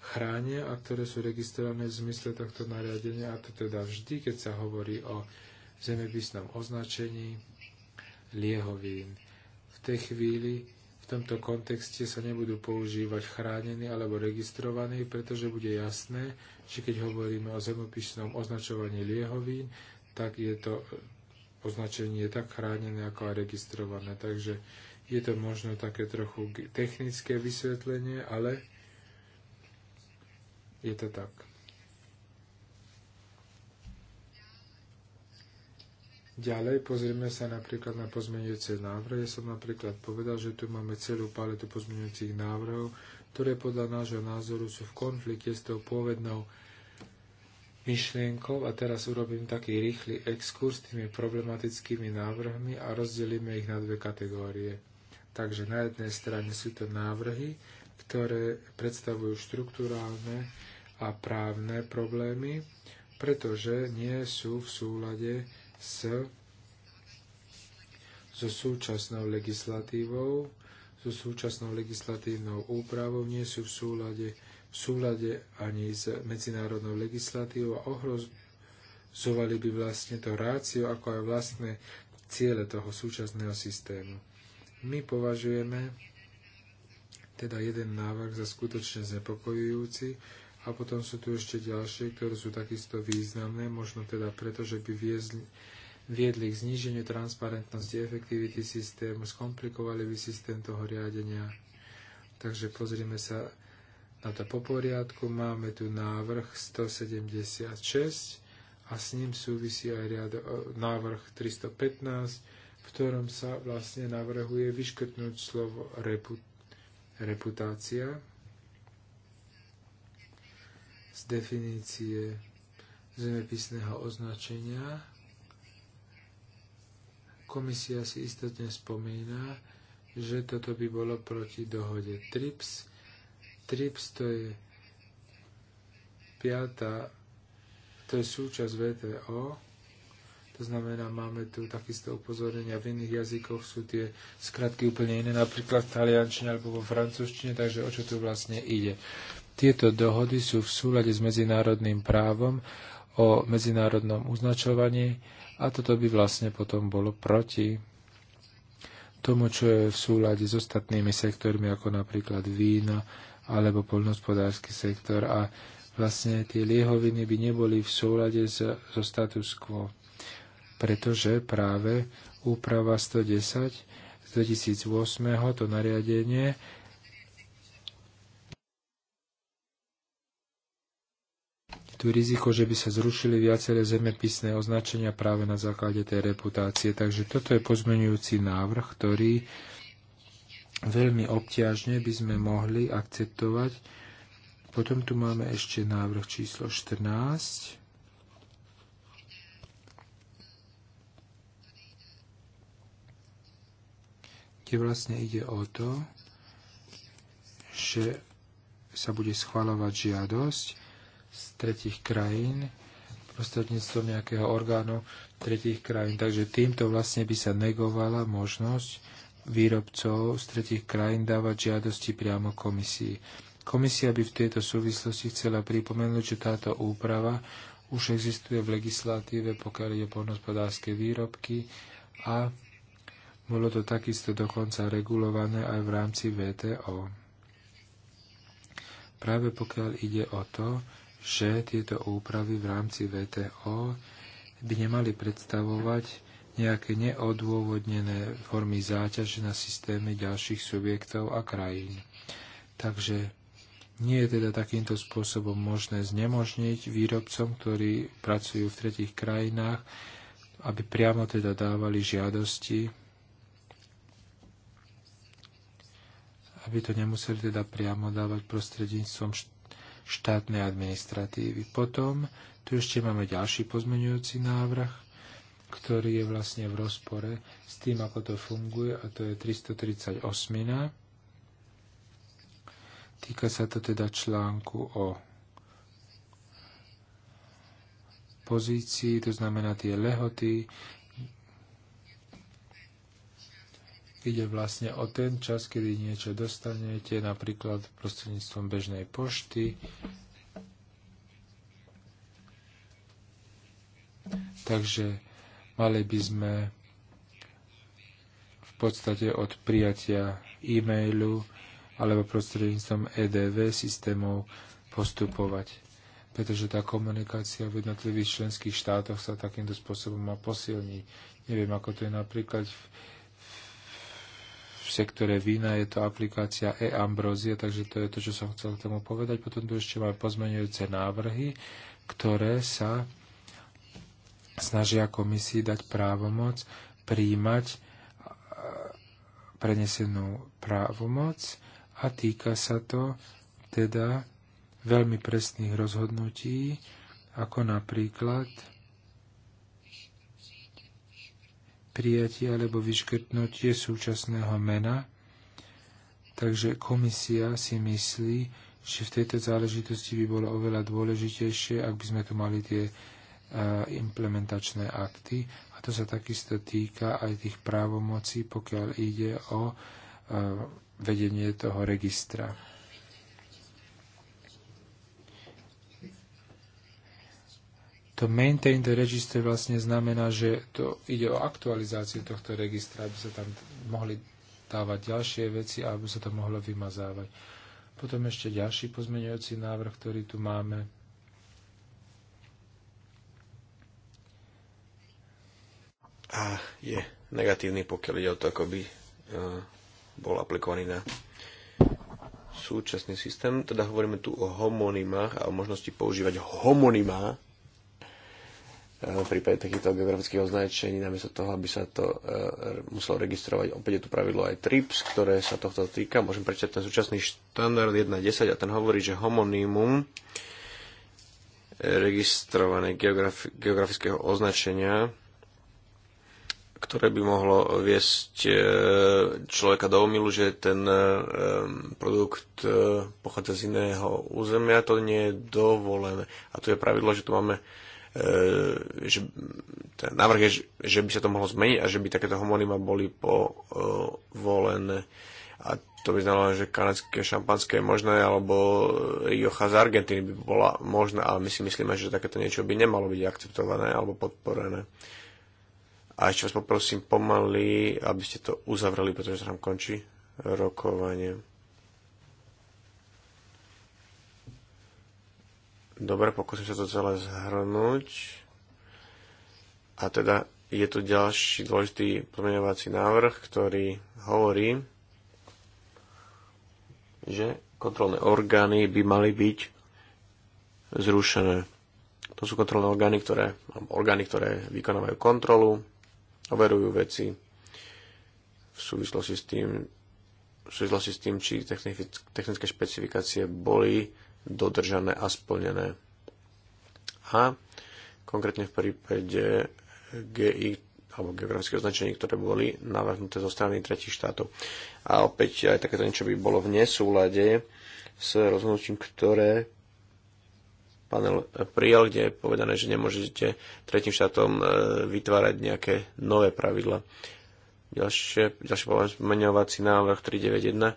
A: chránia a ktoré sú registrované v zmysle tohto nariadenia. A to teda vždy, keď sa hovorí o zemepisnom označení liehovín. V tej chvíli v tomto kontexte sa nebudú používať chránení alebo registrovaní, pretože bude jasné, že keď hovoríme o zemopisnom označovaní liehovín, tak je to označenie tak chránené ako aj registrované. Takže je to možno také trochu technické vysvetlenie, ale je to tak. Ďalej pozrieme sa napríklad na pozmeňujúce návrhy. Ja som napríklad povedal, že tu máme celú paletu pozmeňujúcich návrhov, ktoré podľa nášho názoru sú v konflikte s tou pôvodnou myšlienkou a teraz urobím taký rýchly exkurs s tými problematickými návrhmi a rozdelíme ich na dve kategórie. Takže na jednej strane sú to návrhy, ktoré predstavujú štruktúrálne a právne problémy, pretože nie sú v súlade s, so súčasnou legislatívou, so súčasnou legislatívnou úpravou, nie sú v súlade, v súlade ani s medzinárodnou legislatívou a ohrozovali by vlastne to rácio, ako aj vlastné ciele toho súčasného systému. My považujeme teda jeden návrh za skutočne znepokojujúci a potom sú tu ešte ďalšie, ktoré sú takisto významné, možno teda preto, že by viezli, viedli k zníženiu transparentnosti, efektivity systému, skomplikovali by systém toho riadenia. Takže pozrieme sa na to po poriadku. Máme tu návrh 176 a s ním súvisí aj riad, návrh 315 v ktorom sa vlastne navrhuje vyškrtnúť slovo reput- reputácia z definície zemepisného označenia. Komisia si istotne spomína, že toto by bolo proti dohode TRIPS. TRIPS to je piata, to je súčasť VTO, to znamená, máme tu takisto upozorenia v iných jazykoch, sú tie skratky úplne iné, napríklad v taliančine alebo vo francúzštine, takže o čo tu vlastne ide. Tieto dohody sú v súlade s medzinárodným právom o medzinárodnom označovaní a toto by vlastne potom bolo proti tomu, čo je v súlade s ostatnými sektormi, ako napríklad vína alebo poľnohospodársky sektor a vlastne tie liehoviny by neboli v súlade so status quo pretože práve úprava 110 z 2008. to nariadenie tu riziko, že by sa zrušili viaceré zemepisné označenia práve na základe tej reputácie. Takže toto je pozmenujúci návrh, ktorý veľmi obťažne by sme mohli akceptovať. Potom tu máme ešte návrh číslo 14. kde vlastne ide o to, že sa bude schvalovať žiadosť z tretich krajín prostredníctvom nejakého orgánu tretich krajín. Takže týmto vlastne by sa negovala možnosť výrobcov z tretich krajín dávať žiadosti priamo komisii. Komisia by v tejto súvislosti chcela pripomenúť, že táto úprava už existuje v legislatíve, pokiaľ ide o poľnohospodárske výrobky a bolo to takisto dokonca regulované aj v rámci VTO. Práve pokiaľ ide o to, že tieto úpravy v rámci VTO by nemali predstavovať nejaké neodôvodnené formy záťaže na systéme ďalších subjektov a krajín. Takže nie je teda takýmto spôsobom možné znemožniť výrobcom, ktorí pracujú v tretich krajinách, aby priamo teda dávali žiadosti aby to nemuseli teda priamo dávať prostredníctvom štátnej administratívy. Potom tu ešte máme ďalší pozmeňujúci návrh, ktorý je vlastne v rozpore s tým, ako to funguje, a to je 338. Týka sa to teda článku o pozícii, to znamená tie lehoty, Ide vlastne o ten čas, kedy niečo dostanete, napríklad prostredníctvom bežnej pošty. Takže mali by sme v podstate od prijatia e-mailu alebo prostredníctvom EDV systémov postupovať pretože tá komunikácia v jednotlivých členských štátoch sa takýmto spôsobom má posilniť. Neviem, ako to je napríklad v v sektore vína je to aplikácia e-ambrozie, takže to je to, čo som chcel k tomu povedať. Potom tu ešte máme pozmeňujúce návrhy, ktoré sa snažia komisii dať právomoc príjmať prenesenú právomoc a týka sa to teda veľmi presných rozhodnutí, ako napríklad prijatie alebo vyškrtnutie súčasného mena. Takže komisia si myslí, že v tejto záležitosti by bolo oveľa dôležitejšie, ak by sme tu mali tie eh, implementačné akty. A to sa takisto týka aj tých právomocí, pokiaľ ide o eh, vedenie toho registra. To maintain the register vlastne znamená, že to ide o aktualizáciu tohto registra, aby sa tam mohli dávať ďalšie veci a aby sa to mohlo vymazávať. Potom ešte ďalší pozmeňujúci návrh, ktorý tu máme.
C: A je negatívny, pokiaľ ide o to, ako by e, bol aplikovaný na súčasný systém. Teda hovoríme tu o homonymách a o možnosti používať homonymá v eh, prípade takýchto geografických označení, namiesto toho, aby sa to eh, muselo registrovať. Opäť je tu pravidlo aj TRIPS, ktoré sa tohto týka. Môžem prečítať ten súčasný štandard 1.10 a ten hovorí, že homonymum eh, registrované geografi- geografického označenia ktoré by mohlo viesť človeka do omilu, že ten produkt pochádza z iného územia, to nie je dovolené. A tu je pravidlo, že tu máme E, že ten návrh je, že by sa to mohlo zmeniť a že by takéto homonyma boli povolené. A to by znamenalo, že kanadské šampanské je možné, alebo Jocha z Argentíny by bola možná, ale my si myslíme, že takéto niečo by nemalo byť akceptované alebo podporené. A ešte vás poprosím pomaly, aby ste to uzavreli, pretože sa nám končí rokovanie. Dobre, pokúsim sa to celé zhrnúť. A teda je tu ďalší dôležitý pomenovací návrh, ktorý hovorí, že kontrolné orgány by mali byť zrušené. To sú kontrolné orgány, ktoré, orgány, ktoré vykonávajú kontrolu, overujú veci v súvislosti s tým, v súvislosti s tým či technické špecifikácie boli dodržané a splnené. A konkrétne v prípade GI alebo geografické označenie, ktoré boli navrhnuté zo strany tretich štátov. A opäť aj takéto niečo by bolo v nesúlade s rozhodnutím, ktoré panel prijal, kde je povedané, že nemôžete tretím štátom e, vytvárať nejaké nové pravidla. Ďalšie, ďalší pomenovací návrh 391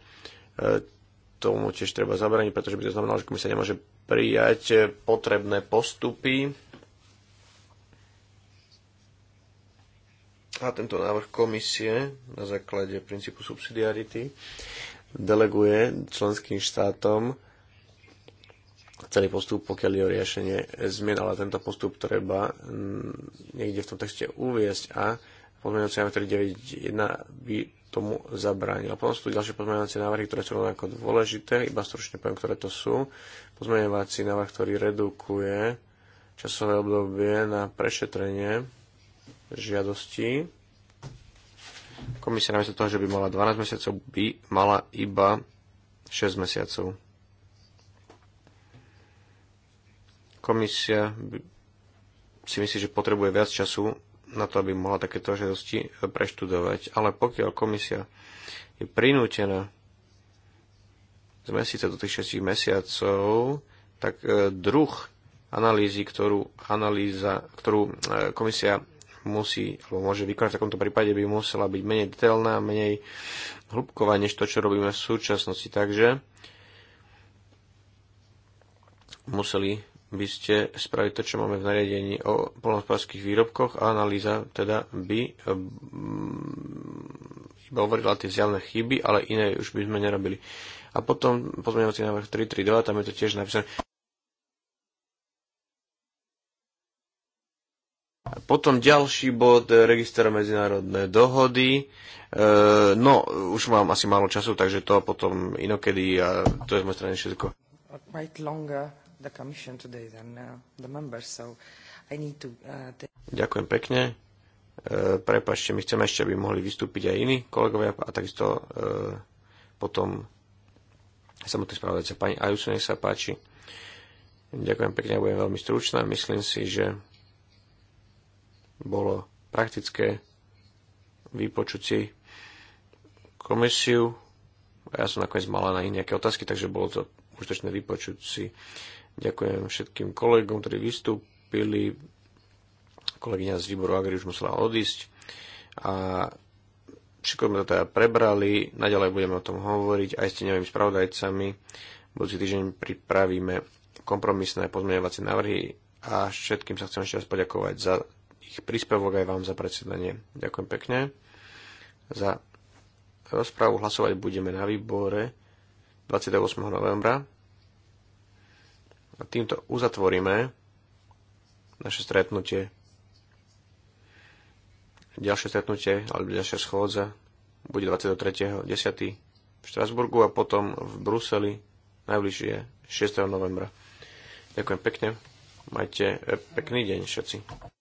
C: tomu tiež treba zabraniť, pretože by to znamenalo, že komisia nemôže prijať e, potrebné postupy. A tento návrh komisie na základe princípu subsidiarity deleguje členským štátom celý postup, pokiaľ je o riešenie zmien, ale tento postup treba mm, niekde v tom texte uviesť a pozmeňujúci návrh 9.1 by tomu zabránil. A potom sú tu ďalšie pozmeňovacie návrhy, ktoré sú rovnako dôležité, iba stručne poviem, ktoré to sú. Pozmeňovací návrh, ktorý redukuje časové obdobie na prešetrenie žiadosti. Komisia namiesto toho, že by mala 12 mesiacov, by mala iba 6 mesiacov. Komisia si myslí, že potrebuje viac času na to, aby mohla takéto žiadosti e, preštudovať. Ale pokiaľ komisia je prinútená z mesiaca do tých 6 mesiacov, tak e, druh analýzy, ktorú, analýza, ktorú e, komisia musí alebo môže vykonať v takomto prípade, by musela byť menej detailná, menej hlubková, než to, čo robíme v súčasnosti. Takže museli by ste spravili to, čo máme v nariadení o polnospodárských výrobkoch a analýza teda by iba hovorila tie zjavné chyby, ale iné už by sme nerobili. A potom pozmeňovací návrh 332, tam je to tiež napísané. Potom ďalší bod, e, register medzinárodné dohody. E, no, už mám asi málo času, takže to potom inokedy a to je z mojej strany všetko.
A: longer the Commission today than uh, the members, so I need to... Uh,
C: Ďakujem pekne. E, prepačte, my chceme ešte, aby mohli vystúpiť aj iní kolegovia a takisto e, potom samotný spravodajca. Pani Ajusu, nech sa páči. Ďakujem pekne, ja budem veľmi stručná. Myslím si, že bolo praktické vypočuť si komisiu. Ja som nakoniec mala na iné nejaké otázky, takže bolo to užitočné vypočuť si Ďakujem všetkým kolegom, ktorí vystúpili. Kolegyňa z výboru Agri už musela odísť. A všetko sme to teda prebrali, naďalej budeme o tom hovoriť aj s teňovými spravodajcami. Budúci týždeň pripravíme kompromisné pozmeňovacie návrhy a všetkým sa chcem ešte raz poďakovať za ich príspevok aj vám za predsedanie. Ďakujem pekne. Za rozprávu hlasovať budeme na výbore 28. novembra a týmto uzatvoríme naše stretnutie. Ďalšie stretnutie, alebo ďalšia schôdza bude 23.10. v Štrasburgu a potom v Bruseli najbližšie 6. novembra. Ďakujem pekne. Majte pekný deň všetci.